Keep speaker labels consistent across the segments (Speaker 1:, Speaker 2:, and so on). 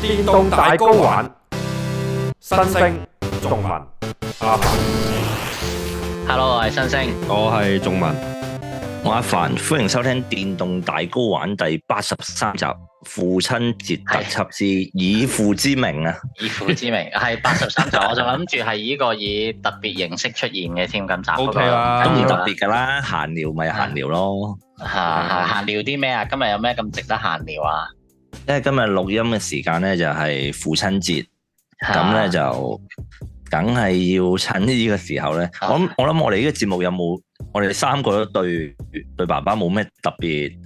Speaker 1: 電動大 GO 玩，新星仲文阿凡、啊、，Hello，我係新星，我係仲文，我阿凡，歡迎收聽電動大 GO 玩第八十三集，父親節特輯之是以父之名啊，
Speaker 2: 以父之名係八十三集，我就諗住係呢個以特別形式出現嘅添，咁集。O K 啦，咁而特別噶啦，閒聊咪閒聊咯，吓吓閒聊啲咩啊？今日有咩咁值得閒聊啊？
Speaker 1: 因為今日錄音嘅時間咧就係、是、父親節，咁咧、啊、就梗係要趁呢個時候咧、啊，我想我諗我哋呢個節目有冇我哋三個都對對爸爸冇咩特別誒、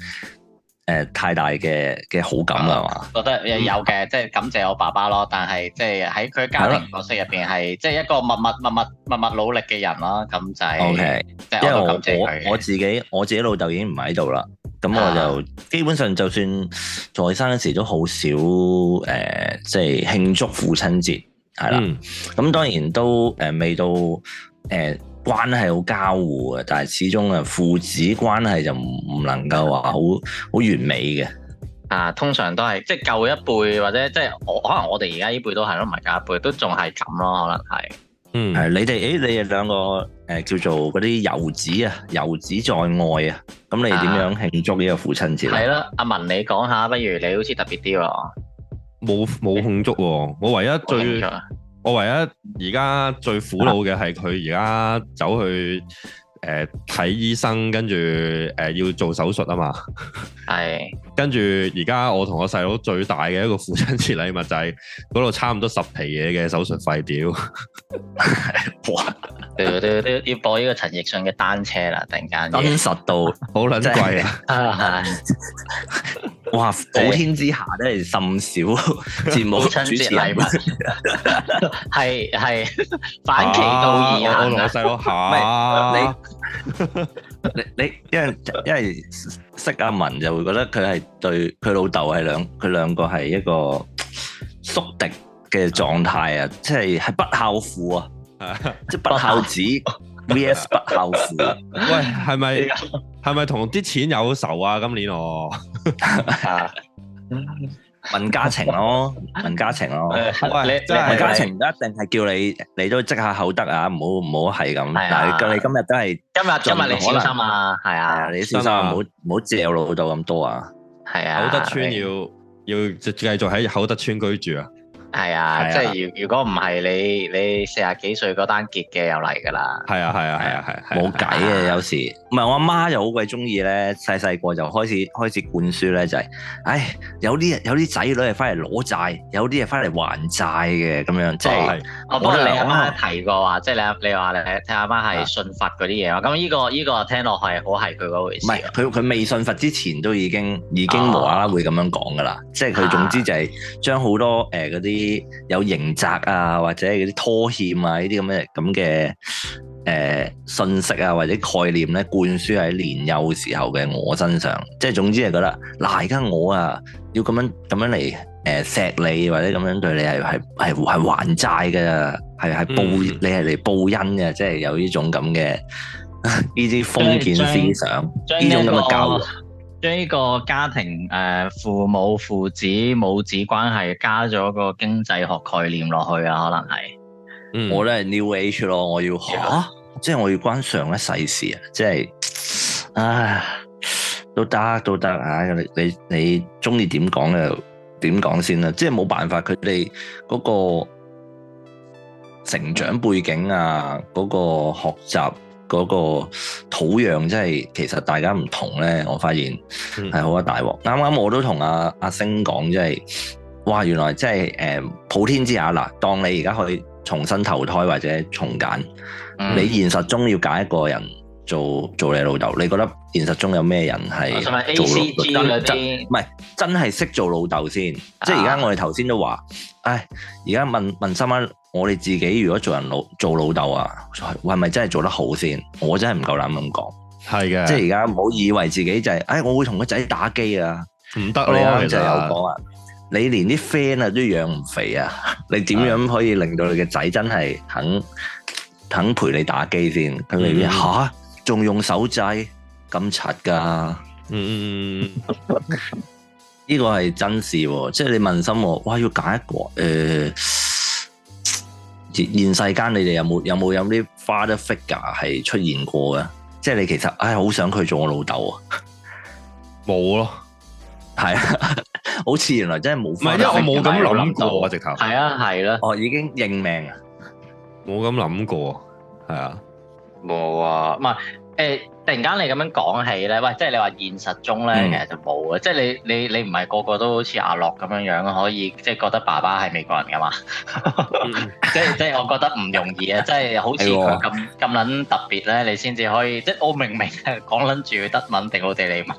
Speaker 1: 呃、太大嘅嘅好感啊嘛？
Speaker 2: 吧覺得有嘅，即、就、係、是、感謝我爸爸咯。但係即係喺佢家庭角色入邊係，即係的一個默默默默默默努力嘅人啦。咁就係、是，即係 Okay, 我因為我，我，我
Speaker 1: 自己我自己老豆已經唔喺度啦。咁我就、啊、基本上就算在生嗰時都好少即係、呃即係、慶祝父親節，係啦。咁、嗯、當然都、呃、未到誒、呃、關係好交互嘅，但係始終啊父子關係就唔唔能夠話好好完美嘅。
Speaker 2: 啊，通常都係即係舊一輩或者即係我可能我哋而家呢輩都係咯，唔係舊一輩都仲係咁咯，可能係。
Speaker 1: 嗯，誒你哋，誒你哋兩個，誒叫做嗰啲遊子啊，遊子在外啊，咁你點樣慶祝呢個父親節？
Speaker 3: 係
Speaker 2: 啦、啊，阿文你講下，不如你好似特別啲喎。
Speaker 3: 冇冇慶祝喎，我唯一最，啊、我唯一而家最苦惱嘅係佢而家走去。嗯誒，睇、呃、醫生跟住誒要做手術啊嘛，係的，跟住而家我同我細佬最大嘅一個父親節禮物就係嗰度差唔多十皮嘢嘅手術費表。
Speaker 2: 要播呢個陳奕迅嘅單車啦，突然間真實到好撚貴啊，係 哇，普天之下真係 甚
Speaker 1: 少節目主持人，父親節禮物，
Speaker 2: 係係
Speaker 4: 反其道而行，啊、我同我細佬吓，你。
Speaker 2: 你你
Speaker 1: 因為因為識阿文就會覺得佢係對佢老豆係兩佢兩個係一個宿敵嘅狀態啊，即係係不孝父啊，即係不孝子 VS 不孝父啊。。 喂，係咪
Speaker 3: 係咪同啲錢有仇啊？今年我。 問
Speaker 1: 家情咯，問家情咯、
Speaker 4: 呃。喂，你問家情都一定
Speaker 1: 係叫你，你都積下口德啊，唔好唔好係咁。嗱，啊、但你今日都係今日、啊，今日、啊啊、你小心啊，係啊，
Speaker 2: 你小心，唔好唔好嚼老豆咁多啊。啊口德村要、啊、要繼續喺口德村居住啊。係啊，即係如如果唔係你你四十幾歲嗰單結嘅又嚟㗎啦。係啊
Speaker 1: 係啊係啊係，冇計嘅有時。唔係，我阿媽又好鬼中意咧，細細個就開始開始灌輸咧，就係，唉，有啲有啲仔女
Speaker 2: 係翻嚟攞債，有啲嘢翻嚟還債嘅咁樣。即係，我不過你阿媽提過話，即係你你話你睇阿媽係信佛嗰啲嘢咁，呢個呢個聽落係好係佢嗰回事。唔係，
Speaker 1: 佢佢未信佛之前都已經已經無啦啦會咁樣講㗎啦，即係佢總之就係將好多誒嗰啲。啲有刑責啊，或者係啲拖欠啊，呢啲咁嘅咁嘅誒信息啊，或者概念咧，灌輸喺年幼時候嘅我身上，即係總之係覺得嗱，而家我啊要咁樣咁樣嚟誒錫你，或者咁樣對你係係係係還債噶，係係報、嗯、
Speaker 2: 你係嚟報恩嘅，即係有呢種咁嘅呢啲封建思想，呢種咁嘅教育。將呢個家庭誒父母父子母子關係加咗個經濟學概念落去啊，可能係、嗯、我咧 new age 咯，我要學，Yeah. 即係我要關上一世事啊，即係
Speaker 1: 唉，都得都得啊，你你你中意點講就點講先啦，即係冇辦法佢哋嗰個成長背景啊，嗰個學習。嗰個土壤真係其實大家唔同咧，我發現係好一大鑊。啱啱、嗯、我都同阿阿星講，即係哇，原來即係誒普天之下嗱，當你而家可以重新投胎或者重揀，嗯、你現實中要揀一個人做做你老豆，你覺得現實中有咩人係、啊、做老豆唔係真係識做老豆先？啊、即係而家我哋頭先都話，唉，而家問問心啊！我哋自己如果做人老做老豆啊，係咪真係做得好先？我真係唔夠膽咁講，係嘅。即係而家唔好以為自己就係、是，哎，我會同個仔打機啊，唔得咯。就有講啊實你連啲 friend 啊都養唔肥啊，你點樣可以令到你嘅仔真係肯肯陪你打機先？佢哋吓仲用手掣咁柒噶？啊、嗯嗯呢 個係真事，啊，即係你問心，啊，哇，要揀一個誒。呃現世間你哋有冇有冇有啲 father figure 係出現過嘅？即係你其實唉，好想佢做我老豆啊！冇咯，係啊，好似原來真係冇。唔
Speaker 3: 係 figure，因為我冇咁諗過啊！直頭係啊，
Speaker 2: 係啦，哦，已經認命啊！冇咁諗過啊，係啊，冇啊、欸，唔係誒。突然間你咁樣講起咧，喂，即係你話現實中咧，其實就冇嘅，嗯、即係你你你唔係個個都好似阿樂咁樣樣可以，即、就、係、是、覺得爸爸係美國人噶嘛、 嗯？即係即係我覺得唔容易啊！即係 好似佢咁咁撚特別咧，你先至可以，即係我明明係講撚住德文定奧地利文，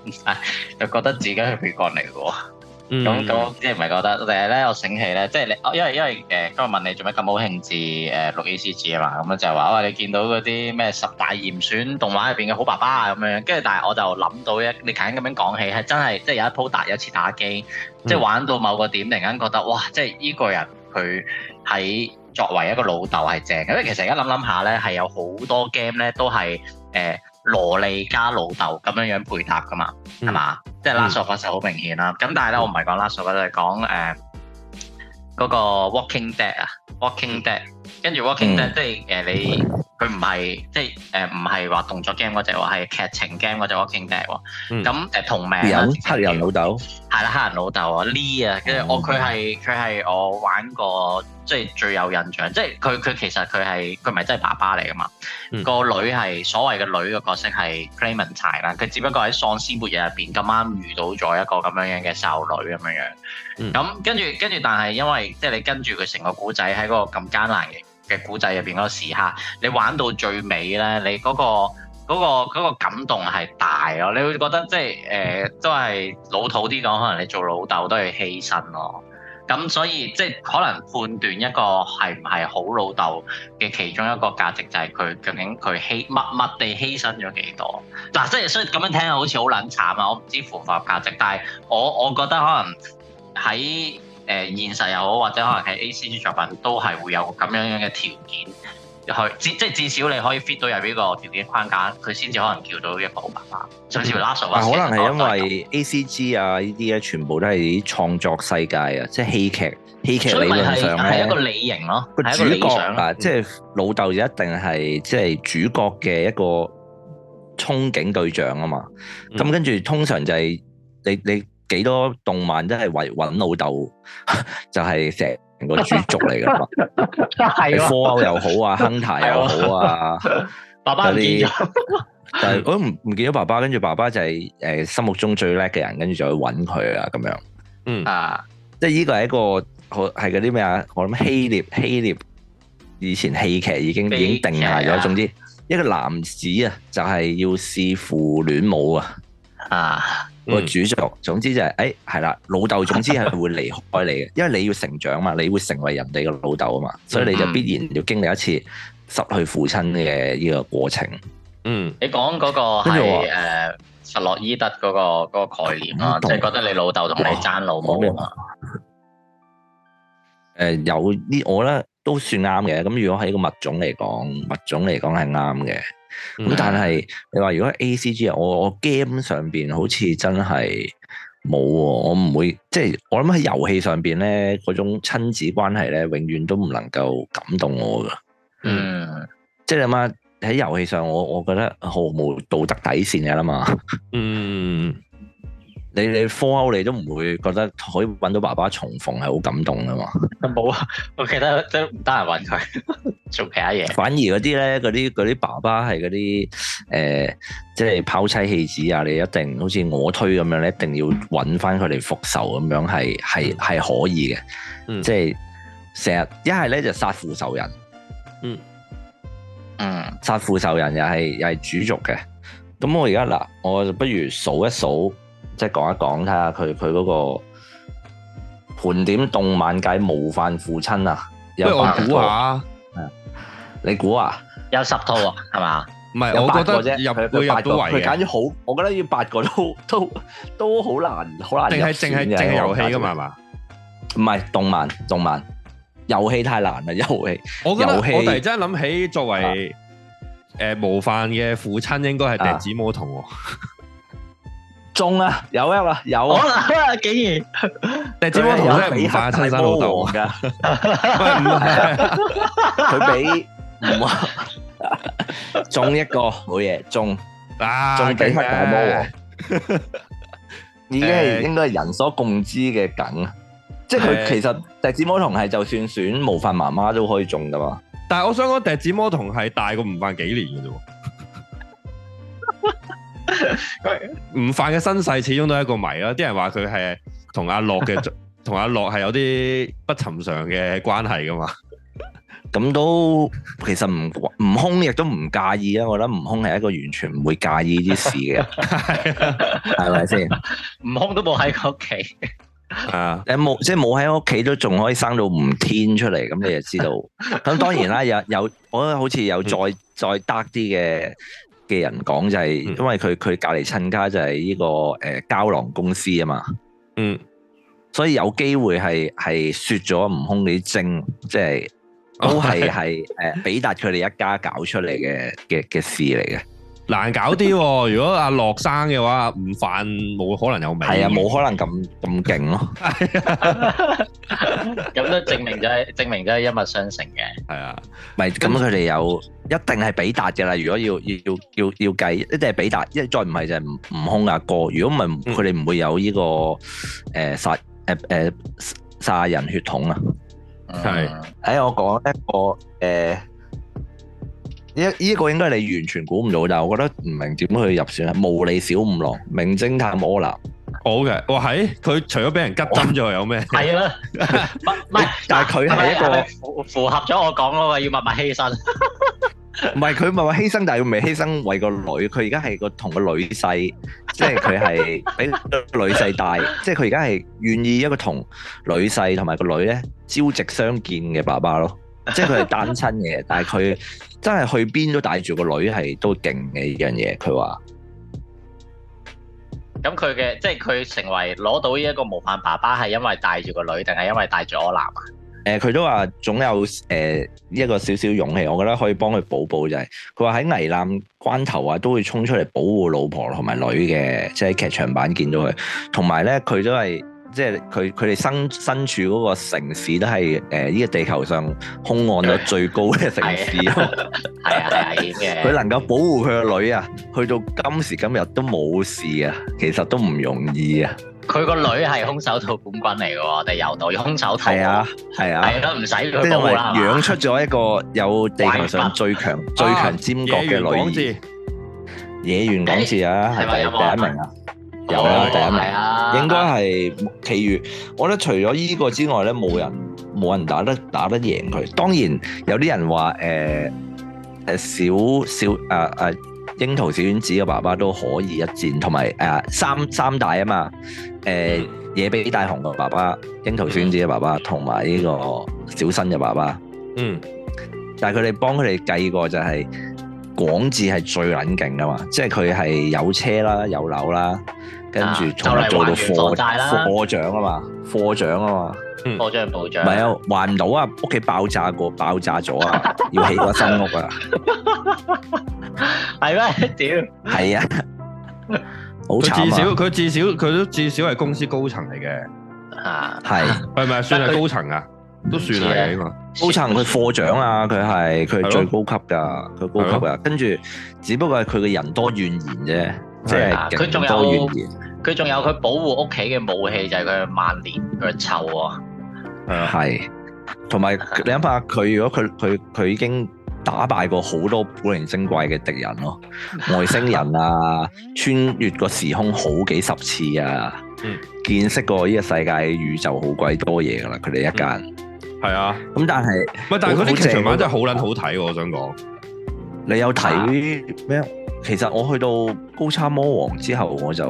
Speaker 2: 就覺得自己係美國人嚟嘅喎。咁咁即係唔係覺得？即係咧我醒起咧，即係你，因為因為誒、呃、今日問你做咩咁好興致誒錄 ACG 啊嘛？咁樣就係話哇，你見到嗰啲咩十大嚴選動畫入面嘅好爸爸啊咁樣，跟住但係我就諗到一，你近咁樣講起係真係，即係有一鋪打有一次打機，即係、嗯、玩到某個點，突然間覺得哇，即係依個人佢喺作為一個老豆係正嘅。因為其實而家諗諗下咧，係有好多 game 咧都係誒。呃蘿莉加老豆咁樣樣配搭噶嘛，係嘛？即係拉索法就好明顯啦。咁但係咧，我唔係講拉索，我就係講誒嗰個 Walking Dead 啊，Walking Dead。跟住 Walking Dead 即係誒你佢唔係即係誒唔係話動作 game，我就係話係劇情 game 個 Walking Dead 喎。咁誒同名有黑人老豆，係啦黑人老豆啊，Lee 啊，跟住我佢係佢係我玩過。即係最有印象，即係佢佢其實佢係佢唔係真係爸爸嚟噶嘛？嗯、個女係所謂嘅女嘅角色係 Clementine 啦，佢只不過喺喪屍末日入邊咁啱遇到咗一個咁樣樣嘅少女咁樣樣。咁跟住跟住，但係因為即係、就是、你跟住佢成個古仔喺嗰個咁艱難嘅嘅古仔入邊嗰個時刻，你玩到最尾咧，你嗰、那個嗰、那個嗰、那個那個感動係大咯。你會覺得即係誒，都係老土啲講，可能你做老豆都要犧牲咯。咁所以即係可能判斷一個係唔係好老豆嘅其中一個價值就係、是、佢究竟佢犧默默地犧牲咗幾多？嗱、啊，即係雖然咁樣聽好似好撚慘啊，我唔知符唔符合價值，但係我我覺得可能喺誒、呃、現實又好，或者可能喺 A C G 作品都係會有咁樣樣嘅條件。去，即即至少你可以 fit 到入呢個條件框架，佢先至可能叫到一個好爸爸。甚至乎拉手啊，可能係因為
Speaker 1: A C G 啊呢啲啊，呢啲全部都係啲創作世界啊，嗯、即係戲劇、戲劇理論上係一個理
Speaker 2: 型咯、啊，個主角。啊，即
Speaker 1: 係、啊嗯、老豆就一定係即係主角嘅一個憧憬對象啊嘛。咁跟住通常就係、是、你你幾多動漫都係為揾老豆 就係成，成個主軸嚟噶嘛？
Speaker 4: 係 啊，科
Speaker 1: 又好， 好啊，亨太又好啊，
Speaker 4: 爸爸、就是、
Speaker 1: 但係我都唔唔見咗爸爸。跟住爸爸就係、是、誒、欸、心目中最叻嘅人，跟住就去搵佢、嗯、啊，咁樣。嗯啊，即係呢個係一個好係嗰啲咩啊？我諗希臘希臘以前戲劇已經比已經定下咗。總之，一個男子啊，就係、是、要弒父戀母啊啊！啊個、嗯、主角，總之就係、是，誒、哎，係啦，老豆總之係會離開你嘅， 因為你要成長嘛，你會成為人哋嘅老豆啊嘛，所以你就必然要經歷一次失去父親嘅呢個過程。
Speaker 2: 嗯，你講嗰個係弗洛伊德嗰、那個那個概念啦，即係覺得你老豆同你爭老母啊嘛。
Speaker 1: 誒、呃，有啲我咧都算啱嘅。咁如果係個物種嚟講，物種嚟講係啱嘅。咁、嗯、但係你話如果 A C G 啊，我我 game 上邊好似真係冇我唔會，即係我諗喺遊戲上邊咧，嗰種親子關係咧，永遠都唔能夠感動我噶。嗯，即係你諗下，喺遊戲上，我我覺得毫無道德底線噶啦嘛。嗯。你你科勾你都唔會覺得可以揾到爸爸重逢係好感動噶嘛？
Speaker 2: 冇啊，我記得都唔得。係揾佢做其他嘢。反
Speaker 1: 而嗰啲咧，嗰啲啲爸爸係嗰啲誒，即係拋妻棄子啊！你一定好似我推咁樣，你一定要揾翻佢哋復仇咁樣，係係係可以嘅。嗯、即係成日一係咧就殺父仇人。嗯嗯，嗯殺父仇人又係又係主軸嘅。咁我而家嗱，我不如數一數。即係講一講，睇下佢佢嗰個盤點動漫界模範父親啊，有八我估下，你估
Speaker 2: 啊？ 有十套啊？係嘛入？唔係，我覺得入去佢入佢揀咗
Speaker 1: 好。我覺得要八個都都都好難，難的是是正好難。定係淨係淨遊戲噶嘛？係嘛？唔係動漫，動漫遊戲太難啦！遊戲，我我戲我突然間諗起，
Speaker 3: 作為誒、啊呃、模範嘅父親、哦啊，應該係《電子魔童》。
Speaker 1: 中啊，有啊，有啊，竟然！笛
Speaker 4: 子魔
Speaker 3: 童真係唔扮青山老豆
Speaker 1: 啊！
Speaker 4: 佢俾
Speaker 1: 唔中一個冇嘢，中啊，中幾匪大、啊、魔王？已經係應該人所共知嘅梗，啊、即係佢其實笛子魔童係就算選模範媽媽都可以中噶嘛。但係我想講笛子
Speaker 3: 魔童係大過唔犯幾年嘅啫。 悟飯嘅身世始終都係一個謎啦，啲人話佢係同阿樂嘅同阿樂係
Speaker 1: 有啲不尋常嘅關係噶嘛那，咁都其實唔悟空亦都唔介意啊，我覺得悟空係一個完全唔會介意呢啲事嘅，係咪先？
Speaker 2: 悟 空都冇喺屋企，
Speaker 1: 啊，你冇即係冇喺屋企都仲可以生到悟天出嚟，咁你就知道，咁當然啦，有有我覺得好似有再 再得啲嘅。嘅人講就係，因為佢佢隔離親家就係呢個誒膠囊公司啊嘛，嗯，所以有機會係係説咗悟空嗰啲精，即係
Speaker 4: 都係係
Speaker 1: 誒比達佢哋一家搞出嚟嘅嘅嘅事嚟嘅，難搞啲喎。如果阿樂生嘅
Speaker 3: 話，悟飯冇可能有名，係啊，冇可能咁咁勁咯。
Speaker 2: 咁都證明就係，證明咗一脈相承嘅。係啊，
Speaker 1: 唔係咁佢哋有。一定係比達嘅啦，如果要要要要要計，一定係比達，一再唔係就係悟悟空阿哥。如果唔係，佢哋唔會有呢個誒殺誒誒殺人血統啊。係，誒我講一個誒，呢呢個應該你完全估唔到，但係我覺得唔明點去入選啊。毛利小五郎、名偵探柯南，
Speaker 3: 好嘅，哇喺佢除咗俾人吉針之外，有咩？係啦，
Speaker 1: 唔係，但係佢
Speaker 4: 係一個
Speaker 2: 符符合咗我講咯，要默默犧牲。
Speaker 1: 唔係，佢唔係話犧牲，但係佢唔係犧牲為個女，佢而家係個同個女婿，即係佢係俾女婿帶，即係佢而家係願意一個同女婿同埋個女咧朝夕相見嘅爸爸咯，即係佢係單親嘅，但係佢真係去邊都帶住個女係都勁嘅呢樣嘢，佢話。
Speaker 2: 咁佢嘅即係佢成為攞到呢一個模範爸爸，係因為帶住個女，定係因為帶住我男啊？
Speaker 1: 誒佢、呃、都話總有誒、呃、一個少少勇氣，我覺得可以幫佢補補就係、是，佢話喺危難關頭啊都會衝出嚟保護老婆同埋女嘅，即係劇場版見到佢，同埋咧佢都係。即係佢佢哋身身處嗰個城市都係誒呢個地球上兇案率最高嘅城市。係啊係啊，佢能夠保護佢個女啊，去到今時今日都冇事啊，其實都唔容易啊。
Speaker 2: 佢個女係空手道冠軍嚟嘅喎，地油道空手道。係啊係啊，係咯，唔使。即係因為養
Speaker 1: 出咗一個有地球上最強最強尖角嘅女。野原廣志，野原廣志啊，係第第一名
Speaker 4: 啊。有啦，第一名應
Speaker 1: 該係，其餘我覺得除咗依個之外咧，冇人冇人打得打得贏佢。當然有啲人話誒誒小小誒誒，櫻、啊、桃、啊、小丸子嘅爸爸都可以一戰，同埋誒三三大啊嘛，誒、呃嗯、野比大雄嘅爸爸、櫻桃小丸子嘅爸爸同埋呢個小新嘅爸爸，
Speaker 4: 嗯，
Speaker 1: 但係佢哋幫佢哋計過就係、是。廣智係最撚勁噶嘛，即係佢係有車啦，有樓啦，跟住從嚟做到課課長啊嘛，課長啊嘛，課長係部
Speaker 2: 長。唔係啊，就
Speaker 1: 是、還唔、嗯、到啊，屋企爆炸過，爆炸咗啊，要起個新屋啊。
Speaker 2: 係咩？屌，
Speaker 1: 係啊，好慘，至少佢
Speaker 3: 至少佢都至少係公司高層嚟嘅。
Speaker 1: 啊，係係咪算係高層啊？都算係啊，呢個高層佢課長啊，佢係佢係最高級
Speaker 2: 㗎，佢高級㗎。跟住，只不過係佢嘅人多怨言啫，即係佢仲有佢仲有佢保護屋企嘅武器就係佢萬年佢腳臭喎。
Speaker 1: 誒係，同埋你諗下，佢如果佢佢佢已經打敗過好多古靈精怪嘅敵人咯，外星人啊，穿越過時空好幾十次啊，見識過呢個世界宇宙好鬼多嘢㗎啦，佢哋一間。係啊，咁但係係，但係嗰啲劇場版真係好撚好睇喎！我想講，你有睇咩？其實我去到《高參魔王》之後，我就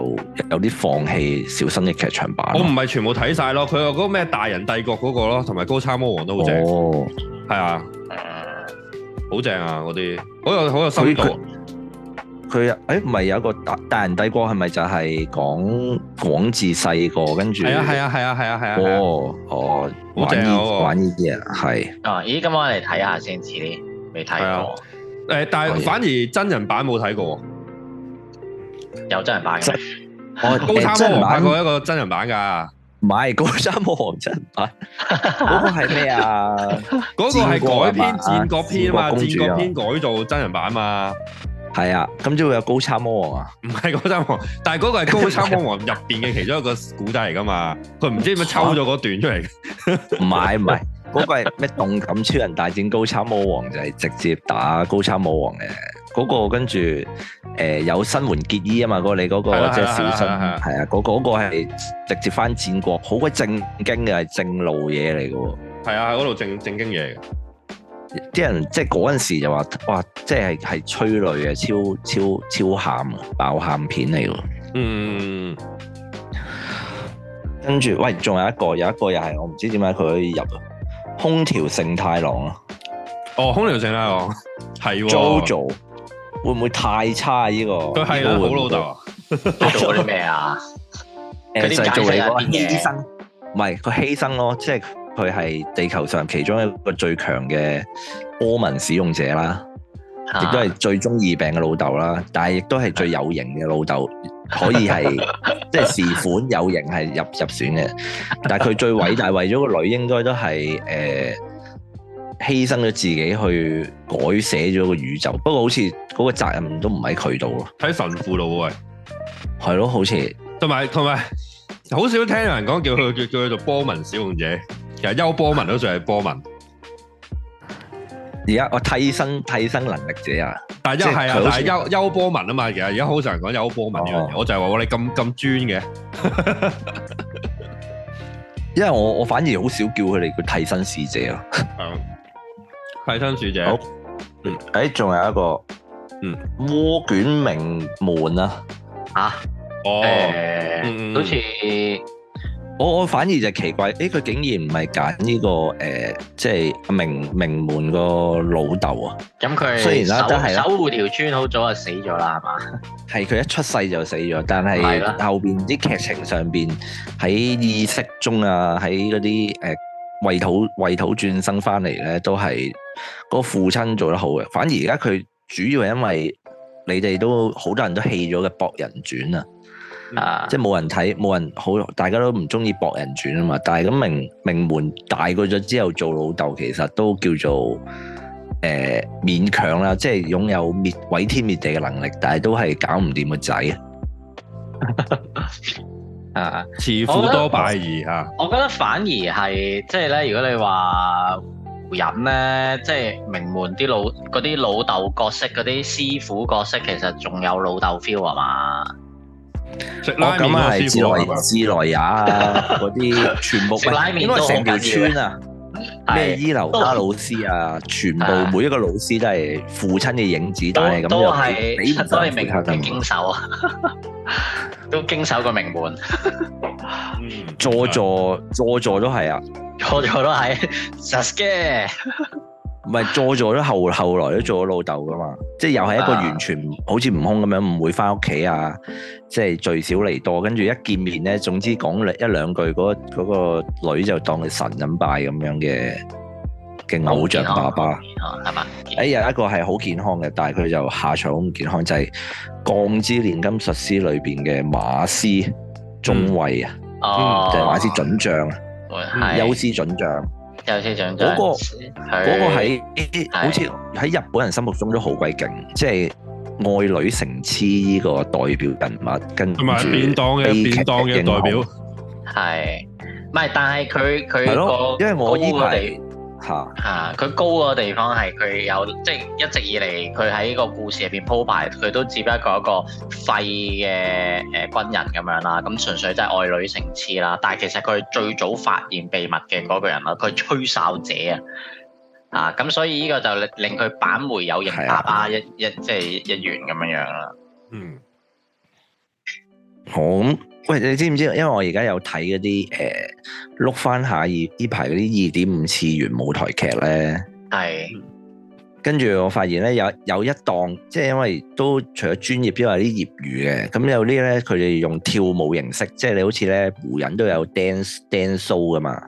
Speaker 1: 有啲放棄小新嘅劇場版。我
Speaker 3: 唔係全部睇晒咯，佢有嗰個咩《大人帝國、那個》嗰個咯，同埋《高參魔王都很》都好正。哦，係啊，好正啊！
Speaker 1: 嗰啲好有好有深度。佢啊，誒，唔係有個大大人帝國，係咪就係講廣志細個，跟住係
Speaker 2: 啊，係啊，係啊，係啊，哦，好正，玩呢啲啊，係啊，咦，今晚我嚟睇下先，似未睇過，
Speaker 3: 誒，但係反而真人版冇睇過，有真人版嘅，我高三冇拍過一個真人版㗎，唔係高三魔王真人版
Speaker 4: 啊，嗰個係咩啊？嗰個係改編戰國篇啊嘛，戰國篇
Speaker 3: 改做真人版嘛。係啊，咁就會有高叉魔王啊？唔係高叉魔王，但係嗰個係高叉魔王入邊嘅其中一個古仔嚟噶嘛？佢唔知點樣抽咗嗰段出嚟。
Speaker 1: 唔係唔係，嗰、嗰個係咩？動感超人大戰高叉魔王就係、係、直接打高叉魔王嘅嗰、嗰個呃嗰個，跟住誒有新垣結衣啊嘛？嗰你嗰個即係小新係啊？嗰個嗰係直接翻戰國，好鬼正經嘅係正路嘢嚟噶。係啊，喺嗰度正正經嘢。啲人即係嗰陣時就話哇，即係係催淚嘅，超超超喊爆喊片嚟咯。嗯，跟住喂，仲有一個，有一個又係我唔知點解佢可以入啊，空條承太郎啊。哦，空條承太郎係 Jojo，係呀，會唔會太差呢個啊？佢係啊，好老豆。做咗啲咩
Speaker 2: 啊？
Speaker 4: 佢就係做嘢咯，嗰個，犧牲。
Speaker 1: 唔係，佢犧牲咯，即係。佢係地球上其中一個最強嘅波紋使用者啦，
Speaker 4: 亦都係
Speaker 1: 最中意病嘅老豆啦，但係亦都係最有型嘅老豆，可以係 即係時款有型係入入選嘅。但係佢最偉大為咗個女應該是，應該都係誒犧牲咗自己去改寫咗個宇宙。不過好似嗰個責任都唔喺佢度咯，喺神父度啊，係咯，好似同埋同
Speaker 3: 埋好少聽有人講叫佢叫叫佢做波紋使用者。其實幽波紋都算係波紋，而家我替身替
Speaker 1: 身能力者啊，但係又係啊，係幽
Speaker 3: 幽波紋啊嘛，其實而家好多人講幽波紋呢樣嘢，哦、我就係話我
Speaker 1: 哋咁咁專嘅， 因為我我反而好少叫佢哋叫替身使者咯、嗯，
Speaker 3: 替身使者，好嗯，
Speaker 1: 誒、欸，仲有一個，嗯，渦捲鳴門啊，啊，哦，欸嗯、好似。我我反而就奇怪，誒佢竟然唔係揀呢個誒，即係名名門個老豆啊！咁佢雖然啦，都係啦，守護
Speaker 2: 條村好早就死咗啦，係嘛？
Speaker 1: 係佢一出世就死咗，但係後邊啲劇情上邊喺意識中啊，喺嗰啲誒穢土穢土轉生翻嚟咧，都係個父親做得好嘅。反而而家佢主要係因為你哋都好多人都棄咗嘅《博人傳》啊。啊！即係冇人睇，冇人好，大家都唔中意博人傳啊嘛。但係咁鳴鳴人大個咗之後做老豆，其實都叫做誒、呃、勉強啦。即係擁有滅毀天滅地嘅能力，但係都係搞唔掂個仔啊！似乎 啊，
Speaker 2: 慈父多敗兒
Speaker 1: 嚇。
Speaker 2: 我覺得反而係即係咧，如果你話人咧，即係鳴人啲老嗰啲老豆角色，嗰啲師傅角色，其實仲有老豆 feel 啊嘛？我咁係自來自
Speaker 1: 來也嗰啲，全部拉麵都係成條村啊，
Speaker 4: 咩伊魯卡老
Speaker 1: 師啊，全部每一個老師都係父親嘅影子，但係咁又都係都係名門經手
Speaker 2: 啊，都經手個名門，
Speaker 1: 佐助佐助都係啊，
Speaker 2: 佐助都係
Speaker 1: 唔係做咗後後來都做咗老豆噶嘛，即係又係一個完全好似悟空咁樣唔會翻屋企啊！即係聚少離多，跟住一見面咧，總之講一,一兩句嗰、那個女就當你神咁拜咁樣嘅嘅偶像爸爸係嘛？呀，一個係好健康嘅、欸，但係佢就下場唔健康，就係、是、鋼之煉金術師裏面嘅馬斯中尉啊、嗯哦嗯，就係、是、馬斯準將啊，休是斯準將。
Speaker 2: 有車長將，嗰、嗰個嗰喺、嗰個、他好
Speaker 1: 似喺日本人心目中都好鬼勁，即係的愛女成痴呢個代表人物，同
Speaker 2: 埋便當嘅便當嘅代表。係，唔係？但係佢佢個，因為我依排。吓，佢高個地方係佢有，即係一直以嚟佢喺個故事入邊鋪排，佢都只不過一個廢嘅誒軍人咁樣啦，咁純粹真係愛女成痴啦。但係其實佢最早發現秘密嘅嗰個人啦，佢係吹哨者啊，吓咁所以呢個就令令佢扳回有型爸爸啊，一一即係一員咁樣樣啦。嗯，
Speaker 1: 好。喂，你知唔知？因為我而家有睇嗰啲誒碌翻下二呢排嗰啲二點五次元舞台劇咧，係是。跟住、嗯、我發現咧有有一檔，即係因為都除咗專業之外業餘，啲業餘嘅，咁有啲咧，佢哋用跳舞形式，即係你好似咧，湖人都有 dance dance show 噶嘛，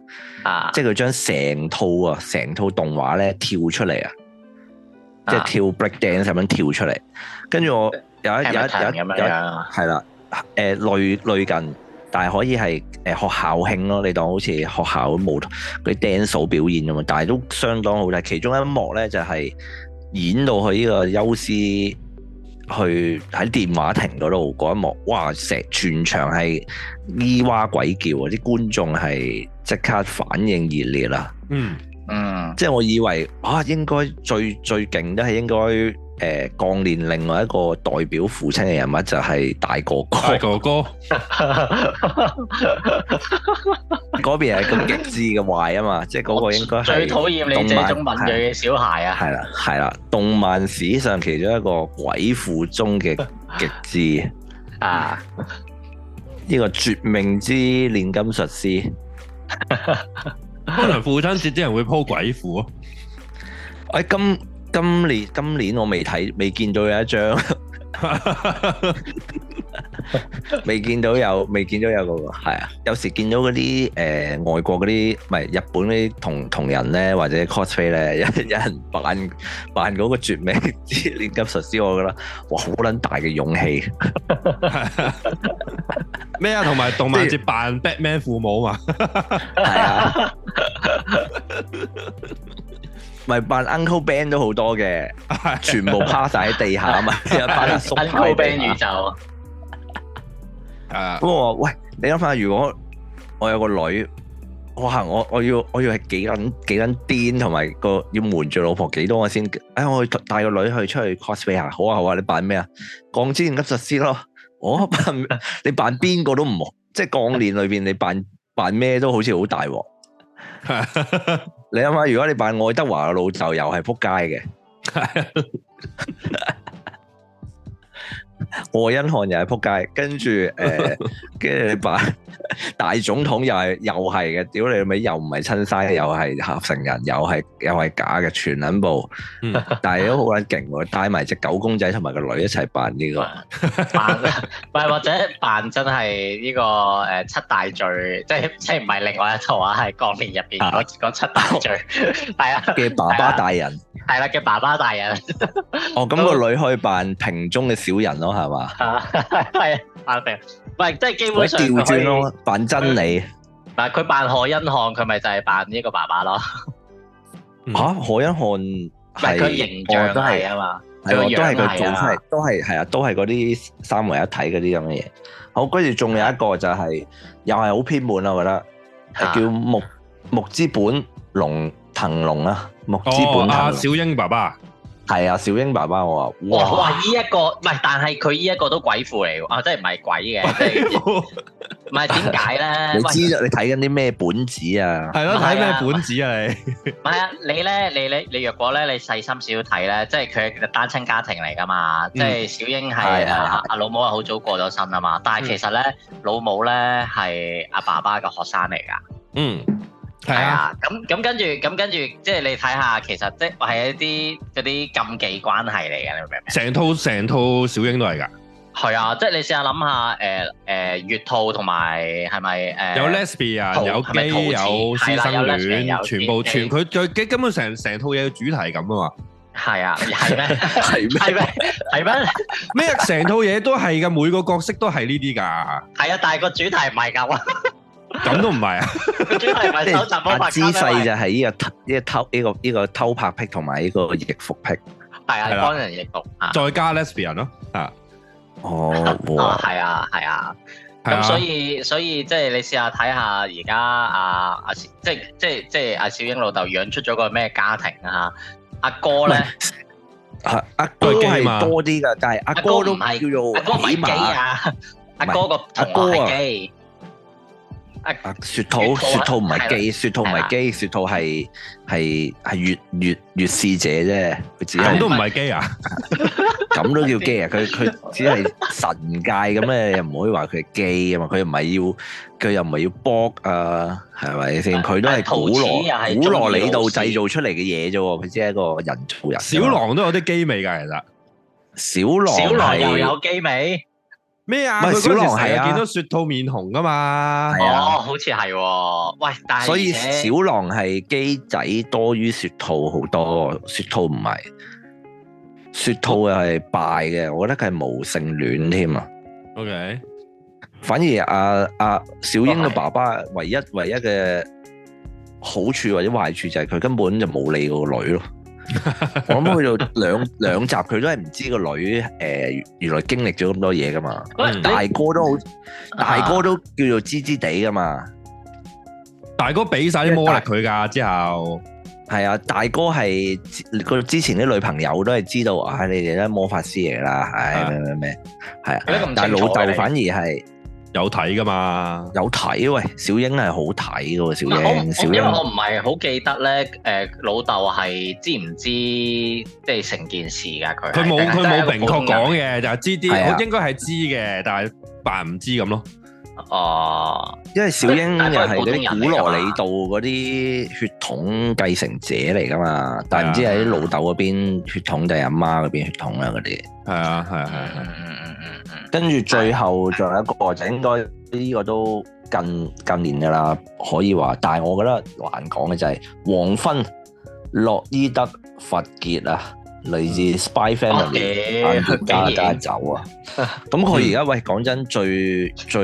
Speaker 1: 啊，即係佢將成套，套啊，成套動畫咧跳出嚟啊，即係跳 break dance 咁樣跳出嚟，跟住我有一、啊、有一有一係啦。誒類類近，但係可以係誒、呃、學校慶咯，你當好似學校嘅舞啲 dance show 表演咁啊，但係都相當好睇。其中一幕咧就係、是、演到這休去呢個休斯去喺電話亭嗰度嗰一幕，哇！成全，全場係咿哇鬼叫啊！啲觀眾係即刻反應熱烈啦、嗯。嗯嗯，即係我以為啊，應該最最勁都係應該。誒，鋼、呃、年另外一個代表父親嘅人物就係大，大哥哥。大哥哥，嗰邊係咁極致嘅壞啊嘛，即係嗰個應該最討厭你這種文具嘅
Speaker 2: 小孩啊，係
Speaker 1: 啦係啦，動漫史上其中一個鬼父中嘅極致 啊，呢 個絕命之煉金術師， 可能父親節啲人會鋪鬼父咯、啊，誒咁、哎。今年今年我未睇，未見到有一張， 未見到有，未見到有、嗰個喎，係啊！有時見到嗰啲誒外國嗰啲，唔係日本嗰啲同同人咧，或者 cosplay 咧，有人有人扮扮嗰個絕命之練金術師，我覺得哇，好撚大嘅勇氣！咩啊？ 同埋動漫節扮 Batman 父母 啊嘛？係啊！咪扮 Uncle Ben 都好多嘅，全部趴晒喺地下啊嘛 ！Uncle Ben 宇宙啊， 咁我話，喂，你諗下，如果我有個女，哇，我我要我要係幾撚幾撚癲，同埋個要瞞住老婆幾多我先？哎，我去帶個女去出去 cosplay 下，啊，好啊！我話你扮咩啊？鋼之鍊金術師咯，我、哦、扮你扮邊個都唔好， 即係鋼鍊裏邊你扮扮咩都好似好大鑊，啊。 你諗下，如果你扮愛德華嘅老豆，又係撲街嘅。我欣漢又係撲街，跟住誒，跟住你扮大總統是又係又係嘅，屌你咪又唔係親生，又係合成人，又係又係假嘅，全撚部，但係都好撚勁喎，帶埋隻狗公仔同埋個女一齊扮呢個扮，
Speaker 2: 唔係 或者扮真係呢個誒七大罪，即係即係唔係另外一套呀係國片入邊，我七大罪係啦
Speaker 1: 嘅爸爸大人，
Speaker 2: 係啦嘅爸爸大人，
Speaker 1: 哦咁、那個女去扮瓶中嘅小人。係嘛？
Speaker 2: 係啊，明唔係即係基本上佢調轉咯，
Speaker 1: 扮真理。
Speaker 2: 嗱， 佢扮何恩漢，佢咪就係扮呢一個爸爸咯。
Speaker 1: 吓，何恩漢係個形象都係啊嘛，都係佢做出嚟，啊、都係係啊，都係嗰啲三位一體嗰啲咁嘅嘢。好，跟住仲有一個就係、是、又係好偏門啦、啊，我覺得係叫木木之本龍騰龍啊，木之本阿、哦啊、小英爸爸。係啊，小英爸爸我話，哇哇呢
Speaker 2: 一個唔係，但係佢呢一個都鬼父嚟噶。啊真係唔係鬼嘅，唔係點解咧？你知啦，
Speaker 1: 你睇緊啲咩本子啊？係咯，你睇咩
Speaker 2: 本子啊？你唔係啊，你咧，你你你，若果咧，你細心少少睇咧，即係佢係其實單親家庭嚟噶嘛，即係小英係阿阿老母啊，好早過咗身啊嘛，但係其實咧，老母咧係阿爸爸個學生嚟噶。嗯。係啊，咁咁跟住，咁跟住，即係你睇下，其實即係係一啲嗰啲禁忌關係嚟嘅，你明唔明？
Speaker 3: 成套成套小英都係㗎，
Speaker 2: 係啊，即係你試下諗下，誒誒，月兔同埋係咪誒？有 lesbian，有 gay，有師生戀，全部全佢
Speaker 3: 佢根本成成套嘢嘅主題係咁啊嘛！係啊，係咩？係咩？係咩？咩？成套嘢都係嘅，每個角色都係呢啲㗎。係啊，
Speaker 2: 但係個主題唔係咁喎。咁都唔係啊！姿 勢、啊、就
Speaker 1: 係依、這個依、這個偷依、這個呢、這個、這個、偷拍癖同埋呢個逆服癖，
Speaker 2: 係啊幫人逆服啊，再
Speaker 1: 加 lesbian 咯啊，哦，係啊係啊，
Speaker 2: 咁所以、啊、所以即係你試，試下睇下而家阿阿即即即阿小英老豆養出咗個咩家庭啊？阿、啊、哥咧
Speaker 1: 阿阿哥係多啲噶，梗係阿哥都唔係阿哥唔係啊，啊，阿、
Speaker 2: 啊、哥個
Speaker 1: 阿、啊、哥啊。雪兔雪兔唔係機，雪兔唔係機，雪兔係係係月月月使者啫，佢只咁都唔係機啊，咁都叫機啊？佢佢只係神界咁咧，又唔可以話佢係機啊嘛？佢又唔係要佢又唔係要卜啊？係咪先？佢都係古羅古羅裏度製造出嚟嘅嘢啫喎，佢只係一個人造人。小狼都有啲機味㗎，其實小狼小
Speaker 3: 狼又有
Speaker 2: 機味。咩啊？唔係小狼係啊，見到
Speaker 3: 雪兔面紅噶嘛，啊？哦，
Speaker 2: 好似係。喂，所以小
Speaker 1: 狼係機仔多於雪兔好多，雪兔唔係。雪兔又係敗嘅，我覺得佢係無性戀添 Okay 啊。OK，反而阿阿小英嘅爸爸唯，唯一唯一嘅好處或者壞處就係佢根本就冇理個女咯。我諗去到兩兩集，佢都係唔知個女誒，原來經歷咗咁多嘢噶嘛。大哥都好，大哥都叫做知知地噶嘛。大哥俾晒啲魔力佢噶之後，係啊，大哥係佢之前啲女朋友都係知道啊，你哋咧魔法師嚟啦，唉咩咩咩，係啊。但係老豆反而係。有睇噶嘛？有睇喂，小英係好睇噶喎。小英小英，我唔
Speaker 2: 係好記得咧。誒，老豆係知唔知即係成件事噶
Speaker 4: 佢？佢冇佢冇明確講嘅，就係知啲，我應
Speaker 3: 該係知嘅，但係扮唔知咁
Speaker 1: 咯。哦，因為
Speaker 4: 小英又係嗰啲古羅里
Speaker 1: 道嗰啲血統繼承者嚟噶嘛，但係唔知喺老豆嗰邊血統定係阿媽嗰邊血統啦嗰啲。係啊係啊係啊嗯。跟住最後仲有一個就應該呢個都近近年㗎啦，可以話，但係我覺得難講嘅就係黃昏洛伊德佛傑啊，嚟自 Spy Family 嘅家家走啊，咁佢而家喂，講真最最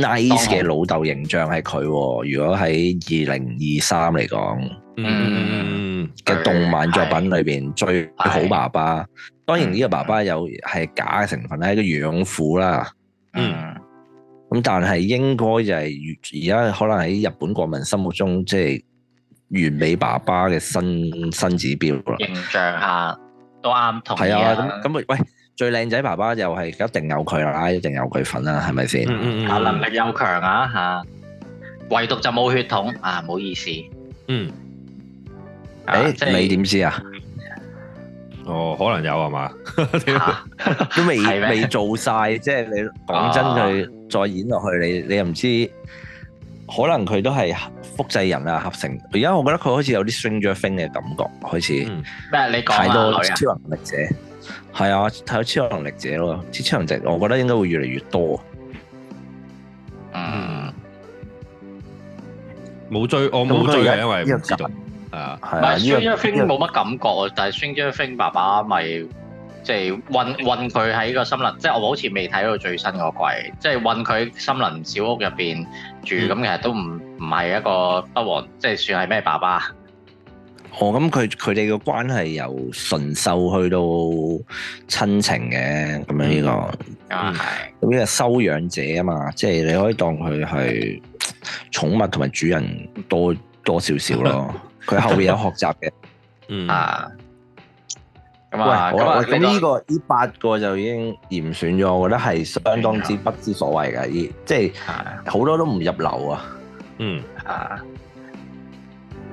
Speaker 1: nice 嘅老豆形象係佢，啊，如果喺二零二三嚟講。嗯嘅動漫作品裏邊最好爸爸，當然呢個爸爸有係假嘅成分咧，個養父啦，
Speaker 4: 嗯，
Speaker 1: 咁但係應該就係而而家可能喺日本國民心目中，即係完美爸爸嘅新新指標咯。形象下
Speaker 2: 都啱，同係啊，咁
Speaker 1: 咁喂，最靚仔爸爸又係一定有佢啦，一定有佢份啦，係咪先？
Speaker 2: 能力又強啊嚇，唯獨就冇血統啊，唔好意思，嗯。
Speaker 1: 誒，你點知啊？
Speaker 2: 知啊哦，可能
Speaker 1: 有係嘛？都未未做晒，即係你講真佢再演落去，啊、你你又唔知，可能佢都係複製人啊，合成。而家我覺得佢好似有啲 Stranger Things 嘅感覺，開始
Speaker 2: 咩？你講啊，超能力者
Speaker 1: 係、嗯、啊，睇到超能力者咯、啊，超能力者我覺得應該會越嚟越多。嗯，冇追，
Speaker 4: 我冇追嘅，因為唔知道。啊，係啊，冇
Speaker 2: 乜感覺，這個，但係 Stranger Things 爸爸，咪即係韞韞佢喺個森林，即、就、係、是、我好似未睇到最新嗰季，即係韞佢森林小屋入邊住咁嘅，嗯、其實都唔唔係一個不和，即、就、係、是、算係咩爸爸？
Speaker 1: 哦，咁佢佢哋個關係由純秀去到親情嘅，咁樣呢個咁係，咁呢個收養者啊嘛，即、就、係、是、你可以當佢係寵物同埋主人多，多多少少咯。 佢 後面有學習嘅，嗯啊，咁喂啊，咁呢個呢、啊、八個就已經嚴選咗，我覺得係相當之不知所謂嘅，依即係好多都唔入流啊，嗯
Speaker 2: 啊，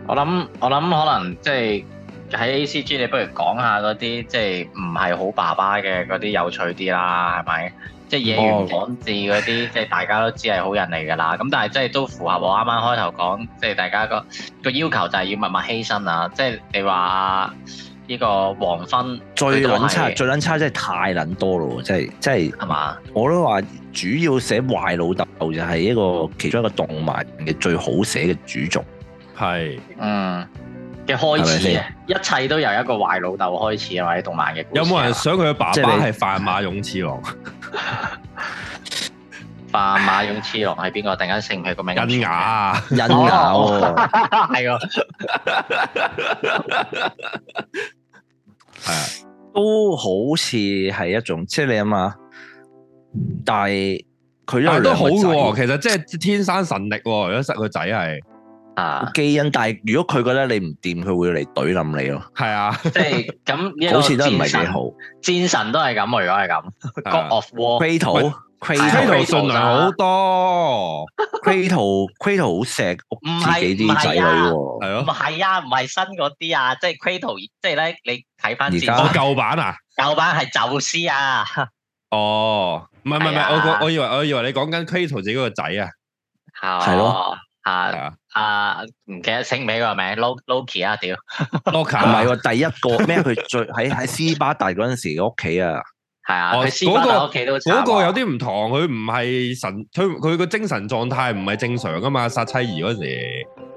Speaker 2: 我諗我諗可能即係、就、喺、是、ACG，你不如講下嗰啲即係唔係好爸爸嘅嗰啲有趣啲啦，係咪？即係野原廣志嗰啲，oh. 即係大家都知係好人嚟㗎啦。咁但係即係都符合我啱啱開頭講，即係大家個個要求就係要默默犧牲啊！即係你話呢個黃昏最
Speaker 1: 撚差，最撚差真係太撚多啦！嗯、即係即係係嘛？吧我都話主要寫壞老豆就係一個其中一個動漫嘅最好寫嘅主軸，
Speaker 2: 係嗯。開始啊！是是一切都由一個壞老豆開始啊！咪動漫嘅，有冇人想佢嘅爸爸係範馬
Speaker 3: 勇次郎？
Speaker 2: 範馬勇次郎係邊個？突然間醒起佢個名，恩雅、啊，恩雅，係咯，係啊，哦哦哦啊啊、都
Speaker 1: 好似係一種，即、就、係、是、你啊嘛，但係佢都好嘅、啊，其實即係天生神力、啊，如果實個仔係。啊，基因，但係如果佢覺得你唔掂，佢會嚟懟冧你咯。
Speaker 2: 係啊，
Speaker 4: 即係咁，好似都唔係幾
Speaker 1: 好。
Speaker 2: 戰神都係咁，如果係咁。God of War。Kratos，Kratos，善良好
Speaker 1: 多。Kratos，Kratos 好錫自己啲仔女喎。
Speaker 2: 係咯。係啊，唔係新嗰啲啊，即係 Kratos 即係咧，你睇翻戰。而家。舊版啊？舊版係宙斯啊？
Speaker 3: 哦，唔係唔係唔係，我我我以為我以為你講
Speaker 2: 緊 Kratos 自己個仔啊，係咯。啊啊，唔記得姓咩個名？Loki 啊，屌、啊、，Loki 唔係喎，
Speaker 1: 第一個咩？佢
Speaker 2: 最喺喺斯巴達
Speaker 1: 嗰陣時嘅屋企啊，係啊，
Speaker 2: 嗰、啊那個嗰、那個有
Speaker 3: 啲唔同，佢唔係神，佢佢個精神狀態唔係正常噶嘛，殺妻兒嗰陣時，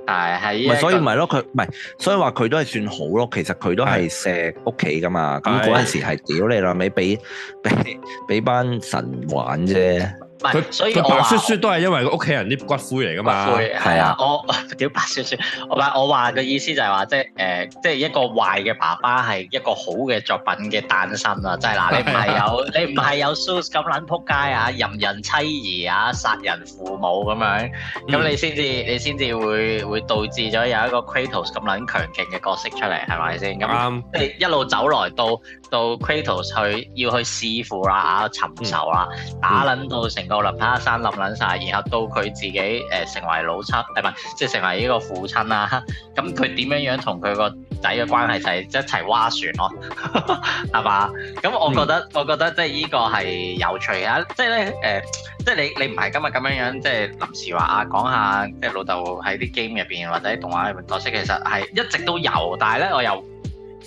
Speaker 2: 係係、這個、所
Speaker 3: 以
Speaker 1: 唔係咯，佢唔係所以話佢都係算好咯、啊，其實佢都係錫屋企噶嘛，咁嗰陣時係屌你啦咪俾俾俾班神玩啫。
Speaker 4: 所以
Speaker 2: 佢白雪雪
Speaker 1: 都係因為個屋企人啲骨灰嚟㗎
Speaker 3: 嘛，
Speaker 2: 係啊，啊我屌白雪雪，我話，我話，嘅意思就係話，即係誒、呃、即係一個壞嘅爸爸係一個好嘅作品嘅誕生啊，即係嗱，你唔係有你唔係有 Zeus 咁撚仆街啊，淫人妻兒啊，殺人父母咁樣，咁你先至、嗯、你先至會會導致咗有一個 Kratos 咁撚強勁嘅角色出嚟係咪先？咁啱，即係一路走來到、嗯、到 Kratos 去要去弒父啦，吓尋仇啦、啊，嗯、打撚到成我淋下山冧撚晒，然後到佢自己誒、呃、成為老七，係咪即係成為呢個父親啦、啊？咁佢點樣樣同佢個仔嘅關係就一齊挖船咯、啊，係 嘛？咁我覺得、嗯、我覺得即係呢個係有趣啊！即係咧誒，即、呃、係、就是、你你唔係今日咁樣樣，即、就、係、是、臨時話啊講下，即係老豆喺啲 game 入邊或者動畫入面角色，其實係一直都有，但係咧我又。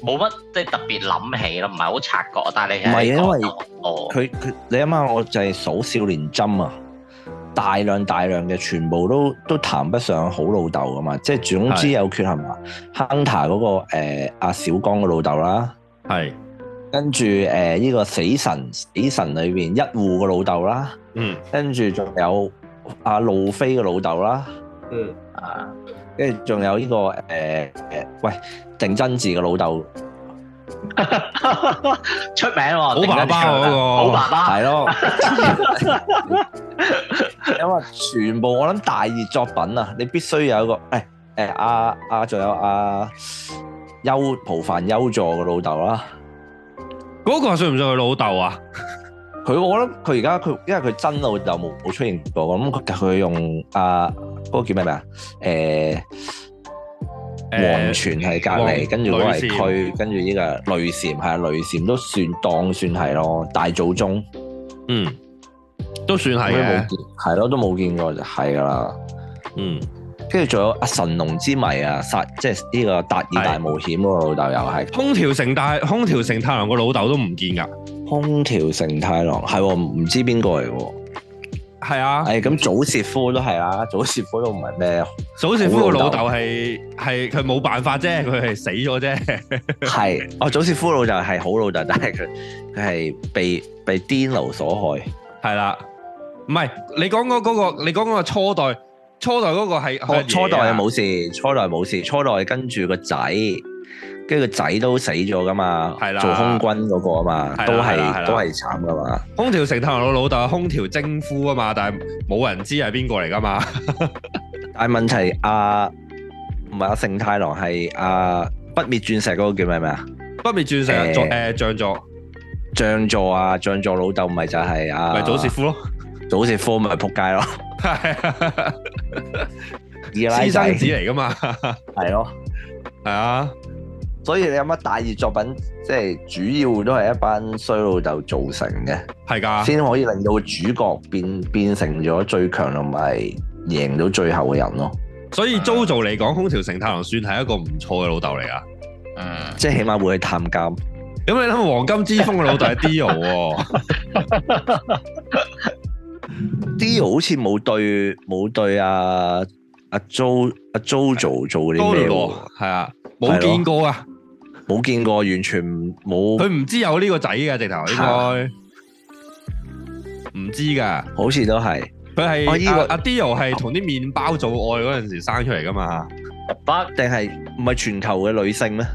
Speaker 2: 冇乜即係特別諗起咯，唔係好察覺。但係你唔係因為
Speaker 1: 佢佢你諗下，我就係數少年針啊，大量大量嘅全部都都談不上好老豆噶嘛，即係總之有缺陷啊，Hunter 嗰個阿小剛嘅老豆啦，係是 跟住誒呢個死神死神裏邊一護嘅老豆啦，嗯，跟還有，跟住仲有阿路飛嘅老豆啦，嗯啊。跟住仲有呢、這個誒誒、呃，喂碇真嗣嘅老豆
Speaker 2: 出名喎了，好爸爸嗰好爸爸係咯，
Speaker 1: 因為了 全部我諗大熱作品啊，你必須有一個誒誒阿阿仲有阿幽、浦飯幽助嘅老豆啦，嗰個算唔算佢老豆啊？佢、啊啊啊、我諗佢而家佢因為佢真老豆冇冇出現過，我諗佢用阿。啊嗰個叫咩名啊？誒、欸、
Speaker 3: 黃泉係隔籬，呃、跟住嗰個係佢，
Speaker 1: 呃、跟住呢個雷禪係雷禪都算當算係咯，大祖宗。嗯，都算係嘅，係咯的，都冇見過就係啦。嗯，跟住仲有阿神龍之謎啊，殺即係呢個達爾大冒險個老豆又係。空調城太空調成太郎個老豆都唔見㗎，空調城太郎係唔知邊個嚟㗎。係啊，係咁、哎、祖瑟夫都係啊，祖瑟夫都唔係咩。祖瑟夫個老豆係
Speaker 3: 係佢冇辦法啫，佢係死咗啫。係 ，
Speaker 1: 哦，祖瑟夫老豆係好老豆，但係佢佢係被被迪奧所害。係啦、啊，唔係你
Speaker 3: 講嗰嗰個，你講嗰個初代，初代嗰個係初，初代啊冇
Speaker 1: 事，初代冇事，初代跟住個仔。跟住個仔都死咗噶嘛，係啦的，做空軍嗰個啊嘛，都係都係慘噶嘛。空條承太，太郎老老豆係空條貞夫啊嘛，但係冇人知係邊個嚟噶嘛。但 係問題阿，唔係阿承太郎係阿不滅鑽石嗰個叫咩咩啊？
Speaker 3: 不滅鑽石座誒
Speaker 1: 仗助，仗、呃啊、助啊仗助老豆咪就係阿、啊，咪祖師夫咯，祖師夫咪仆街咯，係 係 私生子嚟噶嘛，係咯，係啊。所以你有乜大熱作品，即係主要都係一班衰老豆造成嘅，係㗎的，先可以令到主角變變成咗最強同埋贏到最後嘅人咯。
Speaker 3: 所以 JoJo 嚟講，啊、空條承太郎
Speaker 1: 算係一個唔錯嘅老豆嚟㗎，嗯、啊，即係起碼會去探監。咁你諗黃金之風嘅老豆 Dio，Dio 好似冇對冇對阿、啊、阿、啊、Jo、啊、Jo 做啲嘢喎，啊，冇見過啊。冇見過，完全冇。佢唔知有呢個仔嘅直頭，應該唔、啊、知噶。好似都係
Speaker 3: 佢係阿阿 Dio 係同啲麵包做愛嗰陣時生出嚟噶嘛？定
Speaker 1: 係唔係全球嘅女性咧？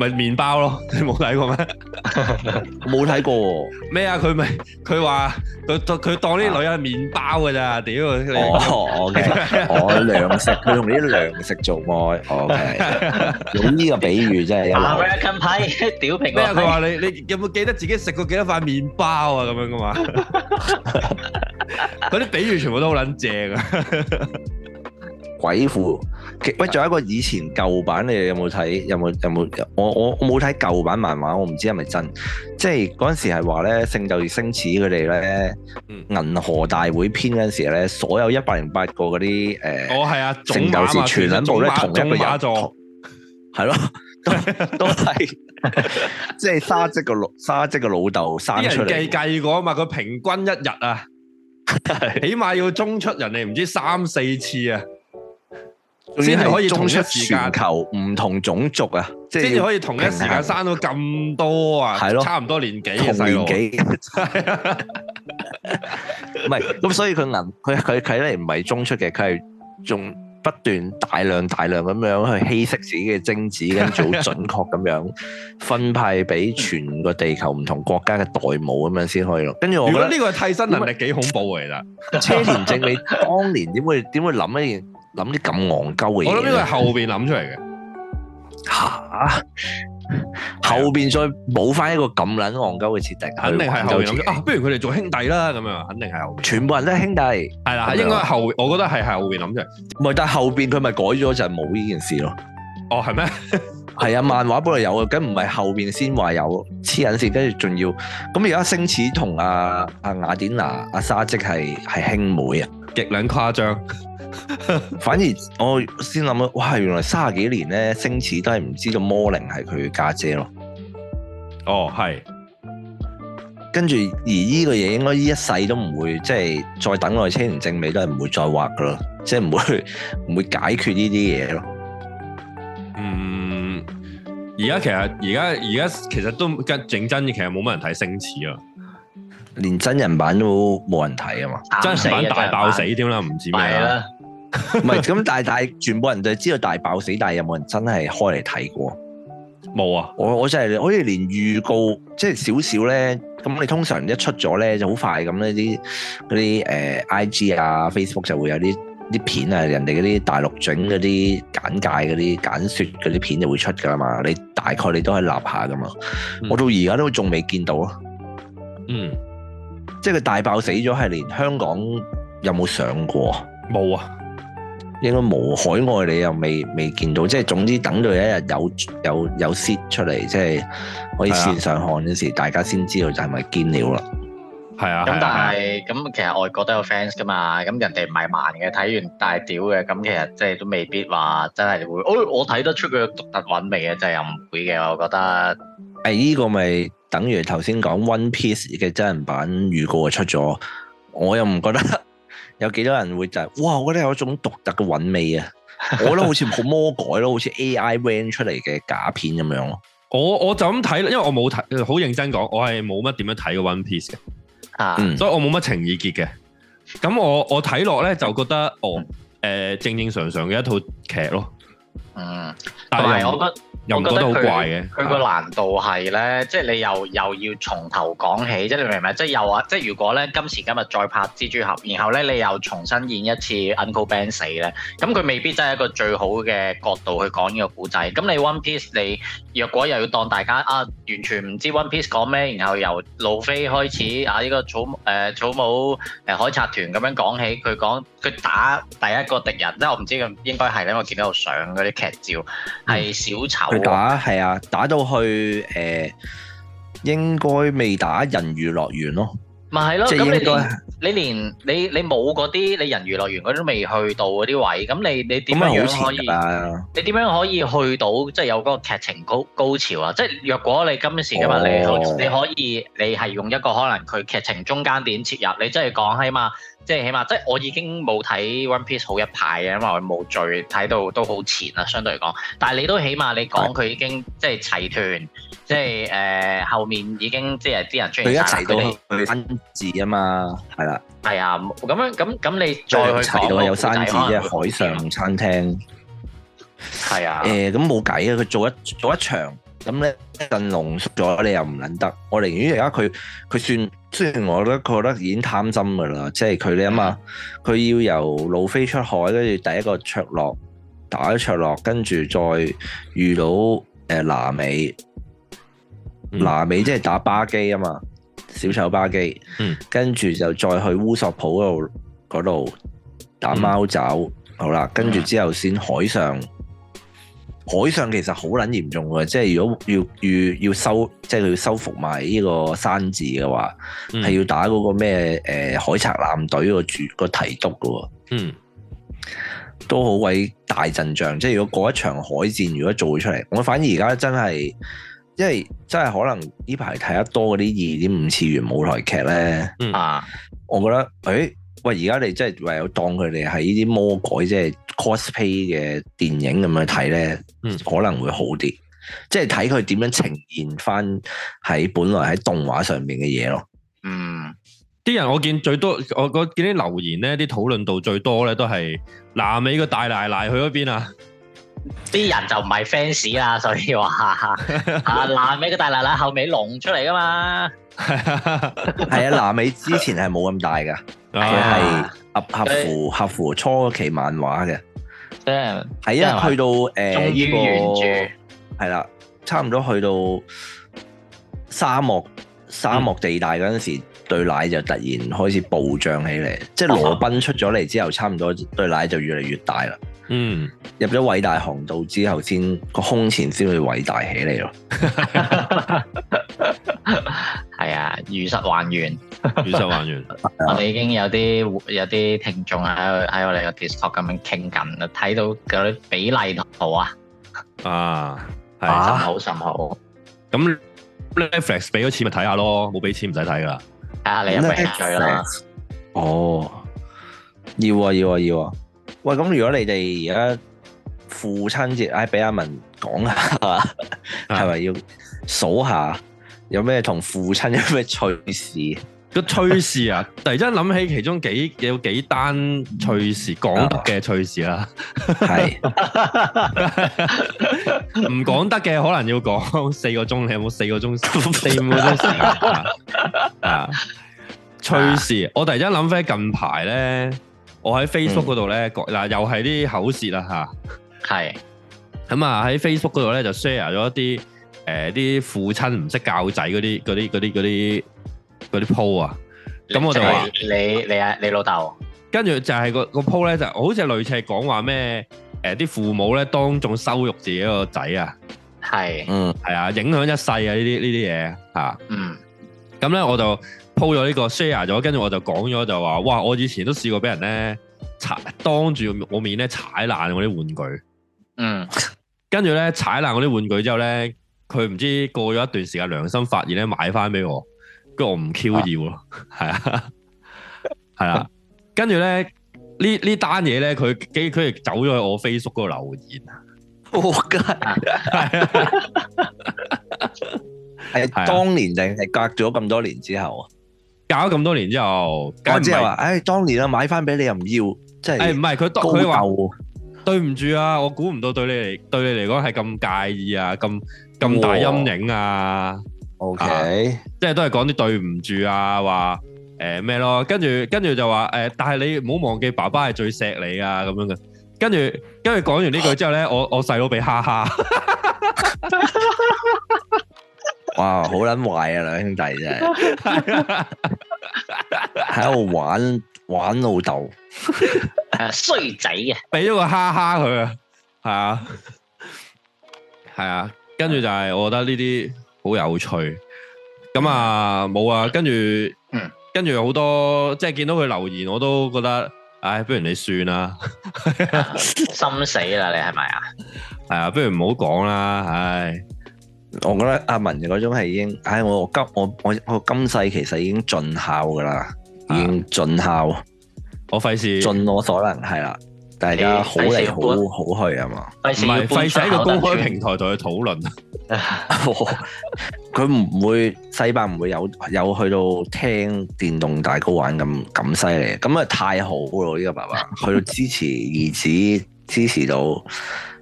Speaker 1: 咪麵包咯，你冇睇過咩？冇睇過喎。咩啊？佢咪佢話佢佢當呢啲女人係麵包㗎咋？屌！我我糧食，佢同啲糧食做愛。OK。用呢個比喻真係有，
Speaker 4: 屌評。咩啊？佢話你你有
Speaker 3: 冇記得自己食過幾多塊麵包啊？咁樣噶嘛？嗰啲比喻全部都好撚正啊！
Speaker 1: 鬼父，喂，仲有一個以前舊版，你哋有冇睇？有冇有冇？我我我冇睇舊版漫畫，我唔知係咪真。即係嗰陣時係話咧，聖鬥士星矢佢哋咧銀河大會篇嗰陣時咧，所有一百零八個嗰啲誒，我、呃、係、哦、啊，啊聖鬥士全部咧馬同一個馬座，係咯、 啊，都係， 即係沙積個老沙積個老豆生出嚟。啲人計
Speaker 3: 計過啊嘛，佢平均一日啊， 起碼要中出人哋唔知三四次啊！先至可以中出全
Speaker 1: 球唔同種族啊！先至可以同一時間生
Speaker 3: 到咁多啊！係咯，差唔多年
Speaker 1: 紀嘅細路，唔係咁，所以佢能佢佢佢睇嚟唔係中出嘅，佢係仲不斷大量大量咁樣去稀釋自己嘅精子，跟住好準確咁樣分派俾全個地球唔同國家嘅代母咁樣先可以咯。跟住我覺得呢個係替身能力幾恐怖嚟啦！車田正，你當年點會點會諗呢？諗啲咁戇鳩嘅嘢，啊、我諗呢個係後邊諗出嚟嘅。吓，後邊再冇翻一個咁卵戇鳩嘅設定，肯定係後
Speaker 3: 邊啊，不如佢哋做兄弟啦，咁樣肯定係後邊。
Speaker 1: 全部人都係兄弟，係啦的，嗎應該係後。我覺得係係後邊諗出嚟，唔係，但係後邊佢咪改咗就係冇呢件事咯。哦，係咩？係 啊，漫畫本來有嘅，咁唔係後邊先話有黐引線，跟住仲要咁而家星矢同阿阿雅典娜阿、啊、沙織係係兄妹啊？極量誇張，反而我先諗到，哇！原來卅幾年咧，星矢都係唔知道魔鈴係佢家姐咯。哦，係。跟住而呢個嘢，應該呢一世都唔會，即係再等耐車田正美都係唔會再畫噶咯，即係唔會唔會解決呢啲嘢咯。嗯，
Speaker 3: 而家其實而家而家其實都整真嘅，其
Speaker 1: 實冇乜人睇星矢啊。連真人版都冇人睇啊嘛，真，真人版大爆死添啦，唔知咩啦，唔係咁，但係大全部人就係知道大爆死，但係有冇人真係開嚟睇過？冇啊，我，我我真係好似連預告即係少少咧，咁，就是，你通常一出咗咧就好快咁呢啲嗰啲誒 I G 啊 Facebook 就會有啲啲片啊，人哋嗰啲大陸整嗰啲簡介嗰啲簡說嗰啲片就會出噶啦嘛，你大概你都係立下噶嘛，嗯、我到而家都仲未見到啊，嗯。即係佢大爆死咗，係連香港有冇上過？冇啊，應該冇。海外你又未未見到，即係總之等到有一日有有有 sit 出嚟，即係可以線上看嗰時，大家先知道就係咪堅料啦。
Speaker 2: 係啊，咁但係咁其實外國都有 fans 噶嘛，咁人哋唔係盲嘅，睇完大屌嘅，咁其實即係都未必話真係會。哦，我睇得出佢獨特品味嘅，就又唔會嘅，我覺得。誒呢個咪？等於
Speaker 1: 頭先講《One Piece》嘅真人版預告啊出咗，我又唔覺得有幾多人會就係哇，我覺得有一種獨特嘅韻味啊！ 我覺得好似好魔改咯，好似 AI render 出嚟嘅假片咁樣
Speaker 3: 咯。我我就咁睇，因為我冇睇，好認真講，我係冇乜點樣睇過《One Piece》嘅，啊，所以我冇乜情意結嘅。咁我我睇落咧就覺得，哦，誒、呃、正正常常嘅一套劇咯。
Speaker 2: 嗯，但係又我覺得。我覺得好怪嘅。佢個難度係咧的，即係你又又要從頭講起，即係你明唔明？即係又啊，即係如果咧今時今日再拍蜘蛛俠，然後咧你又重新演一次 Uncle Ben 死咧，咁佢未必真係一個最好嘅角度去講呢個古仔。咁你 One Piece 你若果又要當大家啊完全唔知 One Piece 講咩，然後由路飛開始啊呢、呢個草誒、呃、草帽誒、呃、海賊團咁樣講起，佢講。佢打第一個敵人，即係我唔知佢應該係咧，我見到相嗰啲劇照係小丑的。佢打
Speaker 1: 係啊，打到去誒、呃，應該未打人魚樂園咯。
Speaker 2: 咪係咯，咁你應你連你連你冇嗰啲你人魚樂園嗰啲都未去到嗰啲位，咁你你點樣可以？你點樣可以去到即係、就是、有嗰個劇情高高潮啊？即係若果你今時今日你你可以你係用一個可能佢劇情中間點切入，你真係講起碼。即係起碼，即係我已經冇睇 One Piece 好一排嘅，因為我冇追睇到都好前啦，相對嚟講。但係你都起碼你講佢已經是的 即係齊團，即係誒、呃、後面已經即係啲人追曬佢山
Speaker 1: 治啊嘛，係啦，
Speaker 2: 係啊，咁樣咁咁你再去齊到有山治即係海
Speaker 1: 上餐廳，
Speaker 2: 係啊是的、
Speaker 1: 呃，誒咁冇計啊，佢做一做一場咁咧，陣濃縮咗你又唔撚得，我寧願而家佢佢算。雖然我都覺，覺得已經貪心噶啦，即係佢哋啊嘛，佢要由路飛出海，跟住第一個卓洛打一卓洛，跟住再遇到誒、呃、娜美，娜美即係打巴基啊嘛，小丑巴基，跟住、嗯、就再去烏索普嗰度嗰度打貓爪，嗯、好啦，跟住之後先海上。海上其實好撚嚴重嘅，即係如果要要要收，即係佢要收復埋呢個山治嘅話，係、嗯、要打嗰個咩誒、呃、海賊艦隊個主、個提督嘅喎。嗯，都好鬼大陣仗，即係如果過一場海戰，如果做出嚟，我反而而家真係，因為真係可能呢排睇得多嗰啲二點五次元舞台劇咧。啊、嗯，我覺得誒、欸，喂，而家你真係唯有當佢哋係呢啲魔改，即係，cosplay 嘅電影咁樣睇咧，嗯、可能會好啲，即係睇佢點樣呈現翻喺本來喺動畫上面嘅嘢咯。嗯，
Speaker 3: 啲人我見最多，我我見啲留言咧，啲討論到最多咧都係南美嘅大奶奶去咗邊啊？啲人
Speaker 2: 就唔係 fans 啊，所以話 啊，南美嘅大奶奶後尾隆出嚟噶嘛？
Speaker 1: 係啊，南美之前係冇咁大噶，佢係、 啊、合乎合乎初期漫畫嘅。
Speaker 2: 即係喺啊，去到誒
Speaker 1: 個係啦，差唔多去到沙漠沙漠地帶嗰陣時候，嗯、對奶就突然開始暴漲起嚟。即係羅賓出咗嚟之後，差唔多對奶就越嚟越大啦。
Speaker 4: 嗯，
Speaker 1: 入咗偉大航道之後才，先個胸前先會偉大起嚟咯。嗯
Speaker 2: 係 啊，如實還原，如 實還原。 我哋已經有啲有啲聽眾喺喺我哋個 Discord 咁樣傾緊啦，睇到嗰啲比例都好啊， 啊，係啊，好甚好。咁 Netflix 俾咗錢咪
Speaker 3: 睇
Speaker 1: 下咯，冇俾錢唔使睇噶。睇
Speaker 3: 下
Speaker 2: 你阿文最啦。哦 Netflix?、
Speaker 1: oh，啊，要啊要啊要啊。喂，咁如果你哋而家父親節，哎，俾阿文講下，係咪 要數下？有咩同父親有咩趣事？個趣事啊！突然之間諗起其中有幾有幾
Speaker 3: 單趣事講得嘅趣事啦，係唔講得嘅可能要講四個鐘。你有冇四個鐘？ 四五個鐘時間？啊！ 趣事，我突然之間諗翻近排咧，我喺 Facebook 嗰度咧，嗱、嗯、又係啲口舌啦吓，係咁啊！喺是、嗯、Facebook 嗰度咧就 share 咗一啲。誒，啲父親唔識教仔嗰啲嗰啲啲啲啲鋪啊，咁我就話
Speaker 2: 你你啊，你老豆。
Speaker 3: 跟住就係個個鋪咧，就好似係類似係講話咩？誒，啲父母咧當眾羞辱自己個仔啊，係嗯係啊，影響一世啊呢啲呢啲嘢吓。啊、嗯，咁咧、啊、我就鋪咗呢個 share 咗，跟住我就講咗就話，哇！我以前都試過俾人咧踩，當住我面咧踩爛我啲玩具。嗯，跟住咧踩爛我啲玩具之後咧。佢唔知過咗一段時間，良心發現咧買翻俾我，跟住我唔 Q 要咯，係啊，係 啊，跟住咧呢呢單嘢咧，佢佢哋走咗去我 Facebook 嗰個留言惡啊！我
Speaker 1: 嘅係啊，係、 啊、當年定係隔咗咁多年之後啊？隔咗咁多年之後，之後我知啊！唉、哎，當年啊，買翻俾你又唔要，即係唔係佢佢話
Speaker 3: 對唔住啊，我估唔到對你嚟對你嚟講係咁介意啊，咁～咁大陰影啊，OK，即係都係講啲對唔住啊，話誒咩咯，跟住跟住就話誒，但係你唔好忘記爸爸係最錫你㗎咁樣嘅，跟住跟住講完呢句之後咧，我我細佬俾哈
Speaker 1: 哈，哇，好撚壞啊，兩兄弟真係，喺度玩玩老豆，
Speaker 2: 衰仔啊，
Speaker 1: 俾咗個哈哈佢啊，係啊，
Speaker 3: 係啊。跟住就係、是，我覺得呢啲好有趣。咁啊，冇啊。跟住，嗯、跟住好多，即係見到佢留言，我都覺得，唉、哎，不如你算啦。
Speaker 2: 心死啦， 你係咪啊？
Speaker 3: 係啊，不如
Speaker 1: 唔好講啦。唉、哎，我覺得阿文嘅嗰種係已經，唉、哎，我今我我我今世其實已經盡孝㗎喇，已經盡孝、啊。我費事盡我所能，係啦。大家好嚟你好搬好，好去啊嘛？唔係是，費事喺個公開平台同佢討論。佢唔 會世伯唔會有有去到聽電動大 GO 玩咁咁犀利。咁啊太好咯！呢、這個爸爸去到支持兒子，支持到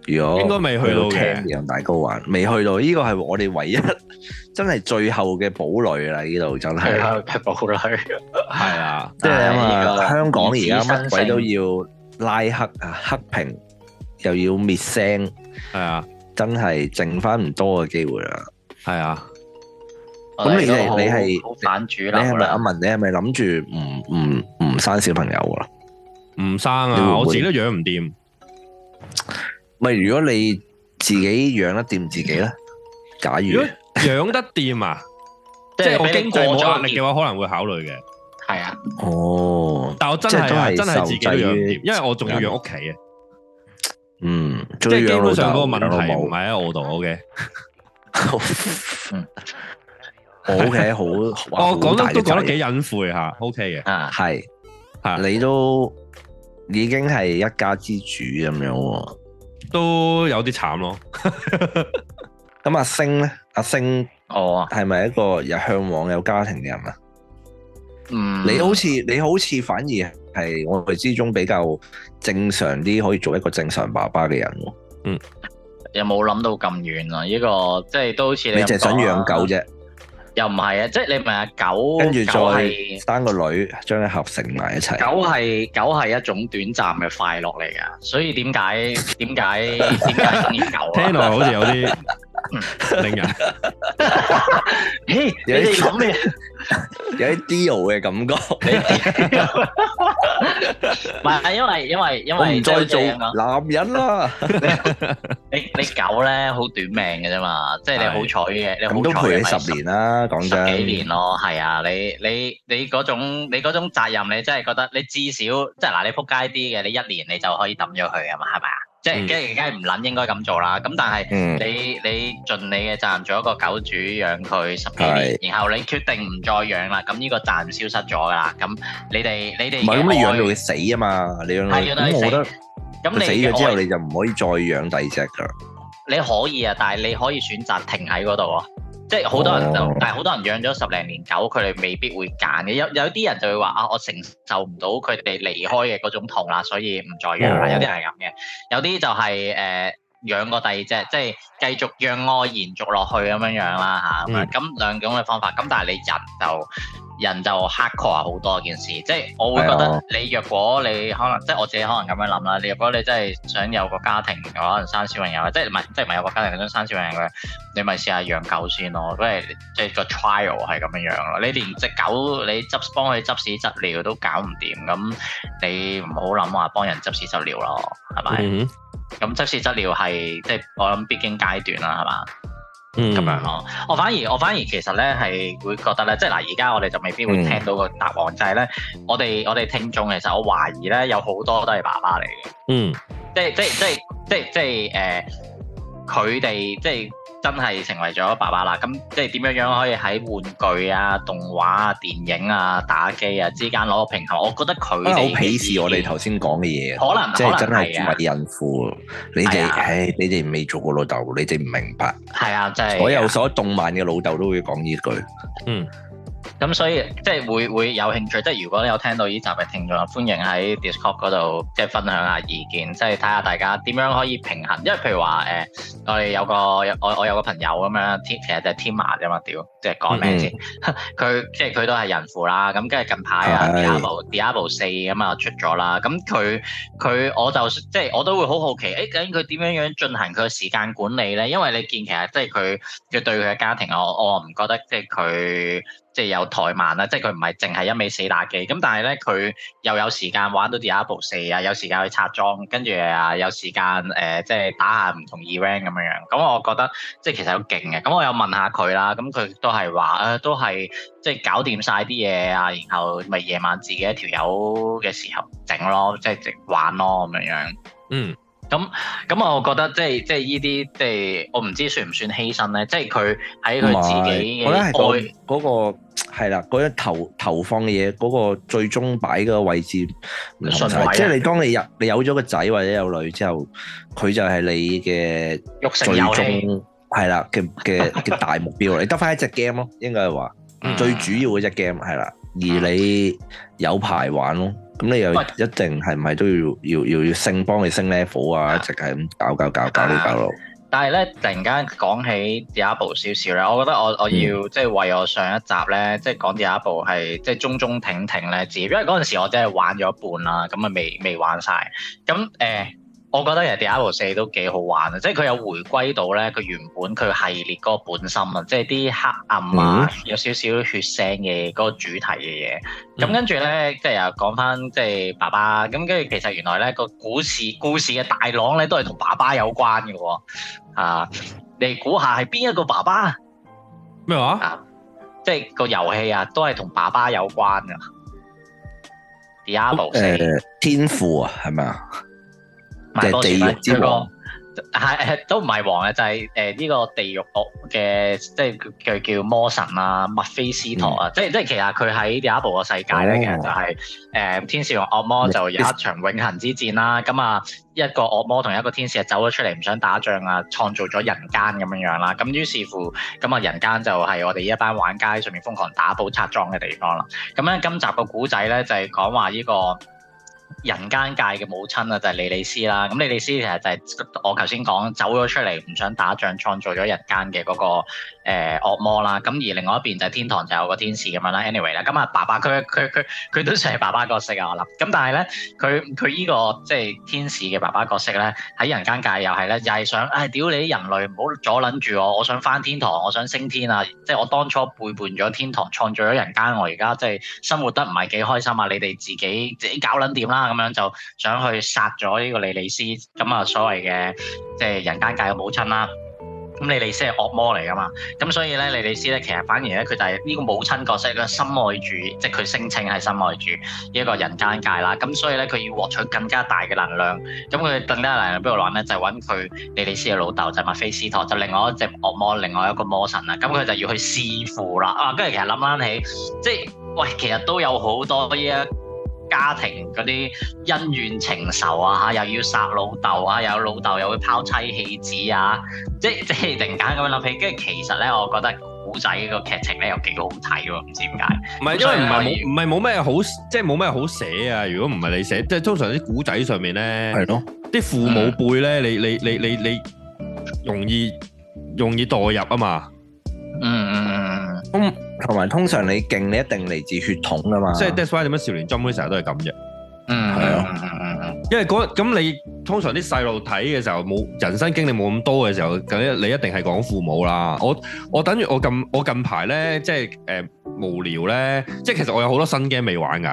Speaker 1: 如果應該未去到嘅，電動大 GO 玩，未去到。呢、這個係我哋唯一真係最後嘅堡壘啦！呢、這、度、個、真係 啊，係 啊，即係、啊、香港而家乜鬼都要。拉黑啊，黑屏又要滅聲，係啊，真係剩翻唔多嘅機會啦，係啊。咁你哋，你係
Speaker 2: 版主啦，你係咪阿
Speaker 1: 文？你係咪諗住唔唔唔生小朋友噶啦？唔生啊！我自己都養唔掂。咪如果你自己養得掂自己咧，假如如果養得掂
Speaker 3: 啊，即係經濟冇壓力嘅話，可能會考慮嘅。係啊，哦，但我真係真係自己養，因為我仲要養屋企啊。嗯，即係基本上嗰個問題唔
Speaker 1: 喺我度，O K，好，O K，好，我講得都講得幾隱晦下，O K 嘅，啊，係，啊，你都已經係一家之主咁樣，都有啲慘咯，咁阿星咧，阿星，哦，係咪一個有嚮往有家庭嘅人啊？嗯你，你好似你好似反而係我哋之中比較正常啲，可以做一個正常爸爸嘅人。嗯，
Speaker 2: 又冇諗到咁遠啊！呢、呢個即係都好似你淨係、啊、想養狗啫。又唔係啊！即係你問下狗，跟住再
Speaker 1: 生個女，將佢合成埋一齊。狗
Speaker 2: 係，狗係一種短暫嘅快樂嚟噶，所以點解點解點解中意
Speaker 3: 狗啊？
Speaker 1: 聽落好似有啲令人嘿，
Speaker 2: 有啲咁
Speaker 4: 咩？
Speaker 1: 有啲 deal 嘅感覺。
Speaker 2: 唔係，因為因為因為我唔再做男人啦。你，你狗咧好短命嘅啫嘛，即係你好彩嘅，你好彩，咁都陪你十
Speaker 1: 年啦。十幾年咯，
Speaker 2: 係啊，你你你嗰種你嗰種責任，你真係覺得你至少即係嗱，你仆街啲嘅，你一年你就可以抌咗佢啊嘛，係咪啊？即係梗係梗係唔捻應該咁做啦。咁但係你你盡你嘅責任做一個狗主養佢十幾年，然後你決定唔再養啦，咁呢個責任消失咗噶啦。咁你哋你哋唔係咁，你養到佢死啊嘛，你養到佢死咗之後，你
Speaker 1: 就唔可以再養第二隻噶。
Speaker 2: 你可以啊，但係你可以選擇停喺嗰度啊，即係好多人就，哦、但係好多人養咗十零年狗，佢哋未必會揀嘅。有有啲人就會話啊，我承受唔到佢哋離開嘅嗰種痛啦，所以唔再養啦、嗯。有啲人係咁嘅，有啲就係誒。養個第二隻，即係繼續讓愛延續落去咁樣、嗯、這樣啦吓，咁樣兩種嘅方法。咁但係你人就人就坎坷好多件事，即係我會覺得你若果你可能、嗯、即係我自己可能咁樣諗啦。你若果你真係想有個家庭，可能生小朋友，即係唔係即係唔係有個家庭想生小朋友咧，你咪試下養狗先咯，即係即係個 trial 係咁樣樣咯。你連隻狗你執幫佢執屎執尿都搞唔掂，咁你唔好諗話幫人執屎執尿咯，係咪、嗯？是咁質是質料係，即係我諗必經階段啦，係嘛？
Speaker 4: 咁、嗯、樣咯，
Speaker 2: 我反而我反而其實咧係會覺得咧，即係嗱，而家我哋就未必會聽到個答案，嗯、就係咧，我哋我哋聽眾其實我懷疑咧，有好多都係爸爸嚟嘅，嗯即，即係即係即係即係、呃、即係誒，佢哋即係。真係成為咗爸爸啦，咁即係點樣可以喺玩具啊、動畫啊、電影啊、打機啊之間攞個平衡？我覺得佢好鄙視我哋
Speaker 1: 頭先講嘅嘢，可能即係真係唔係孕婦。你哋唉，你哋未做過老豆，你哋唔明白。係啊，即係所有所動漫嘅老豆都會講呢句。嗯。
Speaker 2: 咁所以即係會會有興趣，即係如果你有聽到依集嘅聽眾，歡迎喺 Discord 嗰度即係分享一下意見，即係睇下大家點樣可以平衡。因為譬如話誒、呃，我哋有個我我有個朋友咁樣，其實就係天麻啫嘛，屌、mm hmm. 即係講咩先？佢即係佢都係人父啦，咁跟住近排啊《Diablo Diablo 四》咁啊出咗啦，咁佢佢我就即係我都會好好奇，誒、欸、究竟佢點樣樣進行佢嘅時間管理咧？因為你見其實即係佢佢對佢嘅家庭，我我唔覺得即係佢。即係有怠慢啦，即係佢唔係淨係一味死打機，咁但係咧佢又有時間玩到 Diablo 4啊，有時間去拆裝，跟住啊有時間誒、呃，即係打下唔同 event 咁樣樣。咁我覺得即係其實好勁嘅。咁我有問下佢啦，咁佢都係話啊，都係即係搞掂晒啲嘢啊，然後咪夜晚自己一條友嘅時候整咯，即係直玩咯咁樣樣。嗯。咁咁，我覺得即係即係呢啲，我唔知算唔算犧牲咧。即係佢喺佢自己嘅愛
Speaker 1: 嗰個係啦，嗰啲投投放嘅嘢，嗰、嗰個最終擺嘅位置唔同懷即係你當你入，你有咗個仔或者有女之後，佢就係你嘅最終係啦嘅嘅嘅大目標。 你得翻一隻 game 咯，應該係話最主要嘅隻 game 係啦，而你有排玩咯。咁你又一定係唔係都要喂要要要升幫你升 level 啊？啊，一直係咁搞搞搞、啊、搞搞搞落、啊。
Speaker 2: 但係咧，突然間講起第一部少少呢，我覺得我我要即係、就是、為我上一集咧，即係講第一部係即係中中停停咧止，因為嗰陣時我真係玩咗一半啦，咁啊未未玩晒。咁誒。呃我覺得《人 Diablo 四》都幾好玩啊！即係佢有回歸到咧佢原本佢系列嗰個本心啊，即係啲黑暗啊，嗯、有少少血腥嘅嗰個主題嘅嘢。咁、嗯、跟住咧，即係又講翻即係爸爸。咁跟住其實原來咧個故事故事嘅大綱咧都係同爸爸有關嘅喎。啊，你估下係邊一個爸爸？咩話、啊？啊，即係個遊戲啊，都係同爸爸有關嘅《嗯、Diablo 四》誒，
Speaker 1: 天賦啊，係咪啊？
Speaker 2: 即係地獄之王，這個、都唔係王啊！就係誒呢個地獄惡嘅，即係佢叫，叫魔神啊、墨菲斯陀啊、嗯。即係即係，其實佢喺第一部嘅世界咧，哦、其實就係、是、誒、呃、天使同惡魔就有一場永恆之戰啦。咁啊你，一個惡魔同一個天使走咗出嚟，唔想打仗啊，創造咗人間咁樣樣啦。咁於是乎，咁啊人間就係我哋依一班玩家喺上面瘋狂打寶拆裝嘅地方啦。咁咧，今集個古仔咧就係講話呢個。人間界嘅母親啊，莉莉絲就係莉莉絲啦。咁莉莉絲其實就係我頭先講走咗出嚟，唔想打仗，創造咗人間嘅嗰、那個。誒、呃、惡魔啦、啊，咁而另外一邊就天堂就有個天使咁樣啦。Anyway 啦、啊，咁、嗯、啊爸爸佢佢佢佢都算係爸爸角色啊，我諗。咁但係咧，佢佢呢個即係、就是、天使嘅爸爸的角色咧，喺人間界又係咧，又、就、係、是、想誒屌你啲人類唔好阻撚住我，我想返天堂，我想升天啊！即、就、係、是、我當初背叛咗天堂，創造咗人間，我而家即係生活得唔係幾開心啊！你哋自己自己搞撚掂啦，咁樣就想去殺咗呢個莉莉絲，咁啊所謂嘅即、就是、人間界嘅母親啦、啊。咁莉莉斯係惡魔嚟噶嘛？咁所以咧，莉莉斯咧，其實反而咧，佢就係呢個母親角色嘅深愛主，即係佢聲稱係深愛主呢一個人間界啦。咁所以咧，佢要獲取更加大嘅能量。咁佢等加能量邊度攞咧？就係揾佢莉莉斯嘅老豆，就麥菲斯托，就另外一隻惡魔，另外一個魔神啦。咁佢就要去弒父啦。啊，跟住其實諗翻起，即係喂，其實都有好多呢一、啊。家庭嗰啲恩怨情仇啊，又要殺老豆啊，又有老豆又會拋妻棄子啊，即即係突然間咁樣諗起，跟住其實咧，我覺得古仔個劇情咧又幾好睇喎，唔知點解。唔係因
Speaker 3: 為唔係冇唔係冇咩好，即係冇咩好寫啊！如果唔係你寫，即係通常啲古仔上面咧，係咯，啲父母輩咧，你你你你你容易容易代入啊嘛，嗯
Speaker 4: 嗯嗯嗯咁。同埋通
Speaker 3: 常你勁，你一定嚟自血統噶嘛。即係 Desire 點樣，少年 Jump 呢成日都係咁嘅。嗯，係啊。嗯嗯，因為咁你通常啲細路睇嘅時候冇人生經歷冇咁多嘅時候，咁你一定係講父母啦。我我等於我近我近排咧，即係誒、呃、無聊咧，即係其實我有好多新 game 未玩噶。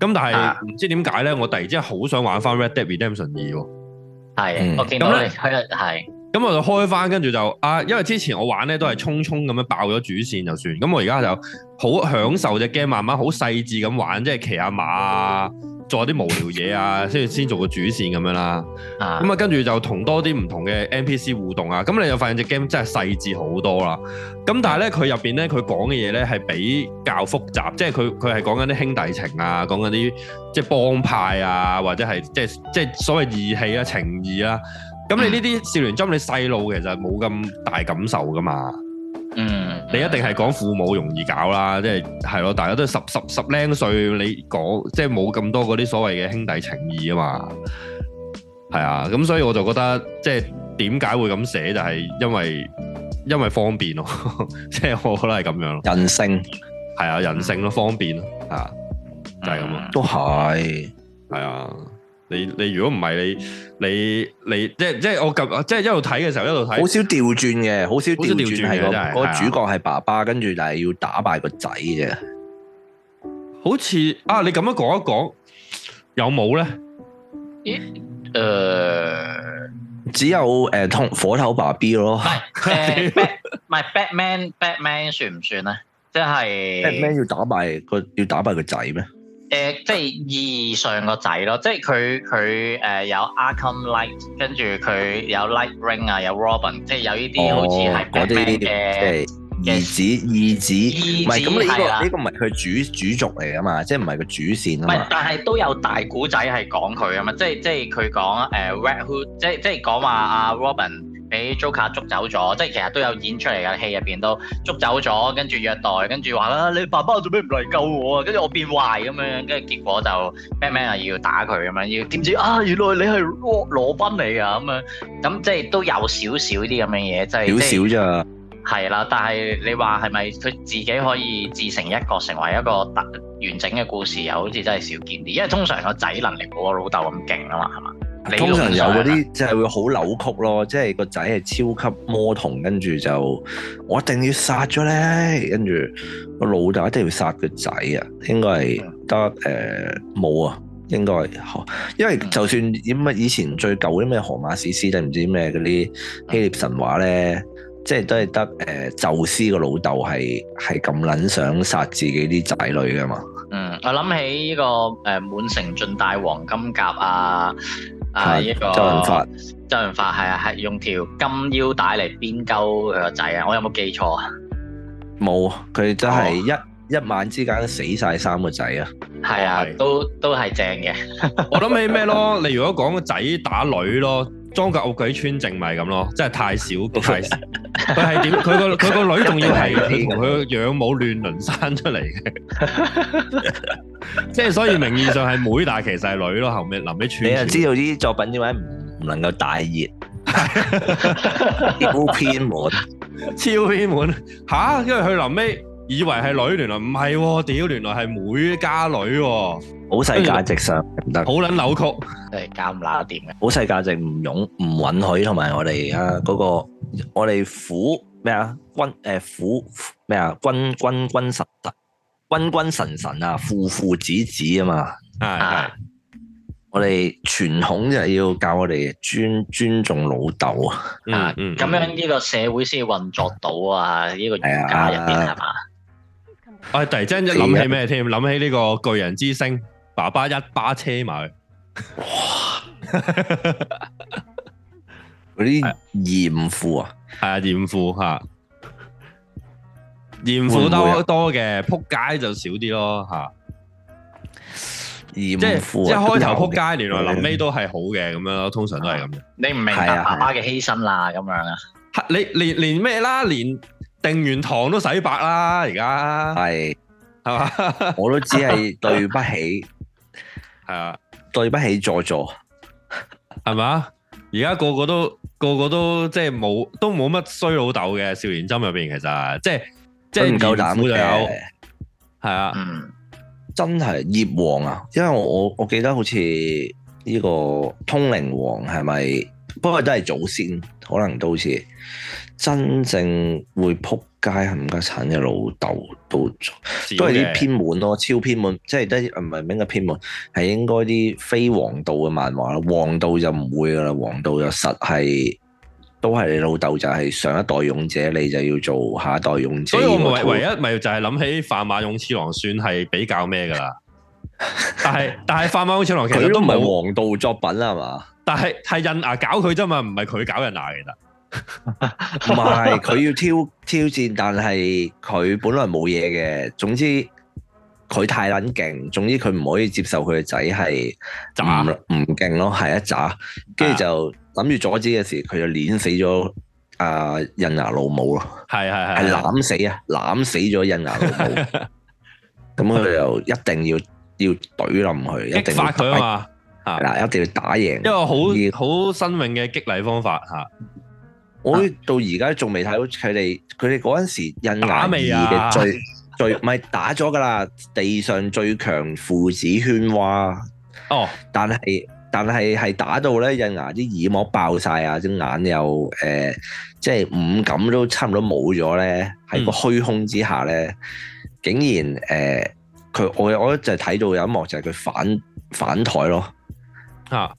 Speaker 3: 咁但係唔知點解咧，我突然之間好想玩翻 Red Dead Redemption 二喎。我見到你睇、嗯呢咁我就開翻，跟住就啊，因為之前我玩咧都係匆匆咁樣爆咗主線就算。咁我而家就好享受隻 game 慢慢好細緻咁玩，即係騎下馬啊，做下啲無聊嘢啊，先先做個主線咁樣啦。咁啊，跟住就同多啲唔同嘅 NPC 互動啊。咁你就發現隻 game 真係細緻好多啦。咁但係咧，佢入邊咧，佢講嘅嘢咧係比較複雜，即係佢佢係講緊啲兄弟情啊，講緊啲即係幫派啊，或者係即係即係所謂義氣啊、情義啊。咁你呢啲少年針，你細路其實冇咁大感受㗎嘛？嗯，你一定係講父母容易搞啦，即係係咯，大家都十十十零歲，你講即係冇咁多嗰啲所謂嘅兄弟情義啊嘛，係啊，咁所以我就覺得即係點解會咁寫，就係因為因為方便咯，即係我覺得係咁樣咯。人性係啊，人性咯，方便咯，係啊，就係咁咯，都係係啊。你你如果唔係你你你即即我咁即一路睇嘅時候一路睇，好少
Speaker 1: 調轉嘅，好少調轉係嗰個主角係爸爸，係跟住但係要打敗個仔嘅。
Speaker 3: 好似啊，你咁樣講一講，有冇咧？咦、
Speaker 1: 欸？呃、uh，只有誒通、uh, 火頭爸 B 咯。
Speaker 2: 唔係係 Batman Batman 算唔算咧？即係 Batman
Speaker 1: 要打敗個要打敗個仔咩？
Speaker 2: 誒、呃，即係意義上個仔咯，即係佢佢有 Arkham、um、Light，跟住佢有 Light Ring 啊、哦，有 Robin，即係有呢啲好似係軍啲。嘅。
Speaker 1: 兒子，兒子，唔係咁呢個呢是、啊、個唔係佢主主軸嚟啊嘛，即係唔係個主線啊嘛。
Speaker 2: 但係都有大古仔係講佢啊嘛，即係即係佢講誒 Red Hood，即係即係講話阿、啊、Robin 俾 Joker 捉走咗，即係其實都有演出嚟嘅，戲入邊都捉走咗，跟住虐待，跟住話啦，你爸爸做咩唔嚟救我啊？跟住我變壞咁樣，跟住結果就 Batman 又要打佢咁樣，要點知啊？原來你係羅羅賓嚟噶咁樣，咁即係都有小小少少啲咁嘅嘢，即係少少咋。係啦，但係你話係咪佢自己可以自成一個，成為一個特完整嘅故事，又好似真係少見啲，因為通常個仔能力冇阿老豆咁勁啊嘛，係嘛？通常有嗰啲
Speaker 1: 即係會好扭曲咯，即係個仔係超級魔童，跟住就我一定要殺咗你，跟住個老豆一定要殺個仔、嗯呃、啊，應該係得誒冇啊，應該，因為就算啲乜以前最舊啲咩荷馬史詩定唔知咩嗰啲希臘神話咧。即係都係得誒，宙斯個老豆係係咁撚想殺自己啲仔女噶嘛？嗯，
Speaker 2: 我諗起呢、這個誒、呃、滿城盡帶黃金甲啊啊！依、這個周潤發，周潤發係啊，用條金腰帶嚟邊勾佢個仔啊！我有冇記錯啊？
Speaker 1: 冇，佢真係一、哦、一晚之間死晒三個仔啊！係啊，都都係正嘅。 我諗起
Speaker 3: 咩咯？你如果講個仔打女咯？裝甲惡鬼村正咪咁咯，真係太，太少，佢係點？佢個佢個女仲要係佢同佢養母亂倫生出嚟
Speaker 1: 嘅，即係 所以名義上係妹，但係其實係女咯。後尾臨尾穿，你又知道呢啲作品點解唔能夠大熱，
Speaker 4: 超
Speaker 3: 偏
Speaker 1: 門，
Speaker 3: 超偏門吓？因為佢臨尾以為係女，原來唔係，屌，原來係妹家女喎、啊。
Speaker 1: 普世價值上唔得、嗯，好撚扭曲，
Speaker 2: 誒監乸掂嘅？
Speaker 1: 普世價值唔容唔允許，同埋我哋而家嗰個，我哋苦咩啊？君誒苦咩啊？君君君臣君君臣臣啊！父父子子啊嘛，係係、啊，我哋傳統就係要教我哋尊尊重老豆
Speaker 2: 啊，咁、嗯啊、樣呢個社會先要運作到啊，這個、呢個儒家入邊係嘛？啊、吧我係
Speaker 3: 突然間一諗起咩添？諗起呢個巨人之星。爸爸一巴車埋，
Speaker 1: 哇！嗰啲嚴父
Speaker 3: 啊，係啊嚴父吓，父啊、父多父多嘅，扑街就少啲咯吓。
Speaker 4: 父、啊啊，即係開頭扑街，原來臨尾對
Speaker 3: 都係好嘅咁樣咯，通常都係咁樣你唔明白爸爸嘅犧牲啦，咁、啊啊、樣啊？你連連咩啦？連定完堂都洗白啦，而家係係嘛？是是
Speaker 1: 吧我都只係對不起。 係啊，對不起在座，係咪啊？而家個個都個個都即係冇，都
Speaker 3: 冇乜衰老豆嘅。少年針入邊其實即係即係唔夠膽嘅，
Speaker 1: 係啊，真係葉王啊！因為我我我記得好似呢個通靈王係咪？不過都係祖先，可能都好似。真正會扑街、冚家鏟嘅老豆都做，都係啲偏門咯，超偏門，即係得唔係名嘅偏門，係應該啲非王道嘅漫畫啦。王道就唔會噶啦，王道就實係都係你老豆就係、是、上一代勇者，你就要做下一代勇者。所以唯唯一
Speaker 3: 咪就係諗起《範馬勇次郎》算係比較咩噶啦？但係
Speaker 1: 但係《範馬勇次郎》其實都唔係
Speaker 3: 王道作品啦嘛。但係係刃牙搞佢啫嘛，唔係佢搞刃牙其實。
Speaker 4: 唔係佢
Speaker 1: 要挑挑戰，但係佢本來冇嘢嘅。總之佢太撚勁，總之佢唔可以接受佢嘅仔係唔唔勁咯，係一扎。跟住就諗住阻止嘅時，佢就碾死咗啊印牙老母咯。係係係，係攬死啊，攬死咗印牙老母。咁佢就一定要要懟冧佢，激發佢啊嘛。嗱，一定要打贏，一個好好新穎嘅激勵方法吓。我到而家仲未睇到佢哋，佢哋嗰陣時印牙二嘅最最唔係打咗噶啦，地上最強父子喧嘩。哦但，但係但係係打到咧印牙啲耳膜爆晒啊，隻眼又即係、呃即係、五感都差唔多冇咗咧，喺個虛空之下咧，嗯、竟然佢、呃、我我就睇到有一幕就係佢反反台咯。啊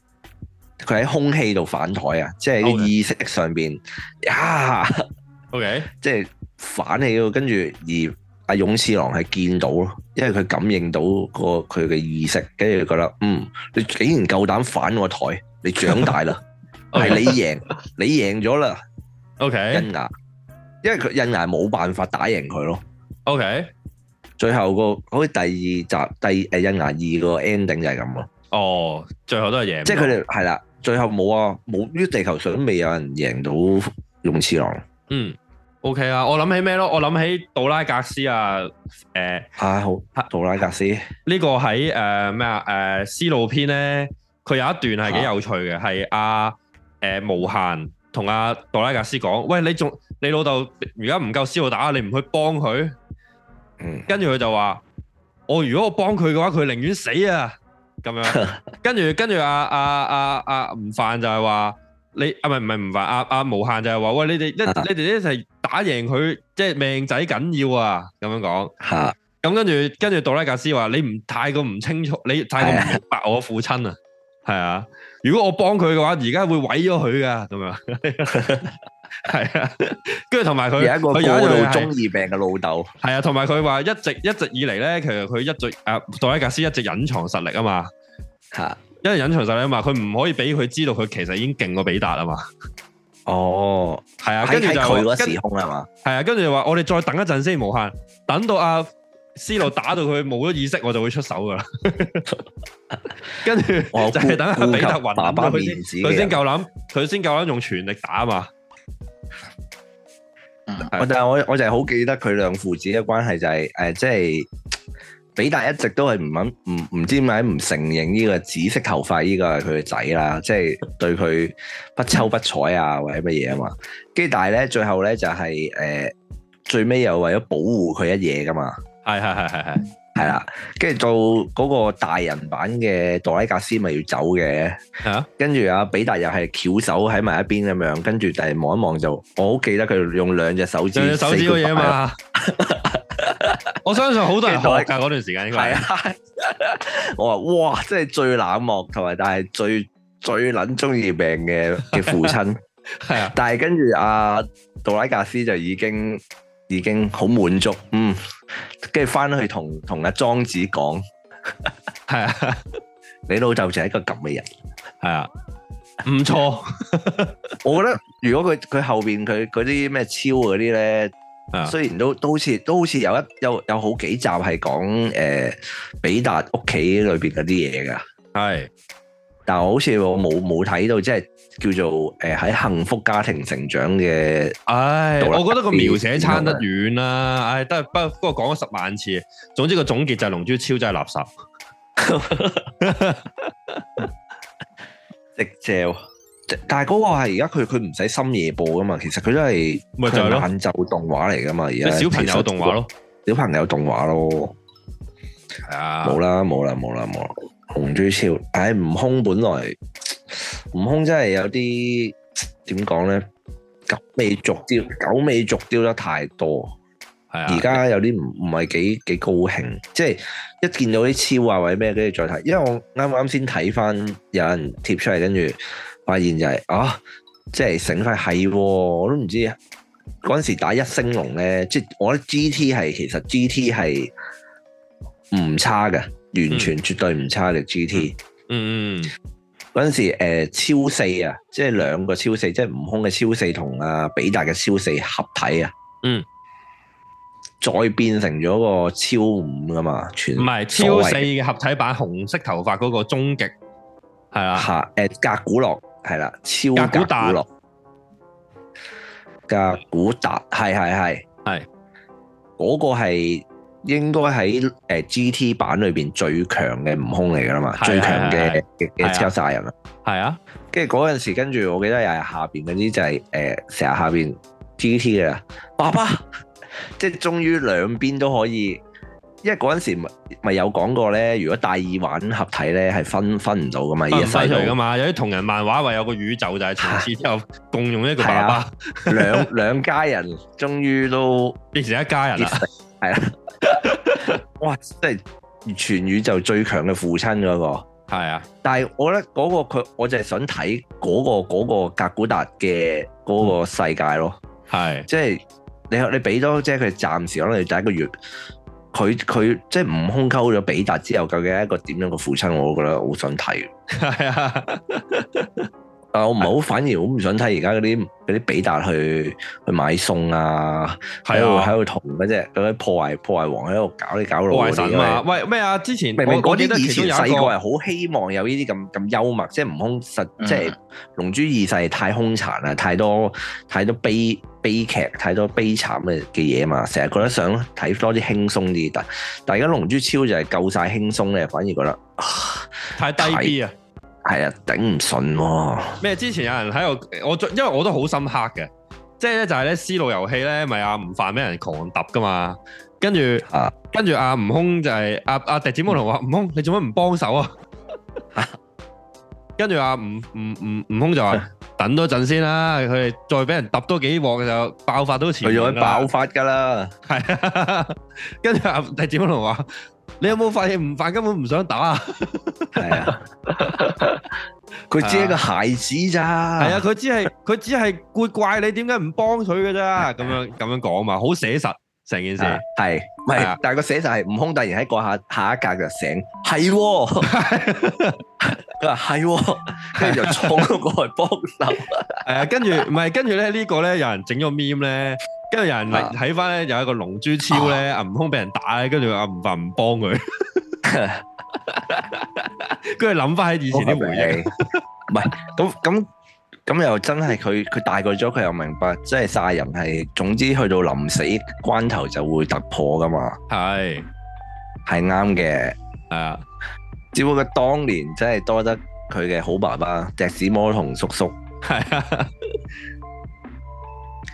Speaker 1: 佢喺空氣度反台啊，即係個意識上邊 Okay. 呀，OK，即係反起度，跟住而阿勇次郎係見到咯，因為佢感應到、個佢嘅意識，跟住佢覺得嗯，你竟然夠膽反我台，你長大啦，係 Okay. 你贏，Okay. 你贏咗啦，OK，刃牙，因為佢刃牙冇辦法打贏佢咯，OK，最後個好似第二集第誒刃牙二個 ending 就係咁咯，
Speaker 3: 哦，oh, 最後都係贏，即係佢哋
Speaker 1: 係啦。最後冇啊，冇呢，地球上都未有人贏到勇次郎。
Speaker 3: 嗯，OK 啊，我諗起咩咯？我諗起杜拉格斯啊，誒、呃、
Speaker 1: 吓、哎、好，杜拉格斯
Speaker 3: 呢個喺誒咩啊？誒、這個，斯、呃啊、路篇咧，佢有一段係幾有趣嘅，係阿誒無限同阿杜拉格斯講，喂，你仲你老豆如果唔夠斯路打，你唔去幫佢？嗯、跟住佢就話，我如果我幫佢嘅話，佢寧願死啊！咁樣，跟住跟住阿啊啊啊吳範就係話你吳啊，唔唔係吳範阿阿無限就係話喂，你哋一你哋一齊打贏佢，即係命仔緊要啊！咁樣講吓，咁跟住跟住杜拉格斯話你唔太過唔清楚，你太過唔明白我父親啊，係 啊，如果我幫佢嘅話，而家會毀咗佢噶咁樣。 係啊，跟住同埋佢有一個好中二
Speaker 1: 病嘅老豆。
Speaker 3: 係啊，同埋佢話一直一直以嚟咧，其實佢一直阿佐威格斯一直隱藏實力啊嘛，吓、啊，因為隱藏實力啊嘛，佢唔可以俾佢知道佢其實已經勁過比達啊嘛。哦，係啊，跟住就係佢嘅時空係嘛。係啊，跟住就話我哋再等一陣先無限，等到阿、啊、斯路打到佢冇咗意識，我就會出手噶啦。跟 住哇就係等下、啊、比特暈諗佢先，佢先夠諗，佢先夠膽用全力打啊嘛。
Speaker 4: 嗯、
Speaker 1: 但我但係我我就係好記得佢兩父子嘅關係就係、是、誒、呃、即係比達一直都係唔肯唔，唔知點解唔承認呢個紫色頭髮呢個係佢嘅仔啦，即係對佢不瞅不睬啊、嗯、或者乜嘢啊嘛，跟住但係咧最後咧就係誒最尾又為咗保護佢一嘢㗎嘛，係係係係係。係啦，跟住、啊、做嗰個大人版嘅杜拉格斯咪要走嘅，跟住阿比達又係翹手喺埋一邊咁樣，跟住第二望一望就，我好記得佢用兩隻手指手指個嘢啊嘛， 我相信好多人學噶嗰段時間應該係啊，我話哇，真係最冷漠同埋但係最最撚中意病嘅嘅父親，係啊、但係跟住阿杜拉格斯就已經。已經好滿足，嗯，回去跟住翻去同同阿莊子講，係啊， 你老豆就係一個咁嘅人，係啊，唔錯， 我覺得如果佢佢後邊佢嗰啲咩超嗰啲咧，是啊、雖然都都好似都好似有一有有好幾集係講誒比達屋企裏邊嗰啲嘢噶，係是，但係好似我冇冇睇到即係。叫做誒喺、呃、幸福家庭成長嘅，唉，我覺得個描寫差得
Speaker 3: 遠啦、啊。唉，都不過不過講咗十萬次，總
Speaker 1: 之個總結就係《龍珠超》真係垃圾，直椒。但係嗰個係而家佢佢唔使深夜播㗎嘛，其實佢都係就係晏晝動畫嚟㗎嘛。而家小朋友動畫咯、那個，小朋友動畫咯，係啊的，冇啦冇啦冇啦冇啦，《龍珠超》唉，悟空本來。悟空真係有啲點講咧，九尾逐雕，九尾逐雕得太多，係而家有啲唔唔係幾幾高興，即係一見到啲超話、啊、或者咩，跟住再睇，因為我啱啱先睇翻有人貼出嚟，跟住發現就係、是、啊，即係醒晒係，我都唔知嗰陣時打一星龍咧，即係我覺得 G T 係其實 G T 係唔差㗎，完全絕對唔差嘅 G T，
Speaker 4: 嗯。嗯
Speaker 1: 嗰陣時，誒，超四啊，即係兩個超四，即係悟空嘅超四同阿比達嘅超四合體啊，嗯，再變成咗個超五噶嘛，全唔係是超四
Speaker 3: 嘅合體版，紅色頭髮嗰個終極係啦，
Speaker 1: 吓誒、啊啊，格古洛係啦、啊，超格古洛，格古達，格古達係係係係，嗰是是 個係。應該喺誒 GT 版裏邊最強嘅悟空嚟噶啦嘛，最強嘅嘅超撒亞人啊！係啊，跟住嗰陣時，跟住我記得又係下邊嗰啲就係誒成日下邊 GT 嘅爸爸，即係終於兩邊都可以。因為嗰陣時咪咪有講過咧，如果戴耳環合體咧係分分唔到噶嘛，分唔開噶
Speaker 3: 嘛。有啲同人漫畫話有個宇宙就係，從此之後共用一個爸爸，兩
Speaker 1: 兩家人終於都變成一家人啊！係啦， 哇！即係全宇宙最強嘅父親嗰個，係啊。但係我覺得嗰個佢，我就係想睇嗰個嗰個格古達嘅嗰個世界咯。係是，即係你你俾咗，即係佢暫時可能你第一個月，佢佢即係悟空溝咗比達之後，究竟係一個點樣嘅父親？我都覺得好想睇。係是啊。 啊！我唔係好，反而好唔想睇而家嗰啲啲比達去去買餸啊，喺度喺度同嗰隻啲破壞破壞王喺度搞啲搞路。破壞神嘛，喂
Speaker 3: 咩啊？之前明明嗰啲以前細個係
Speaker 1: 好希望有呢啲咁咁幽默，即係悟空實即係《龍珠》二世太兇殘啊，太多太多悲悲劇，太多悲慘嘅嘅嘢嘛，成日覺得想睇多啲輕鬆啲，但但而家《龍珠超》就係夠晒輕鬆咧，反而覺得太，太低 B 啊！係啊，頂唔順喎。
Speaker 3: 咩？之前有人喺度，我因為我都好深刻嘅，即係咧就係、是、咧，斯路遊戲咧，咪阿悟飯俾人狂揼噶嘛，跟住，啊、跟住阿悟空就係阿阿笛子魔童話，悟、嗯、空你做乜唔幫手啊？跟住阿悟悟悟悟空就話，等多陣先啦，佢哋再俾人揼多幾鑊嘅時候，爆發到前。佢做爆發噶啦？係啊，跟住阿笛子魔童話。你有冇發現悟飯根本唔想打啊？係啊，佢只係個孩
Speaker 1: 子咋？係啊，
Speaker 3: 佢只係佢只係會怪你點解唔幫佢
Speaker 1: 嘅咋？咁樣咁樣講嘛，好寫實成件事係，係？但係個寫實係，悟空突然喺嗰下下一格就醒，係佢話係，跟住就衝過過嚟幫手。誒，跟住唔係跟住咧呢個咧有人整咗
Speaker 3: meme 咧。跟住有人嚟睇翻咧，有一個龍珠超咧，阿悟空俾人打，跟住阿悟飯
Speaker 1: 唔幫佢，跟住諗翻起以前啲回憶，唔係咁咁咁，又真係佢，佢大個咗，佢又明白，即係殺人係，總之去到臨死關頭就會突破㗎嘛，係，係啱嘅，係啊，只不過當年真係多得佢嘅好爸爸隻屎魔同叔叔，係啊。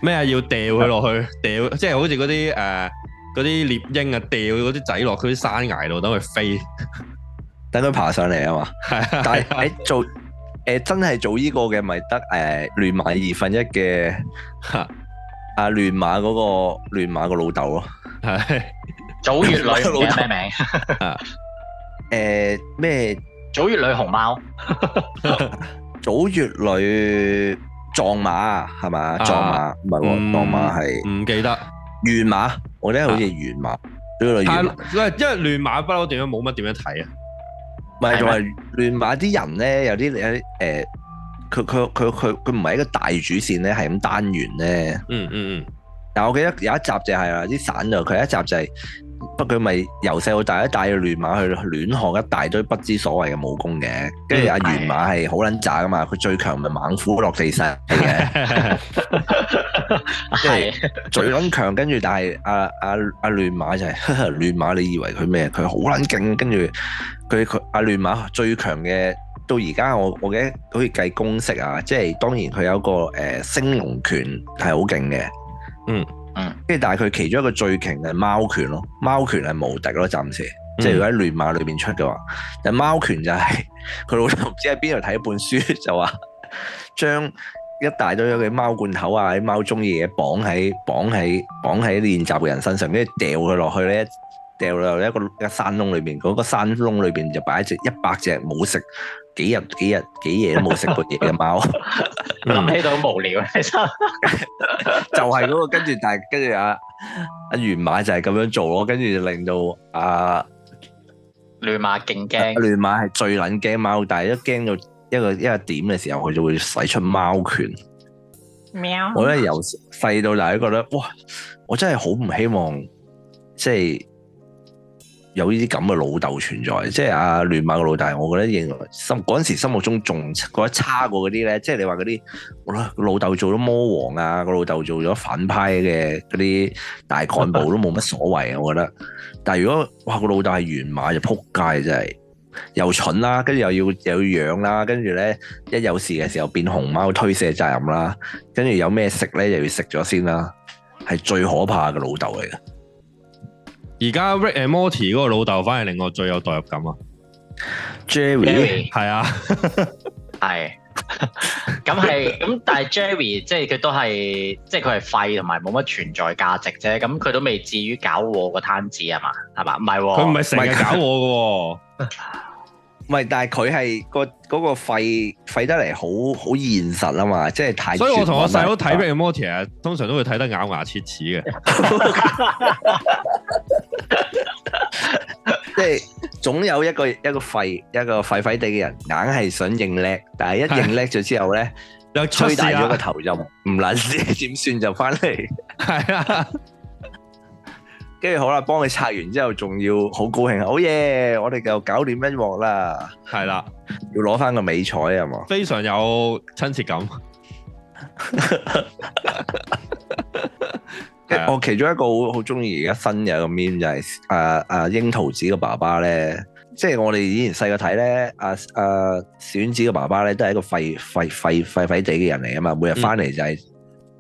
Speaker 1: 咩啊？
Speaker 3: 要掉佢落去，掉，即係好似嗰啲誒，嗰啲獵鷹啊，掉佢嗰啲仔落去嗰
Speaker 1: 啲山崖度，等佢飛，等佢爬上嚟啊嘛。但係你做誒真係做呢個嘅，咪得誒亂馬二分一嘅，啊，阿亂馬嗰個亂馬個老豆咯。係早月女老豆咩名？誒咩？早月女熊貓。早月女。撞馬啊，係咪？撞馬唔係喎，撞馬係唔記得亂馬，我覺得好似亂馬，叫做亂。唔係，因
Speaker 3: 為亂馬不嬲點樣，冇乜點樣睇啊！
Speaker 1: 唔係，仲係亂馬啲人咧，有啲有啲誒，佢佢佢佢佢唔係一個大主線咧，係咁單元咧。嗯嗯嗯。但係我記得有一集就係啦，啲散就佢一集就係。他不過佢咪由細到大，一帶住亂馬去亂學一大堆不知所謂嘅武功嘅，跟住阿係玄馬係好撚渣㗎嘛，佢最強咪猛虎落地式嘅，即係最撚強。跟住但係阿阿阿亂馬就係、是、亂馬，你以為佢咩？佢好撚勁。跟住佢佢阿亂馬最強嘅到而家我我記得好似計公式啊，即係當然佢有一個升、呃、升龍拳係好勁嘅，嗯。嗯，跟住但係佢其中一個最勁嘅係貓拳咯，貓拳係無敵咯，暫時，嗯、即係如果喺亂馬裏邊出嘅話，但貓拳就係佢老豆唔知喺邊度睇一本書就話，將一大堆嘅貓罐頭啊，啲貓中意嘢綁喺綁喺綁喺練習嘅人身上，跟住掉佢落去咧，掉落一個一個山窿裏邊，嗰、嗰個山窿裏邊就擺一隻一百隻冇食幾日幾日幾夜都冇食過嘢嘅貓，
Speaker 4: 諗起都好
Speaker 1: 無聊。其實就係嗰個，跟住但係跟住阿阿玄馬就係咁樣做咯，跟住就令到阿亂馬勁驚。亂馬係最撚驚貓，但係一驚到一個一個點嘅時候，佢就會使出貓拳。
Speaker 2: 喵！我咧
Speaker 1: 由細到大都覺得，哇！我真係好唔希望即係。有呢啲咁嘅老豆存在，即係阿亂馬個老大。我覺得認為心嗰陣時心目中仲覺得差過嗰啲咧，即係你話嗰啲我覺得老豆做咗魔王啊，個老豆做咗反派嘅嗰啲大幹部都冇乜所謂啊，我覺得。但係如果哇個老大係玄馬就仆街，真係又蠢啦，跟住又要又要養啦，跟住咧一有事嘅時候變熊貓推卸責任啦，跟住有咩食咧又要食咗先啦，係最可怕嘅老豆嚟嘅。
Speaker 3: 而家 Rick and Morty 嗰個老豆反而令我最有代入感啊
Speaker 1: ，Jerry, 係啊，Jerry
Speaker 3: 係啊，
Speaker 2: 係咁係咁，但係 Jerry 即係佢都係即係佢係廢同埋冇乜存在價值啫，咁佢都未至於搞我個攤子係咪啊嘛，係嘛？唔係佢唔係成日搞
Speaker 1: 我㗎喎。 唔係，但係佢係個嗰、個廢廢得嚟，好好現實啊嘛，即係睇。所以我同我細佬睇《Black
Speaker 3: Materia》通常都會
Speaker 1: 睇得咬牙切齒嘅。 即係總有一個一個廢一個廢廢地嘅人，硬係想認叻，但係一認叻咗之後咧，又對吹大咗個頭就唔撚知，點、啊、算就翻嚟。係啊。跟住好啦，幫佢拆完之後，仲要好高興，好耶！我哋就搞掂一鑊啦，係啦了，要攞翻個美彩係嘛？是是，非常有親切感。我其中一個好好中意而家新嘅個 meme 就係、是、啊啊櫻桃子嘅爸爸咧，即係我哋以前細個睇咧，阿啊，啊小丸子嘅爸爸咧，都係一個廢廢廢廢廢地嘅人嚟啊嘛，每日翻嚟就係、是。嗯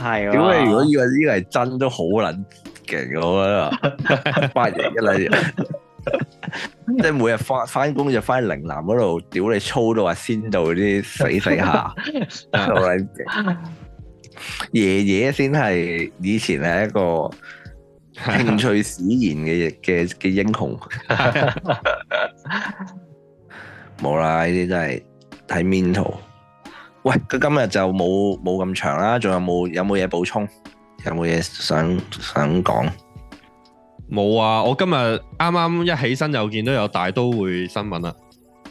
Speaker 1: 係，屌你！如果以為依個係真，都好撚勁，我覺得，翻嚟一兩，即係每日翻翻工就翻喺嶺南嗰度，屌你粗到話先到啲死死下，爺爺先係以前係一個興趣使然嘅嘅嘅英雄，冇啦，呢啲真係睇面圖。喂，佢今日就冇冇咁長啦，仲有冇有冇嘢補充？有冇嘢想想講？
Speaker 3: 冇啊！我今日啱啱一起身就見到有大都會新聞啦。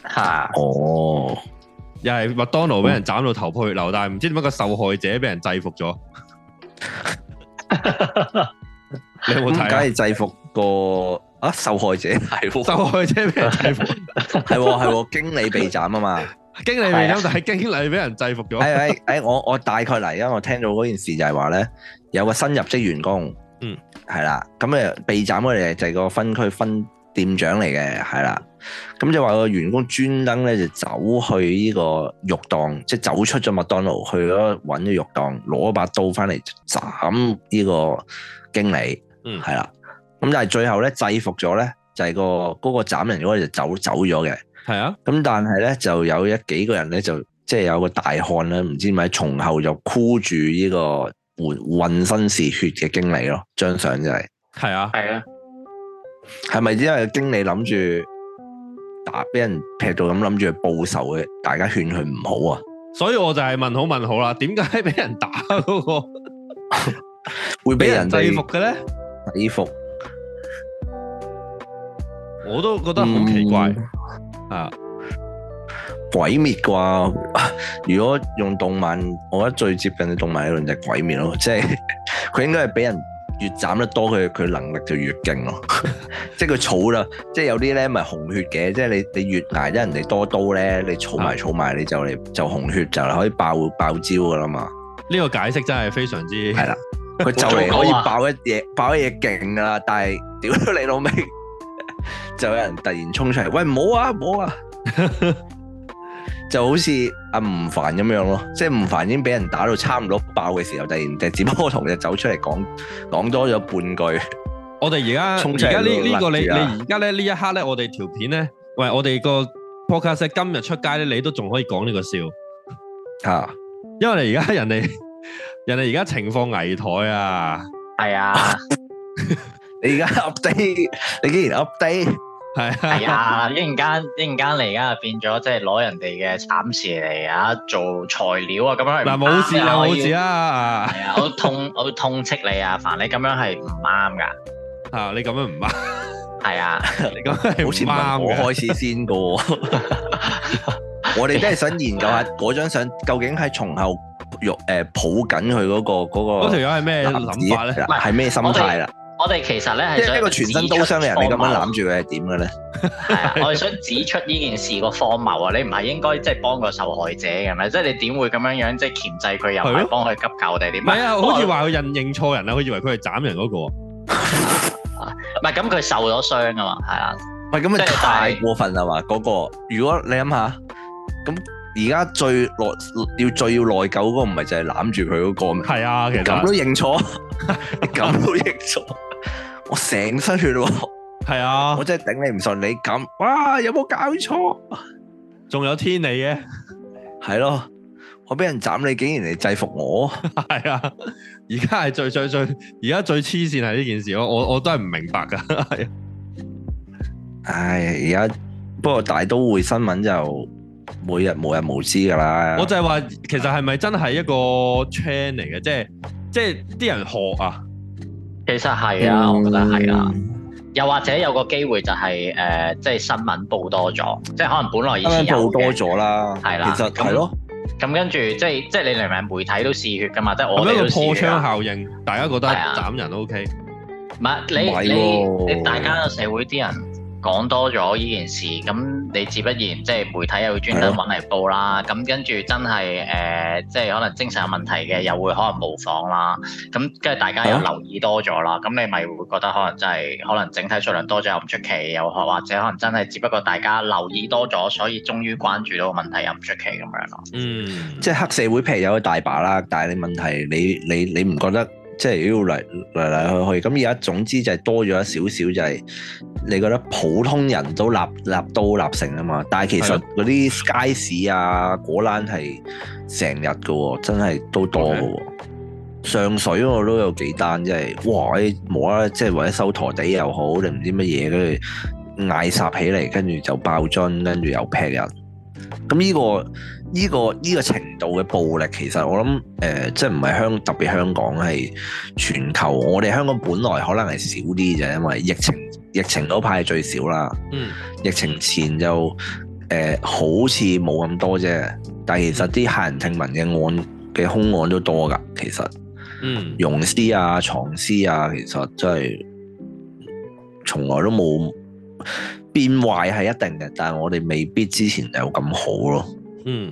Speaker 3: 吓哦，又係麥當勞俾人斬到頭破血流，嗯、但係唔知點解個受害者俾人制服咗。
Speaker 1: 你有冇睇？梗點係制服個啊受害者？制、哦、受害者俾人制服，係係、啊、經理被斬啊嘛。經理未有，是啊，但係經理俾人制服咗。誒誒誒，我我大概嚟，我聽到嗰件事就係話咧，有個新入職員工，嗯，
Speaker 4: 是，
Speaker 1: 係啦，咁誒被斬嗰啲就係個分區分店長嚟嘅，係啦，咁就話個員工專登咧就走去呢個肉檔，即、就、係、是、走出咗麥當勞去咗搵咗肉檔，攞一把刀翻嚟斬呢個經理，嗯，是，係啦，咁但係最後咧制服咗咧，就係、是、個嗰、嗰個斬人嗰個就走走咗嘅。係啊，咁但係咧就有一幾個人咧就即係、就是、有個大漢咧，唔知咪從後就箍住呢個換渾身是血嘅經理咯，張相就係、是。係啊，係啊，係咪因為經理諗住打俾人劈到咁諗住去報仇嘅？大家勸佢唔好啊。
Speaker 3: 所以我就係問好問好啦，點解俾人打嗰個
Speaker 1: 會俾被 人制服
Speaker 3: 嘅咧？制服，我都覺得好奇
Speaker 1: 怪、嗯。啊！鬼滅啩？如果用動漫，我覺得最接近嘅動漫理論就係鬼滅咯，即係佢應該係俾人越斬得多，佢佢能力就越勁咯。 即係佢儲啦，即係有啲咧咪紅血嘅，即係你你越挨得人哋多刀咧，你儲埋儲埋，你就嚟就紅血就，就可以爆爆招噶啦嘛。呢個解釋真係非常之係啦，佢就嚟可以、啊、爆一嘢，爆一嘢勁噶啦，但係屌你老味！就有人突然衝出嚟，喂，唔好啊，唔好啊， 就好似阿吳凡咁樣咯，即係吳凡已經俾人打到差唔多爆嘅時候，突然就只不過，同就走出嚟，講講多咗半句。我哋而家
Speaker 4: 而家呢呢個你你而
Speaker 3: 家咧呢一刻咧，我哋條片咧，喂，我哋個 Podcast 今日出街咧，你都仲可以講呢個笑啊，啊，因為你而家人哋人哋而家情況危殆啊，係啊。
Speaker 1: 你而家 update，你竟然 update，
Speaker 2: 係啊，一陣間一陣間你而家就變咗，即係攞人哋嘅慘事嚟啊做材料啊咁樣。嗱，冇事啦，冇事啦。係啊，我痛我痛斥你啊，凡你咁樣係唔啱噶。啊，你咁樣唔啱。係啊，你
Speaker 1: 咁係好似唔啱。我開始先噶，我哋都係想研究下嗰張相究竟係從後肉誒抱緊佢嗰個嗰個。嗰條友係咩諗法咧？係咩心態啦？
Speaker 2: 我哋其實咧係一個全身刀傷嘅人，你咁樣攬
Speaker 1: 住佢係點嘅咧？
Speaker 2: 係啊，我哋想指出呢件事個荒謬啊！你唔係應該即係幫個受害者嘅咩？即係你點會咁樣樣即係鉗制佢又唔係幫佢急救定點？唔係啊，好似
Speaker 3: 話佢認認錯人啊，佢以為佢係斬人嗰個啊。
Speaker 2: 唔係咁，佢受咗傷啊嘛，係啊。
Speaker 1: 係咁咪就係過分啦嘛？嗰個如果你諗下，咁而家最要最要內疚嗰個唔係就係攬住佢嗰個？係啊，其實咁都認錯，咁都認錯。我成身血喎，係啊！我真係頂你唔順，你咁，哇！有冇搞錯？仲有天理嘅？係咯，啊，我俾人斬你，竟然
Speaker 3: 嚟制服我，係啊！而家係最最最，而家最黐線係呢件事，我我我都係唔明白噶。係啊，唉，而家不過大
Speaker 1: 都會新聞就每日無日無時噶啦。我就
Speaker 3: 係話，其實係咪真係一
Speaker 2: 個 chain 嚟嘅？即係即係啲人學啊。其實係啊，嗯、我覺得係啊。又或者有個機會就係、是、誒、呃，即係新聞報多咗，即係可能本來以前報多咗啦。係啦的，其實係咯。咁那的跟住即係即係，你明明媒體都嗜血㗎嘛，即係我覺得個破窗效應，大家覺得斬人都 OK，啊。唔係你你你大家個社會啲人，講多咗依件事，咁你自不然即係媒體又會專登搵嚟報啦。咁、啊、跟住真係、呃、即係可能精神有問題嘅又會可能模仿啦。咁跟住大家又留意多咗啦，咁、啊、你咪會覺得可能真係可能整體數量多咗又唔出奇，又或者可能真係只不過大家留意多咗，所以終於關注到個問題又唔出奇咁樣咯。嗯，
Speaker 1: 即係黑社會譬如有大把啦，但係你問題，你你你唔覺得？即係要嚟嚟嚟去去，咁而家總之就係多咗一少少，就係你覺得普通人都立立都立成啊嘛，但係其實嗰啲街市啊果欄係成日嘅，真係都多嘅。Okay. 上水我都有幾單，即係哇！你無啦，即係或者收陀地又好，你唔知乜嘢，跟住嗌殺起嚟，跟住就爆樽，跟住又劈人。咁呢、呢個呢、這個這個程度嘅暴力，其實我諗誒，即係唔係香特別香港係全球，我哋香港本來可能係少啲啫，因為疫情疫情嗰排係最少啦。嗯，疫情前就、呃、好似冇咁多啫，但其實啲駭人聽聞嘅案嘅凶案都多㗎，其實嗯，溶屍呀、啊、藏屍啊，其實真係從來都冇變壞係一定嘅，但係我哋未必之前有咁好咯。嗯，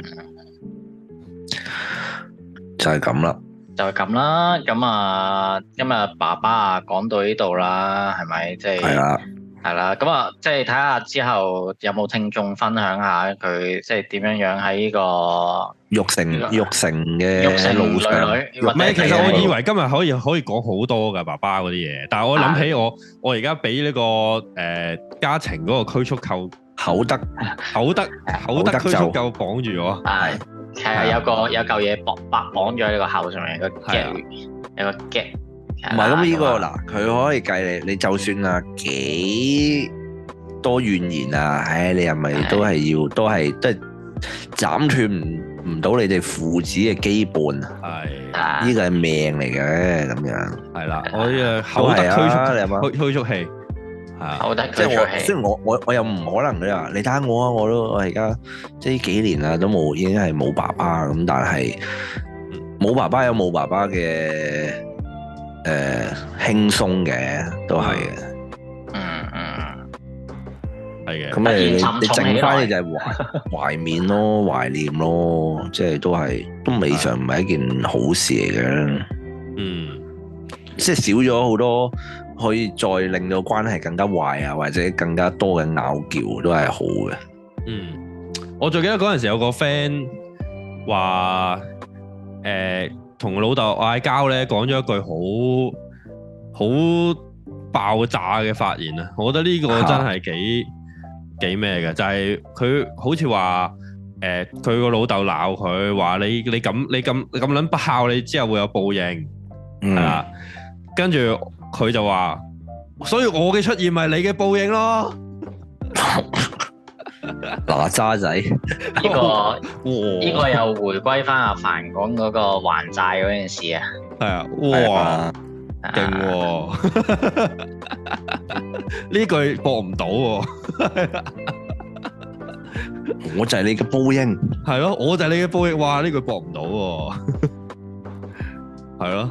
Speaker 1: 就係咁啦，
Speaker 2: 就係咁啦。咁啊，今日爸爸啊，講到呢度啦，係咪？即係係啦，係啦。咁啊，即係睇下之後有冇聽眾分享下佢，即係點樣樣喺呢個
Speaker 1: 育成育成嘅
Speaker 2: 路上。唔係，其實我以為
Speaker 3: 今日可以可以講好多噶，爸爸嗰啲嘢。但係我諗起我我而家俾呢個誒家庭嗰個驅速扣。口德，
Speaker 2: 口德，口德，就夠綁住我。係，係啊，有個有嚿嘢綁，白綁咗喺你個口上面個夾，有個夾。唔係，咁依個嗱，佢可以
Speaker 1: 計你，你就算啊幾多怨言啊，唉，你係咪都係要，都係即係斬斷唔唔到你哋父子嘅基本啊？係，依個係命嚟嘅咁樣。係啦，我呢個口德推縮，推推縮氣。啊！即係我，雖然我我我又唔可能你話你睇下我啊！我都我而家即係呢幾年啦，都冇已經係冇爸爸咁，但係冇爸爸有冇爸爸嘅誒輕鬆嘅都係嘅。嗯嗯，係嘅。咁你你淨翻嘅就係懷懷緬咯，懷念咯，即係都係都未嘗唔係一件好事嚟嘅。嗯，即係少咗好多。可以再令到關係更加壞啊，或者更加多嘅拗撬都係好嘅。嗯，
Speaker 3: 我最記得嗰陣時有個 friend 話，誒同老豆嗌交咧，講咗一句好好爆炸嘅發言啊！我覺得呢個真係幾、啊、幾咩嘅，就係、是、佢好似話誒佢個老豆鬧佢話你你咁你咁咁撚不孝，你，敢敢爆你之後會有報應係、嗯啊、跟住。佢就話，所以我嘅出現咪你嘅報應咯。
Speaker 2: 嗱、啊，渣仔，呢、 呢個呢哇個又回歸翻阿凡講嗰個還債嗰件事啊。係啊，哇，勁喎，呢句播唔到，
Speaker 3: 我就係你嘅報應。係咯，我就係你嘅報應。哇，呢句播唔到，
Speaker 1: 係 咯、啊。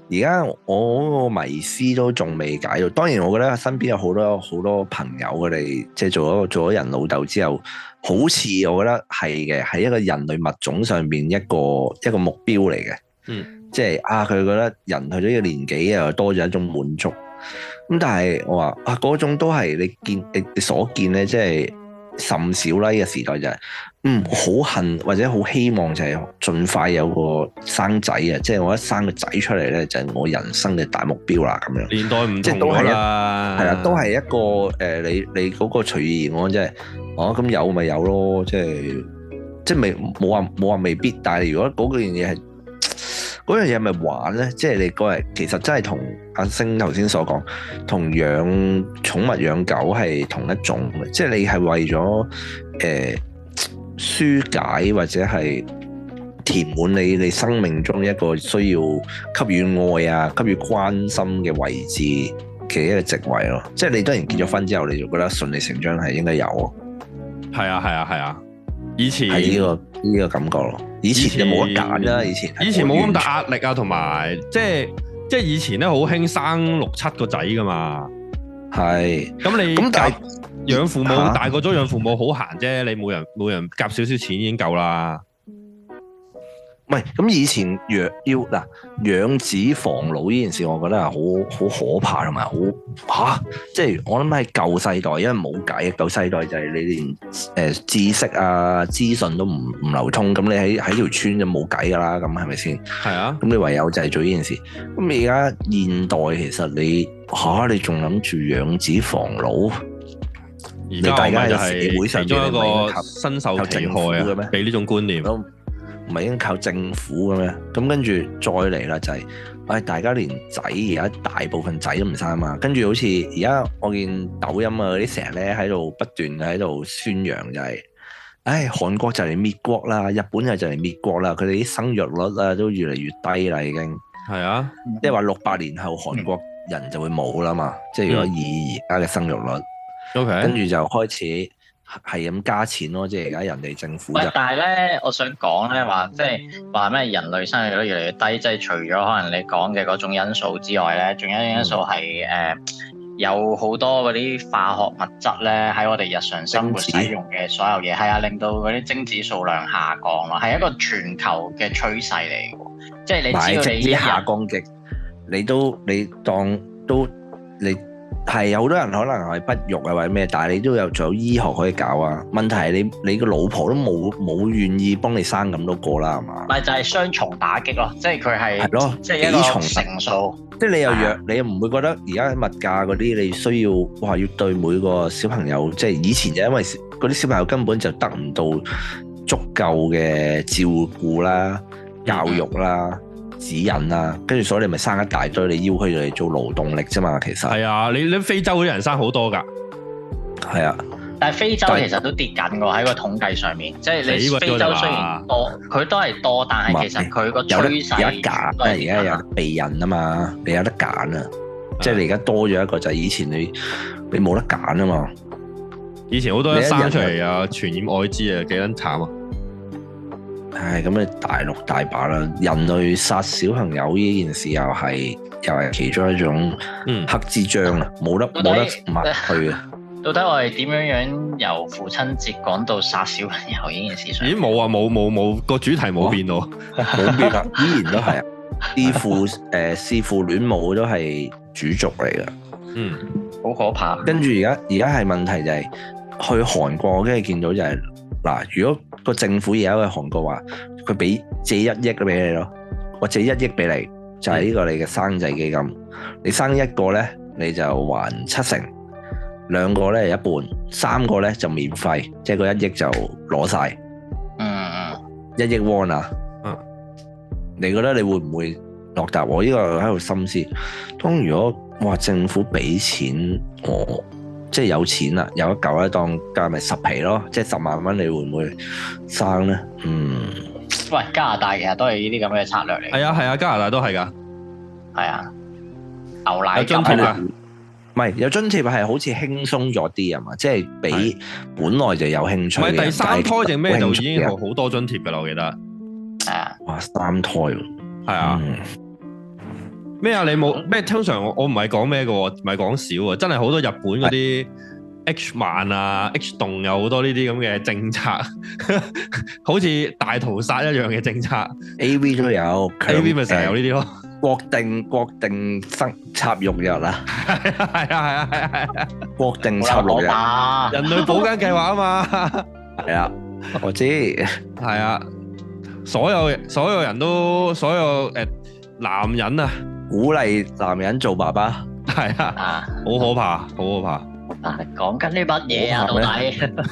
Speaker 1: 而家我個迷思都仲未解到，當然我覺得身邊有好多好多朋友佢哋即係做咗做咗人老豆之後，好似我覺得係嘅，係一個人類物種上邊一個一個目標嚟嘅。嗯、就是，即係啊，佢覺得人去咗呢個年紀又多咗一種滿足。咁但係我話啊，嗰種都係你見你所見咧，即係。甚少啦呢個時代就係，嗯，好恨或者好希望就係盡快有個生仔啊！即係我一生個仔出嚟咧，就係我人生嘅大目標啦咁樣。
Speaker 3: 年代唔同，即係都係啦，
Speaker 1: 係啊，都係一個誒、呃，你你嗰個隨意而安即係，哦、啊、咁有咪有咯，即係即係未冇話冇話未必，但係如果嗰件嘢係。嗰樣嘢，係咪玩呢？即係你嗰日，其實真係同阿星頭先所講，同養寵物養狗係同一種嘅。即係你係為咗誒，舒解或者係填滿你你生命中一個需要給予愛啊、給予關心嘅位置嘅一個職位咯。即係你當然結咗婚之後，你就覺得順理成章係應該有。係啊，係啊，係啊，以前係呢個呢個感覺咯。以前就冇得揀啦，以前沒那麼以前
Speaker 3: 冇咁大壓力啊，同埋即係即係以前咧好興生六七個仔㗎嘛，係是。咁你養父母、啊、大個咗，養父母好閒啫，你每人每人夾少少錢已經夠啦。
Speaker 1: 唔係咁以前若要嗱養子防老呢件事，我覺得係好好可怕同埋好吓，即係我諗係舊世代，因為冇計舊世代就係你連誒、呃、知識啊資訊都唔唔流通，咁你喺喺條村就冇計㗎啦，咁係咪先？係啊，咁你唯有就係做呢件事。咁而家現代其實你吓、啊，你仲諗住養子防老，在你大家係社會上中一個深受其害啊？咩俾呢種觀念？唔係已經靠政府嘅咩？咁跟住再嚟啦、就是，就係誒大家連仔而家大部分仔都唔生啊嘛。跟住好似而家我見抖音啊嗰啲成日咧喺度不斷喺度宣揚就係、是，誒、哎、韓國就嚟滅國啦，日本又就嚟滅國啦。佢哋啲生育率啊都越嚟越低啦，已經係啊，即係話六百年後韓國人就會冇啦嘛。嗯、即係如果以而家嘅生育率，Okay. 跟住就開始。係咁加錢咯，即係而家人哋政府。喂，但係
Speaker 2: 咧，我想講咧話，即係話咩人類生育率越嚟越低，即係除咗可能你講嘅嗰種因素之外咧，仲有一因素係誒、嗯呃、有好多嗰啲化學物質咧喺我哋日常生活使用嘅所有嘢，係子啊，令到嗰啲精子數量下降咯，係一個全球嘅趨勢嚟嘅，
Speaker 4: 即係、嗯、你知道你下
Speaker 1: 攻擊，你都你當都你。係有好多人可能係不育啊，或者咩，但係你都有仲有醫學可以搞啊。問題係你你個老婆都冇冇願意幫你生咁多個啦係嘛。
Speaker 2: 咪就係雙重打擊咯，即係佢係幾重成數。
Speaker 1: 即係你又若你又唔會覺得而家物價嗰啲你需要哇，要對每個小朋友即係以前就因為嗰啲小朋友根本就得唔到足夠嘅照顧啦、教育啦。指引啦，跟住所以你咪生一大堆，你要佢嚟做勞動力啫嘛、啊。其實係
Speaker 3: 啊，你你非洲嗰啲人生好
Speaker 2: 多噶，係啊。但係
Speaker 3: 非洲其實都跌緊
Speaker 2: 喎，喺個是統計上面，即係你非洲雖然多，佢、啊、都係多，但係其實佢個趨勢。有得揀。而家有
Speaker 1: 避孕啊嘛，你有得揀啊，啊即係你而家多咗一個就係以前你你冇得揀啊嘛。
Speaker 3: 以前好多都生出嚟啊，
Speaker 1: 你人傳染艾滋啊，幾撚慘啊！係咁嘅，大陸大把啦，人類殺小朋友呢件事又係又係其中一種黑之障啦，冇、嗯、得冇底得抹去嘅。
Speaker 2: 到底我哋點樣樣由父親節講到殺小朋友呢件事上？咦冇啊冇冇冇個主題冇變到冇、哦、 變啊，依然都
Speaker 1: 係啊！父誒、呃、弒父戀母都係主軸嚟㗎，嗯，好可怕。跟住而家而家係問題就係、是、去韓國，跟住見到就係、是。嗱，如果個政府有一個韓國話，佢俾借一億咯俾你咯，我借一億俾你，就係呢個你嘅生仔基金。你生一個咧，你就還七成；兩個咧一半，三個咧就免費，即係個一億就攞晒。嗯嗯，一億喎嗱，嗯，你覺得你會唔會落答我？呢個喺度心思。當如果話，政府俾錢我。即係有錢啦，有一嚿一檔加埋十皮咯，即係十萬蚊，你會唔會生咧？嗯，
Speaker 2: 喂，加拿大其實都係呢啲咁嘅策略嚟。係啊
Speaker 1: 係啊，加拿大都係㗎，係
Speaker 3: 啊、
Speaker 2: 哎，牛奶金啊，唔
Speaker 1: 係有津貼係吧好似輕鬆咗啲啊嘛，即係比本來就有興趣。唔係、啊、第三胎定咩就，就已經
Speaker 3: 好多津貼㗎啦，我記得。啊、哎呀，哇，
Speaker 1: 三胎
Speaker 3: 喎。係啊。哎呀嗯咩啊？你冇咩？通常我唔係講咩嘅，唔係講笑啊！真係好多日本嗰啲是 H 漫啊、H 動有好多呢啲咁嘅政策，
Speaker 1: 好似大屠殺一樣嘅政策。A V 都有，A V 咪成日有呢啲咯國。國定國定插插用入啦，係啊係啊係啊，國定插、啊、 國定落入、啊， 人類補完計劃啊嘛，係 啊，我知，
Speaker 3: 係啊，所有所有人都所有誒、欸、男人啊。鼓勵男人做爸爸，係啊，好、啊、可怕，好可怕。啊，講緊啲乜嘢啊？到底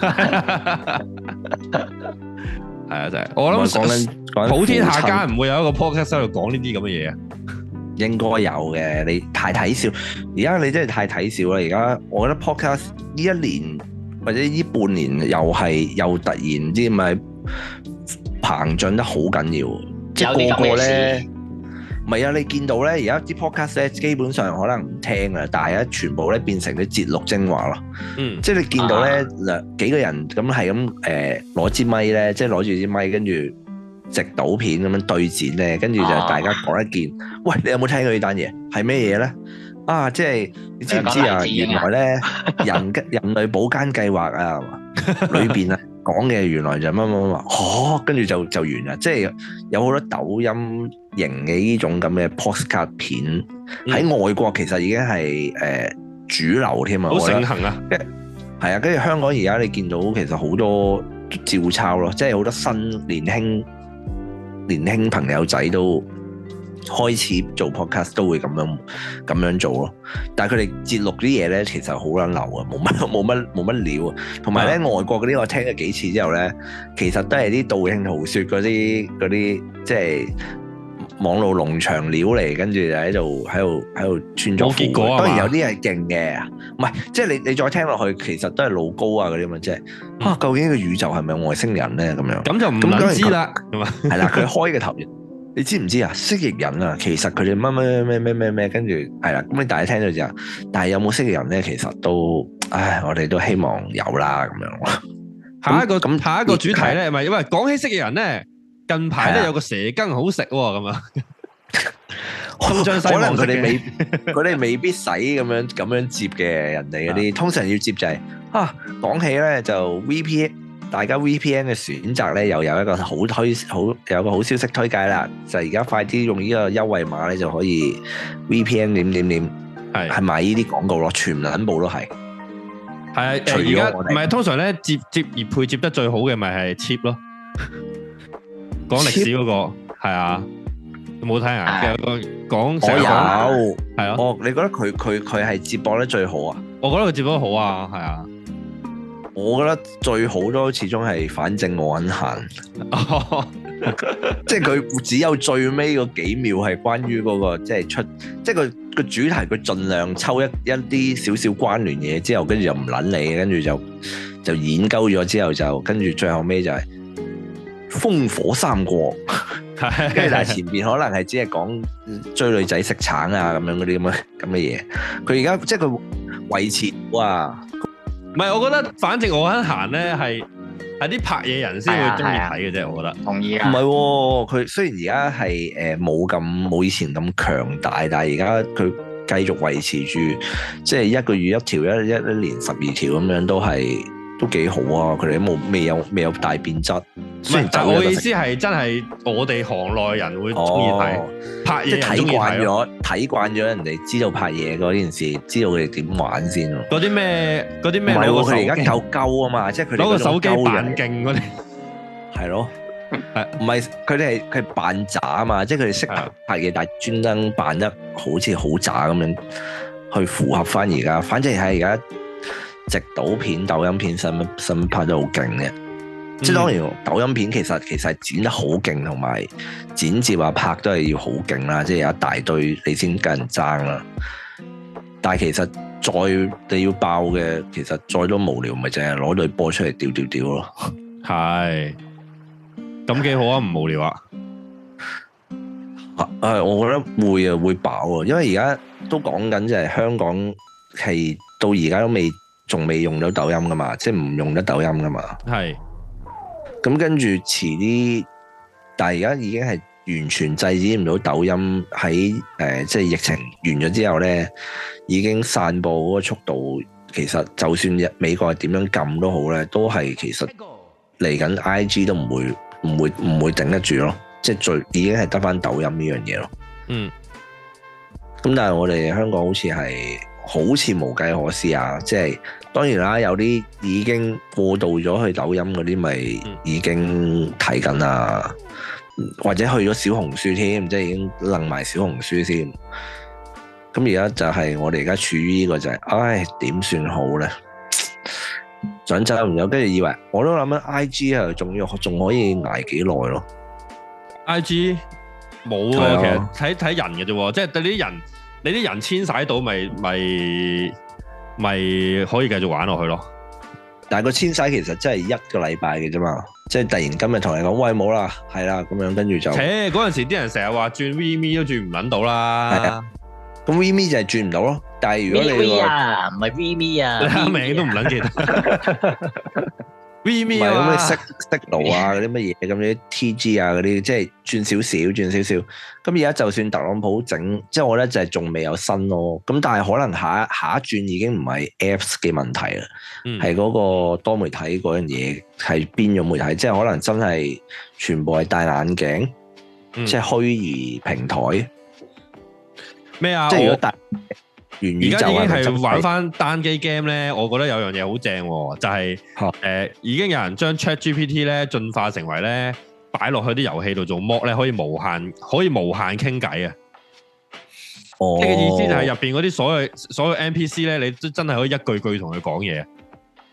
Speaker 3: 係啊，就係、
Speaker 1: 是。我諗講緊普天下間唔會有一個 podcast 喺度講呢啲咁嘅嘢啊。應該有嘅，你太睇小，而家你真係太睇小啦。而家我覺得 podcast 呢一年或者呢半年又係又突然唔咪膨脹得好緊要，即係個個咧。唔係啊！你見到咧，而家啲 podcast 咧，基本上可能唔聽啦，但係咧全部咧變成啲節錄精華咯。嗯，
Speaker 4: 即係你見到咧，
Speaker 1: 兩幾個人咁係咁誒攞支咪咧，即係攞住支咪，跟住、啊、直倒片咁樣對剪咧，跟住就大家講一件。啊、喂，你有冇聽過呢單嘢？係咩嘢咧？啊！即係你知唔知啊？原來咧人人類補間計劃啊，係咪？裏邊啊。講嘅原來就乜乜乜，哦，跟住就就完啦。即係有好多抖音型嘅呢種咁嘅 post 卡片喺、嗯、外國，其實已經係、呃、主流添啊。好盛行啊！係啊，跟住香港而家你見到其實好多照抄咯，即係好多新年輕年輕朋友仔都開始做 podcast 都會咁樣咁樣做咯，但係佢哋節錄啲嘢咧，其實好撚流啊，冇乜冇乜冇乜料啊。同埋咧，的外國嗰啲我聽咗幾次之後咧，其實都係啲道慶豪説嗰啲嗰啲即係網絡農場料嚟，跟住就喺度喺度喺度串咗。冇結果啊，當然有啲係勁嘅，唔係即係你你再聽落去，其實都係老高啊嗰啲咁樣，即係、嗯、啊究竟個宇宙係咪外星人咧咁樣？咁就唔知啦
Speaker 4: 道，係 啦，佢
Speaker 1: 開嘅頭你知唔知啊？蜥蜴人啊，其實佢哋乜乜乜乜乜乜，跟住係啦。咁你大家聽到之後，但係有冇蜥蜴人咧？其實都，唉，我哋都希望有啦咁樣。下一個咁下
Speaker 3: 一個主題咧，係咪？因為講起蜥蜴人咧，近排咧的有個蛇羹好食喎，哦，咁樣。
Speaker 4: 可能佢哋未
Speaker 1: 佢哋 未必使咁樣咁樣接嘅人哋嗰啲，佢哋通常要接就係、是、啊，講起咧就 VP。大家 VPN 嘅選擇咧，又有一個好推好有個好消息推介啦！就而家快啲用呢個優惠碼咧，就可以 VPN 點點點，係係買呢啲廣告咯，全，全部都係
Speaker 3: 係啊！而家唔係通常咧接接接配接得最好嘅咪係 cheap 咯，講歷史嗰個係啊，我有冇
Speaker 1: 睇啊？有個講成係啊！哦，你覺得佢佢佢係接播得最好啊？我覺得佢接播得好啊，係啊！我覺得最好都，始終係反正我肯行， 即係佢只有最尾嗰幾秒係關於嗰、嗰個即係出，即係佢個主題，佢盡量抽一一啲少少關聯嘢之後，跟住又唔撚你，跟住就就演鳩咗之後就，就跟住最後尾就係烽火三國，
Speaker 4: 跟住 但係前
Speaker 1: 面可能係只係講追女仔食橙啊咁樣嗰啲咁嘅咁嘅嘢，佢而家即係佢維持哇。唔係，我覺得反正我肯行咧，係係啲拍
Speaker 3: 嘢人先會中意睇嘅啫。我覺得同意啊。唔係
Speaker 1: 喎，佢雖然而家係誒冇咁冇以前咁強大，但係而家佢繼續維持住，即係一個月一條，一一一年十二條咁樣都係。都幾好啊！佢哋都冇未有未有大變質。唔係，但我的意思係
Speaker 3: 真係我哋行內人會中意睇
Speaker 1: 拍嘢，睇慣咗睇慣咗人哋知道拍嘢嗰件事，知道佢哋點玩先。嗰啲咩嗰啲咩？唔係喎，佢而家夠鳩啊嘛！即係佢哋攞個手機扮勁嗰啲，係 咯，唔係佢哋係佢扮渣啊嘛！即係佢哋識拍嘢，是的但係專登扮得好似好渣咁樣，去符合翻而家。反正係而家。直導片、抖音片、新新拍都好勁嘅，嗯、即係當然抖音片其實其實剪得好勁，同埋剪接啊拍都係要好勁啦，即係有一大堆你先跟人爭啦、啊。但係其實再你要爆嘅，其實再都無聊咪淨係攞對波出嚟屌屌屌咯。係咁幾好啊，唔無聊啊。啊， 我覺得會啊會飽啊，因為而家都講緊就係香港係到而家都未。仲未用到抖音噶嘛，即係唔用得抖音噶嘛。
Speaker 3: 係是，
Speaker 1: 咁跟住遲啲，但係而家已經係完全制止唔到抖音喺誒、呃，即係疫情完咗之後咧，已經散播嗰個速度，其實就算日美國點樣撳都好咧，都係其實嚟緊 IG 都唔會唔會唔會頂得住咯，即係最已經係得返抖音呢樣嘢咯。嗯。咁但係我哋香港好似係好似無計可施啊，即係。當然啦，有啲已經過渡咗去抖音嗰啲，咪已經睇緊啦，或者去咗小紅書添，即係已經楞埋小紅書添。咁而家就係我哋而家處於呢個就係，唉，點算好咧？想走唔走，跟住以為我都諗緊，IG 啊，仲要仲可以捱幾耐咯
Speaker 3: ？IG 冇啊，其實睇睇人嘅啫，即係對啲人，你啲人遷徙到，咪咪。
Speaker 1: 咪可以繼續玩落去囉。但係個千洗其實真係一個禮拜嘅啫嘛，即係突然今日同你講，喂冇啦，係啦咁樣跟住就、
Speaker 3: 欸，誒嗰陣時啲人成日話轉 v i e m
Speaker 1: e 都轉唔揾到啦，咁 v i e m e 就係轉唔到囉。但係如果你話唔
Speaker 2: 係 v i e m e 啊，啊你名都唔撚記得。 唔係咁嘅，識
Speaker 1: 識啊，嗰啲乜嘢咁啲 TG 啊，嗰啲即係轉少少，轉少少。咁而家就算特朗普整，即係我咧就係仲未有新咯。咁但係可能下一下一轉已經唔係 apps 嘅問題啦，係嗰、嗯、個多媒體嗰樣嘢係邊咗媒體，即、就、係、是、可能真係全部係戴眼鏡，即係虛擬平台。
Speaker 3: 咩啊？即係如果戴。
Speaker 1: 而家已經係玩翻
Speaker 3: 單機 game 咧，我覺得有樣嘢好正喎、啊，就係、是、誒哈、呃、已經有人將 Chat GPT 咧進化成為咧擺落去啲遊戲度做 mod 咧，可以無限可以無限傾偈
Speaker 4: 啊！即係、哦、意思就係入
Speaker 3: 邊嗰啲所有所有 NPC 咧，你都真真係可以一句句同佢講嘢。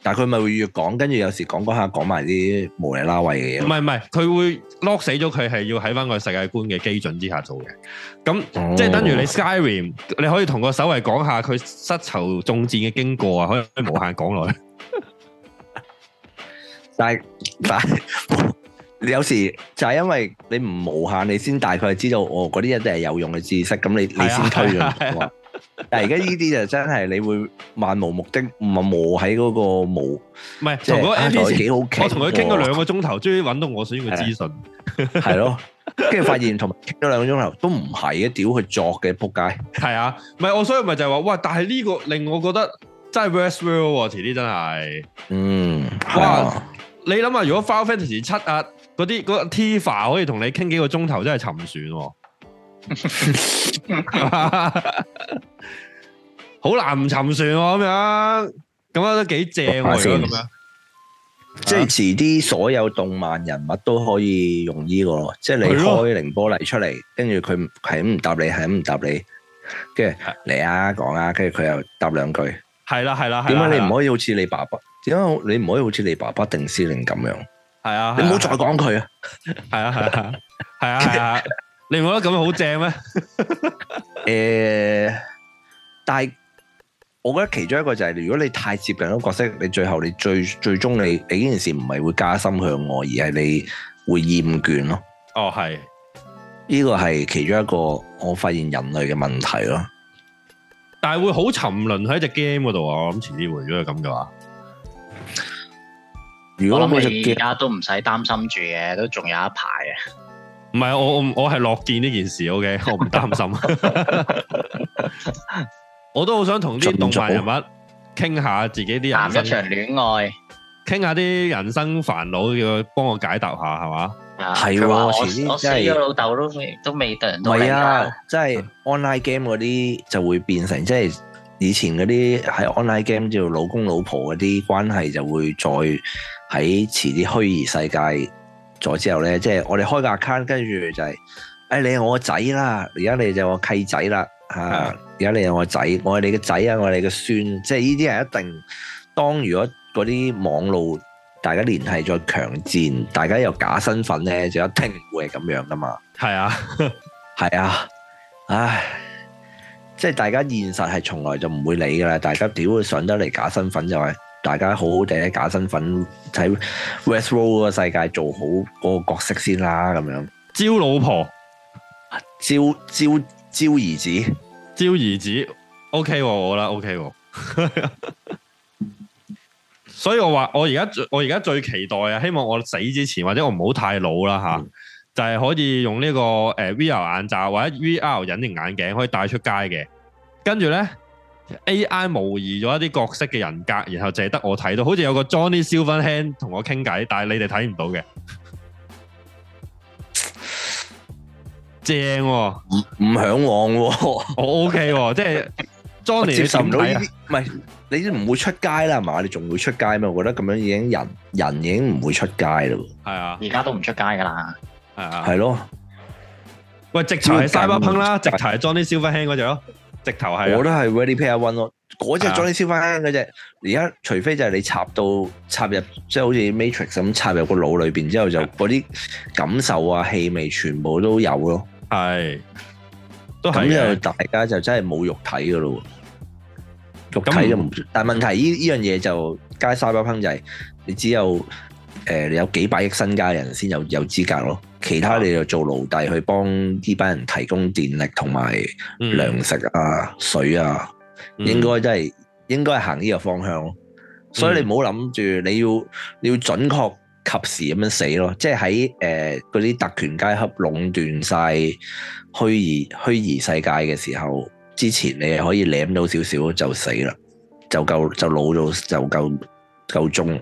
Speaker 3: 但佢咪會越講，跟住有時講講下講埋啲無
Speaker 1: 釐啦位
Speaker 4: 嘅嘢。唔
Speaker 3: 係唔係，佢會 lock 死咗，佢係要喺翻個世界觀嘅基準之下做嘅。咁即係等於你 Skyrim，你可以同個守衞講下佢膝頭中箭嘅
Speaker 1: 經過啊，可以無限講落去。但係但係，你有時就係因為你唔無限，你先大概知道我嗰啲一定係有用嘅知識。咁你你先推咗。但而家呢啲就真係你會漫無目的磨喺個冇，唔
Speaker 4: 係同嗰 N P C 幾好傾，我同佢傾咗兩個
Speaker 1: 鐘頭，終於揾到我想要嘅資訊，係咯的，跟住 發現同佢傾咗兩個鐘頭都唔係嘅，屌佢作嘅，撲街！係
Speaker 3: 啊，唔係我所以咪就係話，哇！但係呢個令我覺得真係 West World 啲，啊、真係，嗯，哇、啊！你
Speaker 1: 諗
Speaker 3: 下如果 Final Fantasy 七啊嗰啲嗰，那個、Tifa 可以同你傾幾個鐘頭，真係沉船。好難唔尋船喎，咁樣咁樣都幾正喎。即
Speaker 1: 係遲啲，所有動漫人物都可以用呢個咯。即係你開凌波麗出嚟，跟住佢係咁唔答你，係咁唔答你。跟住嚟啊，講啊，跟住佢又答兩句。
Speaker 3: 係啦，係啦。點解你唔可以
Speaker 1: 好似你爸爸？點解你唔可以好似你爸爸碇司令咁樣？係啊，你唔好再講佢啊！係啊，係啊，係啊，係啊。你唔覺得咁樣好正咩？誒、 呃，但係我覺得其中一個就係如果你太接近嗰個角色，你最後你最最終你你呢件事唔係會加深向愛，而係你會厭倦咯。哦，係呢個係其中一個我發現人類嘅問題咯。
Speaker 3: 但係會好沉淪喺隻 game 嗰度啊！我諗遲啲會，如果係咁嘅話，如果我哋而家
Speaker 2: 都唔使擔心住嘅，都仲有一排啊。
Speaker 3: 唔係，我我係樂見呢件事，OK，我唔擔心。我都好想同啲動漫人物傾下自己啲人生戀愛，傾下啲人生煩惱，要
Speaker 1: 幫我解答下係嘛？
Speaker 3: 係喎，我我死咗老
Speaker 2: 豆都都未得。唔係啊，
Speaker 1: 即係 online game 嗰啲就會變成即係以前嗰啲喺 online game 叫老公老婆嗰啲關係就會再喺遲啲虛擬世界。咗之後咧，即係我哋開個 account，跟住就係、是，誒、哎、你係我個仔啦，而家你就我契仔啦，嚇的，而家你係我個仔，我係你個仔啊，我係你個孫，即係呢啲係一定。當如果嗰啲網路大家聯繫再強戰，大家有假身份咧，就一定會係咁樣噶嘛。係啊是的，係 啊，唉，即係大家現實係從來就唔會理噶啦，大家屌會上得嚟假身份就係、是。大家好好地假身份喺 Westworld 嗰個世界做好嗰個角色先啦，咁樣招老婆，招招招兒子，
Speaker 3: 招兒子，OK，、哦、我覺得 OK，、哦、 所以我話我而家我而家最期待啊，希望我死之前或者我唔好太老啦吓、嗯啊，就係、是、可以用呢個誒 VR 眼罩或者 VR 隱形眼鏡可以戴出街嘅，跟住咧。AI 模擬咗一啲角色嘅人格，然後淨係得我睇到，好似有個 Johnny Silverhand 同我傾偈，但係你哋睇唔到嘅，正唔
Speaker 1: 唔嚮往喎，我 OK 即係 Johnny 接受唔到，唔係你唔會出街啦嘛， 你仲會出街嘛？我覺得咁樣已經人人已經唔會出街啦，
Speaker 2: 係啊，而家都唔出街噶啦，係啊，係咯、啊，喂，直頭係 Cyberpunk
Speaker 1: 啦，
Speaker 3: 直頭係 Johnny Silverhand 嗰隻咯。直頭係、啊，我都係
Speaker 1: ready pair one 咯，嗰隻裝你燒返香嗰隻。而家是的 除非就係你插到插入，即係好似 matrix 咁插入個腦裏面之後，就嗰啲感受啊、氣味全部都有咯。係，咁就大家就真係冇肉體噶咯。那肉體就唔，但係問題呢樣嘢就街沙包烹製，你只有。誒、呃，你有幾百億身家人先有有資格咯，其他你就做奴隸去幫呢班人提供電力同埋糧食啊、水啊，應該真、就、係、是、應該行呢個方向咯。所以你唔好諗住你要你要準確、及時咁樣死咯。即係喺誒嗰啲特權階級壟斷晒虛，虛擬世界嘅時候之前，你可以攬到少少就死啦，就夠就老到就夠夠鐘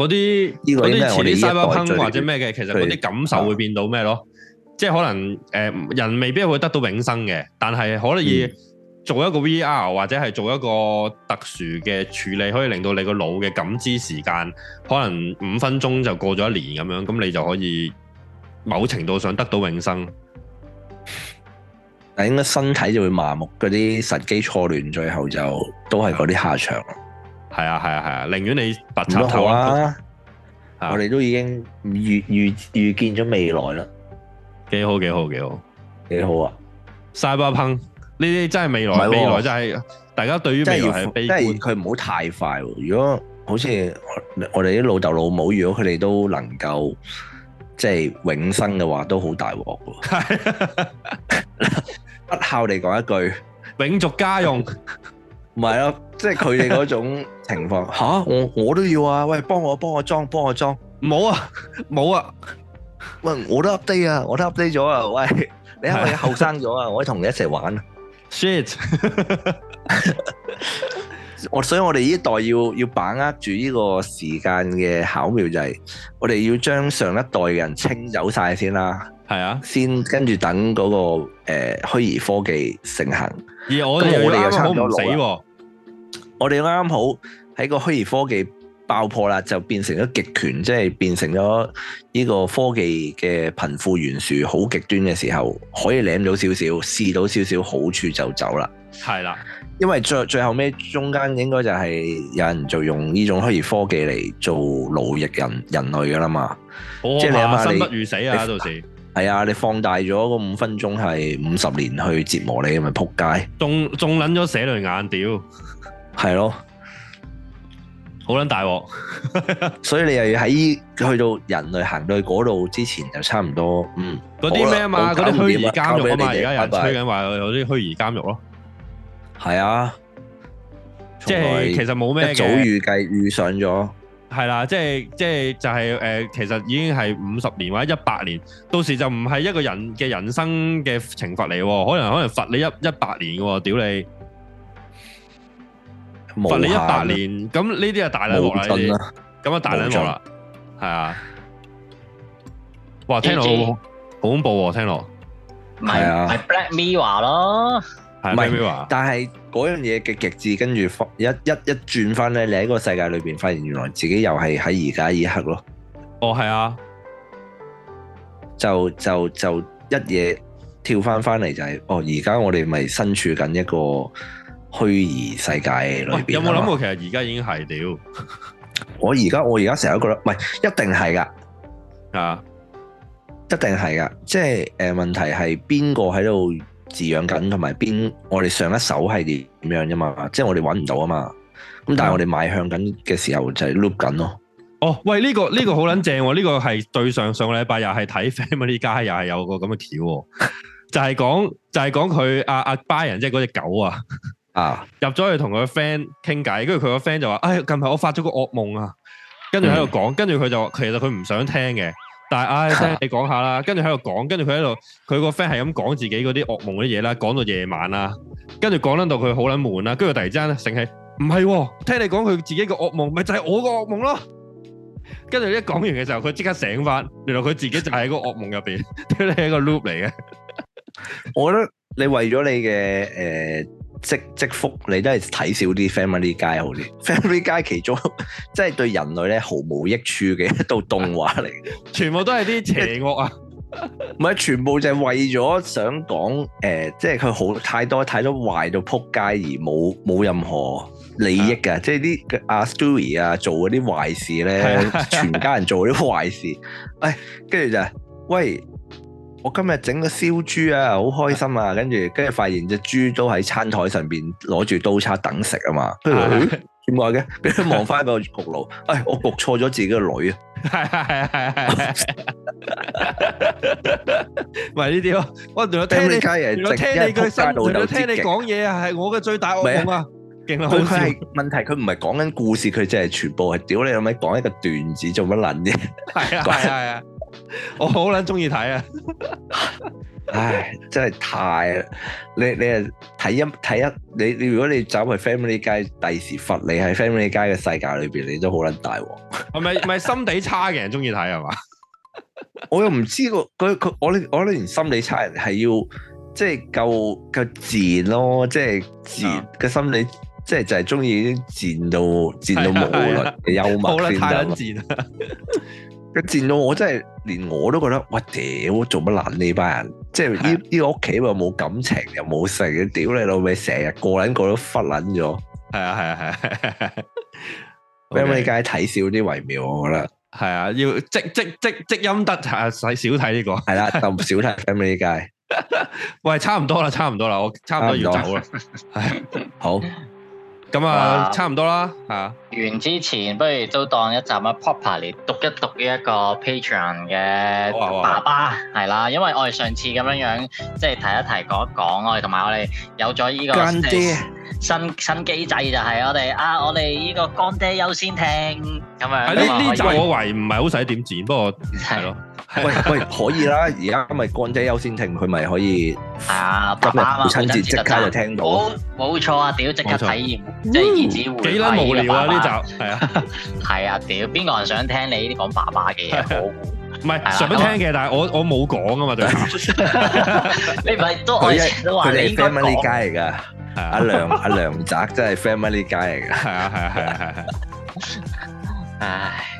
Speaker 3: 嗰啲嗰啲 Cyberpunk 或者咩嘅，其實嗰啲感受會變到咩咯？對即係可能誒、呃、人未必會得到永生嘅，但係可以做一個 VR、嗯、或者係做一個特殊嘅處理，可以令到你個腦嘅感知時間可能五分鐘就過咗一年咁樣，咁你就可以某程度上得到永生。
Speaker 1: 但係應該身體就會麻木，嗰啲神經錯亂最後就都係嗰啲下場。嗯。係啊係啊係啊，寧願你拔插頭啦，我哋都已經預預預見咗未來啦。幾好幾好幾好幾好啊！晒爆噴呢啲真係未來，未來真係大家對於未來係悲觀。佢唔好太快，如果好似我我哋啲老豆老母，如果佢哋都能夠即係永生嘅話，都好大鑊。不孝地講一句，永續家用。唔係啊，即係佢哋嗰種情況吓， 啊、我我都要啊，喂，幫我幫我裝，幫我裝，冇啊冇啊，沒啊喂，我都 update 啊，我都 update 咗啊， 喂，你係咪後生咗啊？ 我可以同你一齊玩。shit，我 所以我哋呢代要要把握住呢個時間嘅巧妙就係，我哋要將上一代嘅人清走晒先啦。係啊，先跟住等嗰、那個誒虛擬科技盛行，
Speaker 3: 而我哋又差唔多死，
Speaker 1: 我哋啱啱好喺、啊、個虛擬科技爆破啦，就變成咗極權，即係變成咗呢個科技嘅貧富懸殊好極端嘅時候，可以舐到少少，試到少少好處就走啦。係啦的，因為最最後尾中間應該就係有人就用呢種虛擬科技嚟做奴役人人類噶啦嘛，哦、即係你諗下，你不如死啊！你到時。係啊，你放大咗個五分鐘係五十年去折磨你，咪扑街，仲仲捻，咗寫淚眼屌，係咯，好捻大鑊，所以你又要喺去到人類行到去嗰度之前就差唔多，嗯，嗰啲咩啊嘛，嗰啲虛擬監獄啊嘛，而家又吹緊話
Speaker 3: 有有啲虛擬監獄咯，係啊，即係其實冇咩嘅，早預
Speaker 1: 計遇上咗。
Speaker 3: 係啦，即係即係就係誒，其實已經係五十年或者一百年，到時就唔係一個人嘅人生嘅懲罰嚟，可能可能罰你一一百年嘅，屌你，罰你一百年，咁呢啲係大甩落啦，咁啊大甩落啦，係啊，
Speaker 1: 哇，聽落好恐怖喎，聽落，
Speaker 3: 係啊，
Speaker 2: 係 Black Mirror 咯。係係係，但係
Speaker 1: 嗰樣嘢極極致，跟住一一一轉翻咧，你喺個世界裏面發現原來自己又係喺而家一刻咯，哦啊就係。哦，係啊，就就就一嘢跳翻翻嚟就係，哦，而家我哋咪身處緊一個虛擬世界裏邊，哦。有冇諗過
Speaker 3: 其實而家已經係屌 ？
Speaker 1: 我而家我而家成日都覺得唔係，一定係㗎。啊，一定係㗎，即係誒、呃、問題係邊個喺度？自養緊同埋邊，我哋上一手係點樣啫嘛？即係我哋揾唔到啊嘛。咁但係我哋邁向緊嘅時候就係 look 緊咯。
Speaker 3: 哦，喂，呢、這個呢、這個好撚正喎！呢、這個係對上上個禮拜又係睇 family 呢家又係有個咁嘅橋，就係、係、講就係講佢阿阿 Brian 即係嗰隻狗 啊，啊入咗去同佢個 friend 傾偈，跟住佢個 friend 就話，哎，近排我發咗個惡夢啊！跟住喺度講，跟住佢就話其實佢唔想聽嘅。但係，唉，聽你講下啦，跟住喺度講，跟住佢喺度，佢個 friend 係咁講自己嗰啲噩夢嗰啲嘢啦，講到夜晚啦，跟住講撚到佢好撚悶啦，跟住突然之間咧，成係唔係？聽你講佢自己嘅噩夢，咪就係我個噩夢咯。跟住一講完嘅時候，佢即刻醒翻，原來佢自己就喺個噩夢入邊，屌你係個 loop 嚟嘅。
Speaker 1: 我覺得你為咗你嘅誒。即積福，你都係睇少啲 Family Guy 好啲。Family Guy 其中即係對人類咧毫無益處嘅一道動畫嚟， 全部都係啲邪惡啊！唔係，全部就係為咗想講誒、呃，即係佢好太多太多壞到扑街而，而冇冇任何利益嘅，啊、即係啲阿 Stewie 啊，做嗰啲壞事咧，是啊、全家人做啲壞事，誒、哎，跟住就係喂。我今日整個燒豬啊，好開心啊！跟住跟住發現隻豬都喺餐台上邊攞住刀叉等食啊嘛。點解嘅？俾佢望翻俾我焗爐。哎，我焗錯咗自己個女啊！係
Speaker 3: 啊係啊係啊係啊！唔係呢啲咯。我原來聽你，原來聽你嘅深度，聽你講嘢啊，係我嘅最大惡夢啊！勁好刺激。
Speaker 1: 問題佢唔係講緊故事，佢就係全部係屌你老味，講一個段子做乜捻
Speaker 3: 嘅？係啊係啊。
Speaker 1: 我好捻中意睇啊！ 唉，真係太，你你啊睇一睇一，你你如果你走入 family 街，第時罰你喺 family 街嘅世界裏邊，你都好捻大鑊。係咪咪心地差嘅人中意睇係嘛？我又唔知佢佢，我我我連心理差人係要即係夠夠賤咯，即係賤嘅心理，即係就係中意賤到賤到冇啦嘅幽默先冇啦，太捻賤啦！佢戇到我真係連我都覺得，哇屌！做乜爛呢班人？即係依依個屋企又冇感情又冇性，屌你老味！成日個捻個都忽捻咗。係啊係啊係啊。Family Guy 睇少啲為妙，我覺得。係啊，要積積積積陰德，使少睇呢個。係啦，就唔少睇 Family Guy。
Speaker 3: 喂，差唔多啦，差唔多啦，我差唔多要走啦。係好。咁哇啊，差唔
Speaker 2: 多啦，嚇！完之前不如都當一集啊 properly 讀一讀呢一個 Patreon 嘅爸爸，係啦，因為我哋上次咁樣樣，即係提一提講一講，我哋同埋我哋有咗依、呢個爹新新機制就係我哋啊，我哋呢個乾爹優先聽，咁啊，呢集我
Speaker 1: 懷疑
Speaker 3: 唔係好使點剪，不過係咯。
Speaker 1: 喂喂，可以啦，而家咪乾爹優先聽，佢咪可以。
Speaker 2: 係啊，爸爸啊，父親節即刻就聽到。冇冇錯啊，屌即刻體驗，即係兒子回應爸爸。幾撚無聊啊？呢集係啊，係啊，屌邊個人想聽你呢啲講爸爸嘅嘢？唔係想聽
Speaker 1: 嘅，但係我我冇講啊嘛，對
Speaker 4: 唔住。你唔係都以前都話佢哋 family guy 嚟
Speaker 1: 噶，阿梁阿梁宅真係 family guy 嚟噶。係啊，係係係
Speaker 2: 係。唉。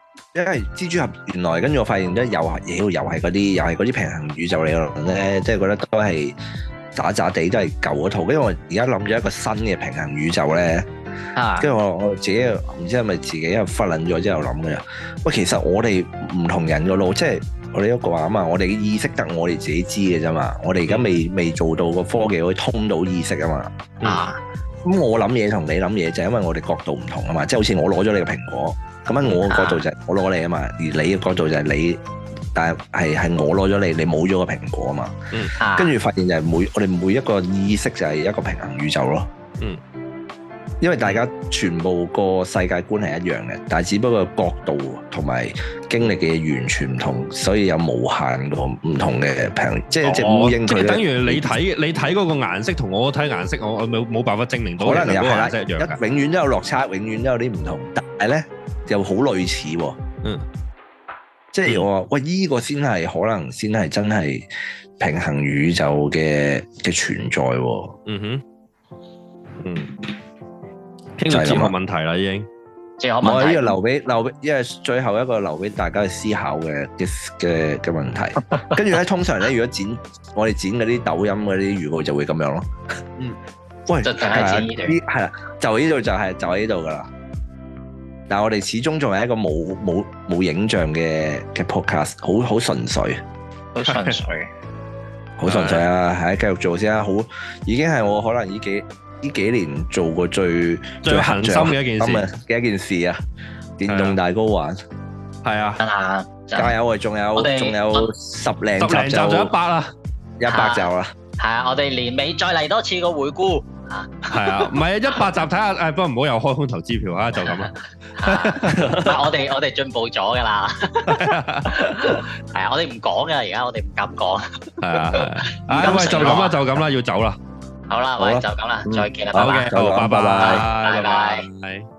Speaker 1: 因為蜘蛛俠原來跟住我發現咧，又係，又係嗰啲，又係嗰啲平行宇宙嚟咯咧，即係覺得都係渣渣地，都係舊嗰套。因為我而家諗咗一個新嘅平行宇宙咧，啊，跟住我我自己唔知係咪自己因為忽諗咗之後諗嘅。喂，其實我哋唔同人嘅路，即係我哋一個話啊嘛，我哋意識得我哋自己知嘅啫嘛，我哋而家未未做到個科技可以通到意識啊嘛。啊、嗯，咁我諗嘢同你諗嘢就係、因為我哋角度唔同啊嘛，即係好似我攞咗你嘅蘋果。咁樣我嘅角度就係我攞你啊嘛，而你嘅角度就係你，但係係係我攞咗你，你冇咗個蘋果啊嘛。嗯啊。跟住發現就係每我哋每一個意識就係一個平行宇宙咯。嗯。因為大家全部個世界觀係一樣嘅，但係只不過角度同埋經歷嘅嘢完全唔同，所以有無限個唔同嘅平，即係即係烏鴉。即係等於你睇
Speaker 3: 你睇嗰個顏色，同我睇顏色，我我冇冇辦法證明到可能係顏色一樣㗎。一永
Speaker 1: 遠都有落差，永遠都有啲唔同，但係咧。又好類似喎、哦，嗯，即係我話，喂，依、這個先係可能先係真係平衡宇宙嘅嘅存在喎、哦，嗯哼，嗯，就係問
Speaker 3: 問題啦，已
Speaker 1: 經，我呢、這個留俾留俾，因為最後一個留俾大家去思考嘅嘅嘅嘅問題， 跟住咧通常咧，如果剪我哋剪嗰啲抖音嗰啲預告就會咁樣咯，
Speaker 4: 嗯， 喂，係啦就
Speaker 1: 就，就呢度就係、是、就呢度㗎喇。但我哋始終仲係一個冇冇冇影像嘅嘅 podcast，好好純粹，
Speaker 4: 好純粹，好 純粹
Speaker 1: 啊！係的、啊、繼續做先啊！好，已經係我可能呢幾，幾年做過最最恒心嘅一件事嘅一件事啊！電、啊、的動大 GO 玩，係啊的，加油啊！仲有仲們有十
Speaker 3: 零集，集就一百
Speaker 2: 啦，一百集就啦，係啊！我哋年尾再嚟多次個回顧。
Speaker 3: 係啊，唔係啊，一百集睇下，誒，不過唔好又開空頭支票啊，就咁啦。
Speaker 2: 我哋我哋進步咗噶啦，係啊，我哋唔講噶，而家我哋唔敢講。
Speaker 3: 係啊，啊喂，就咁啦，就咁啦，要走啦。
Speaker 2: 好啦，喂，就咁啦，再見啦，拜拜拜拜拜拜。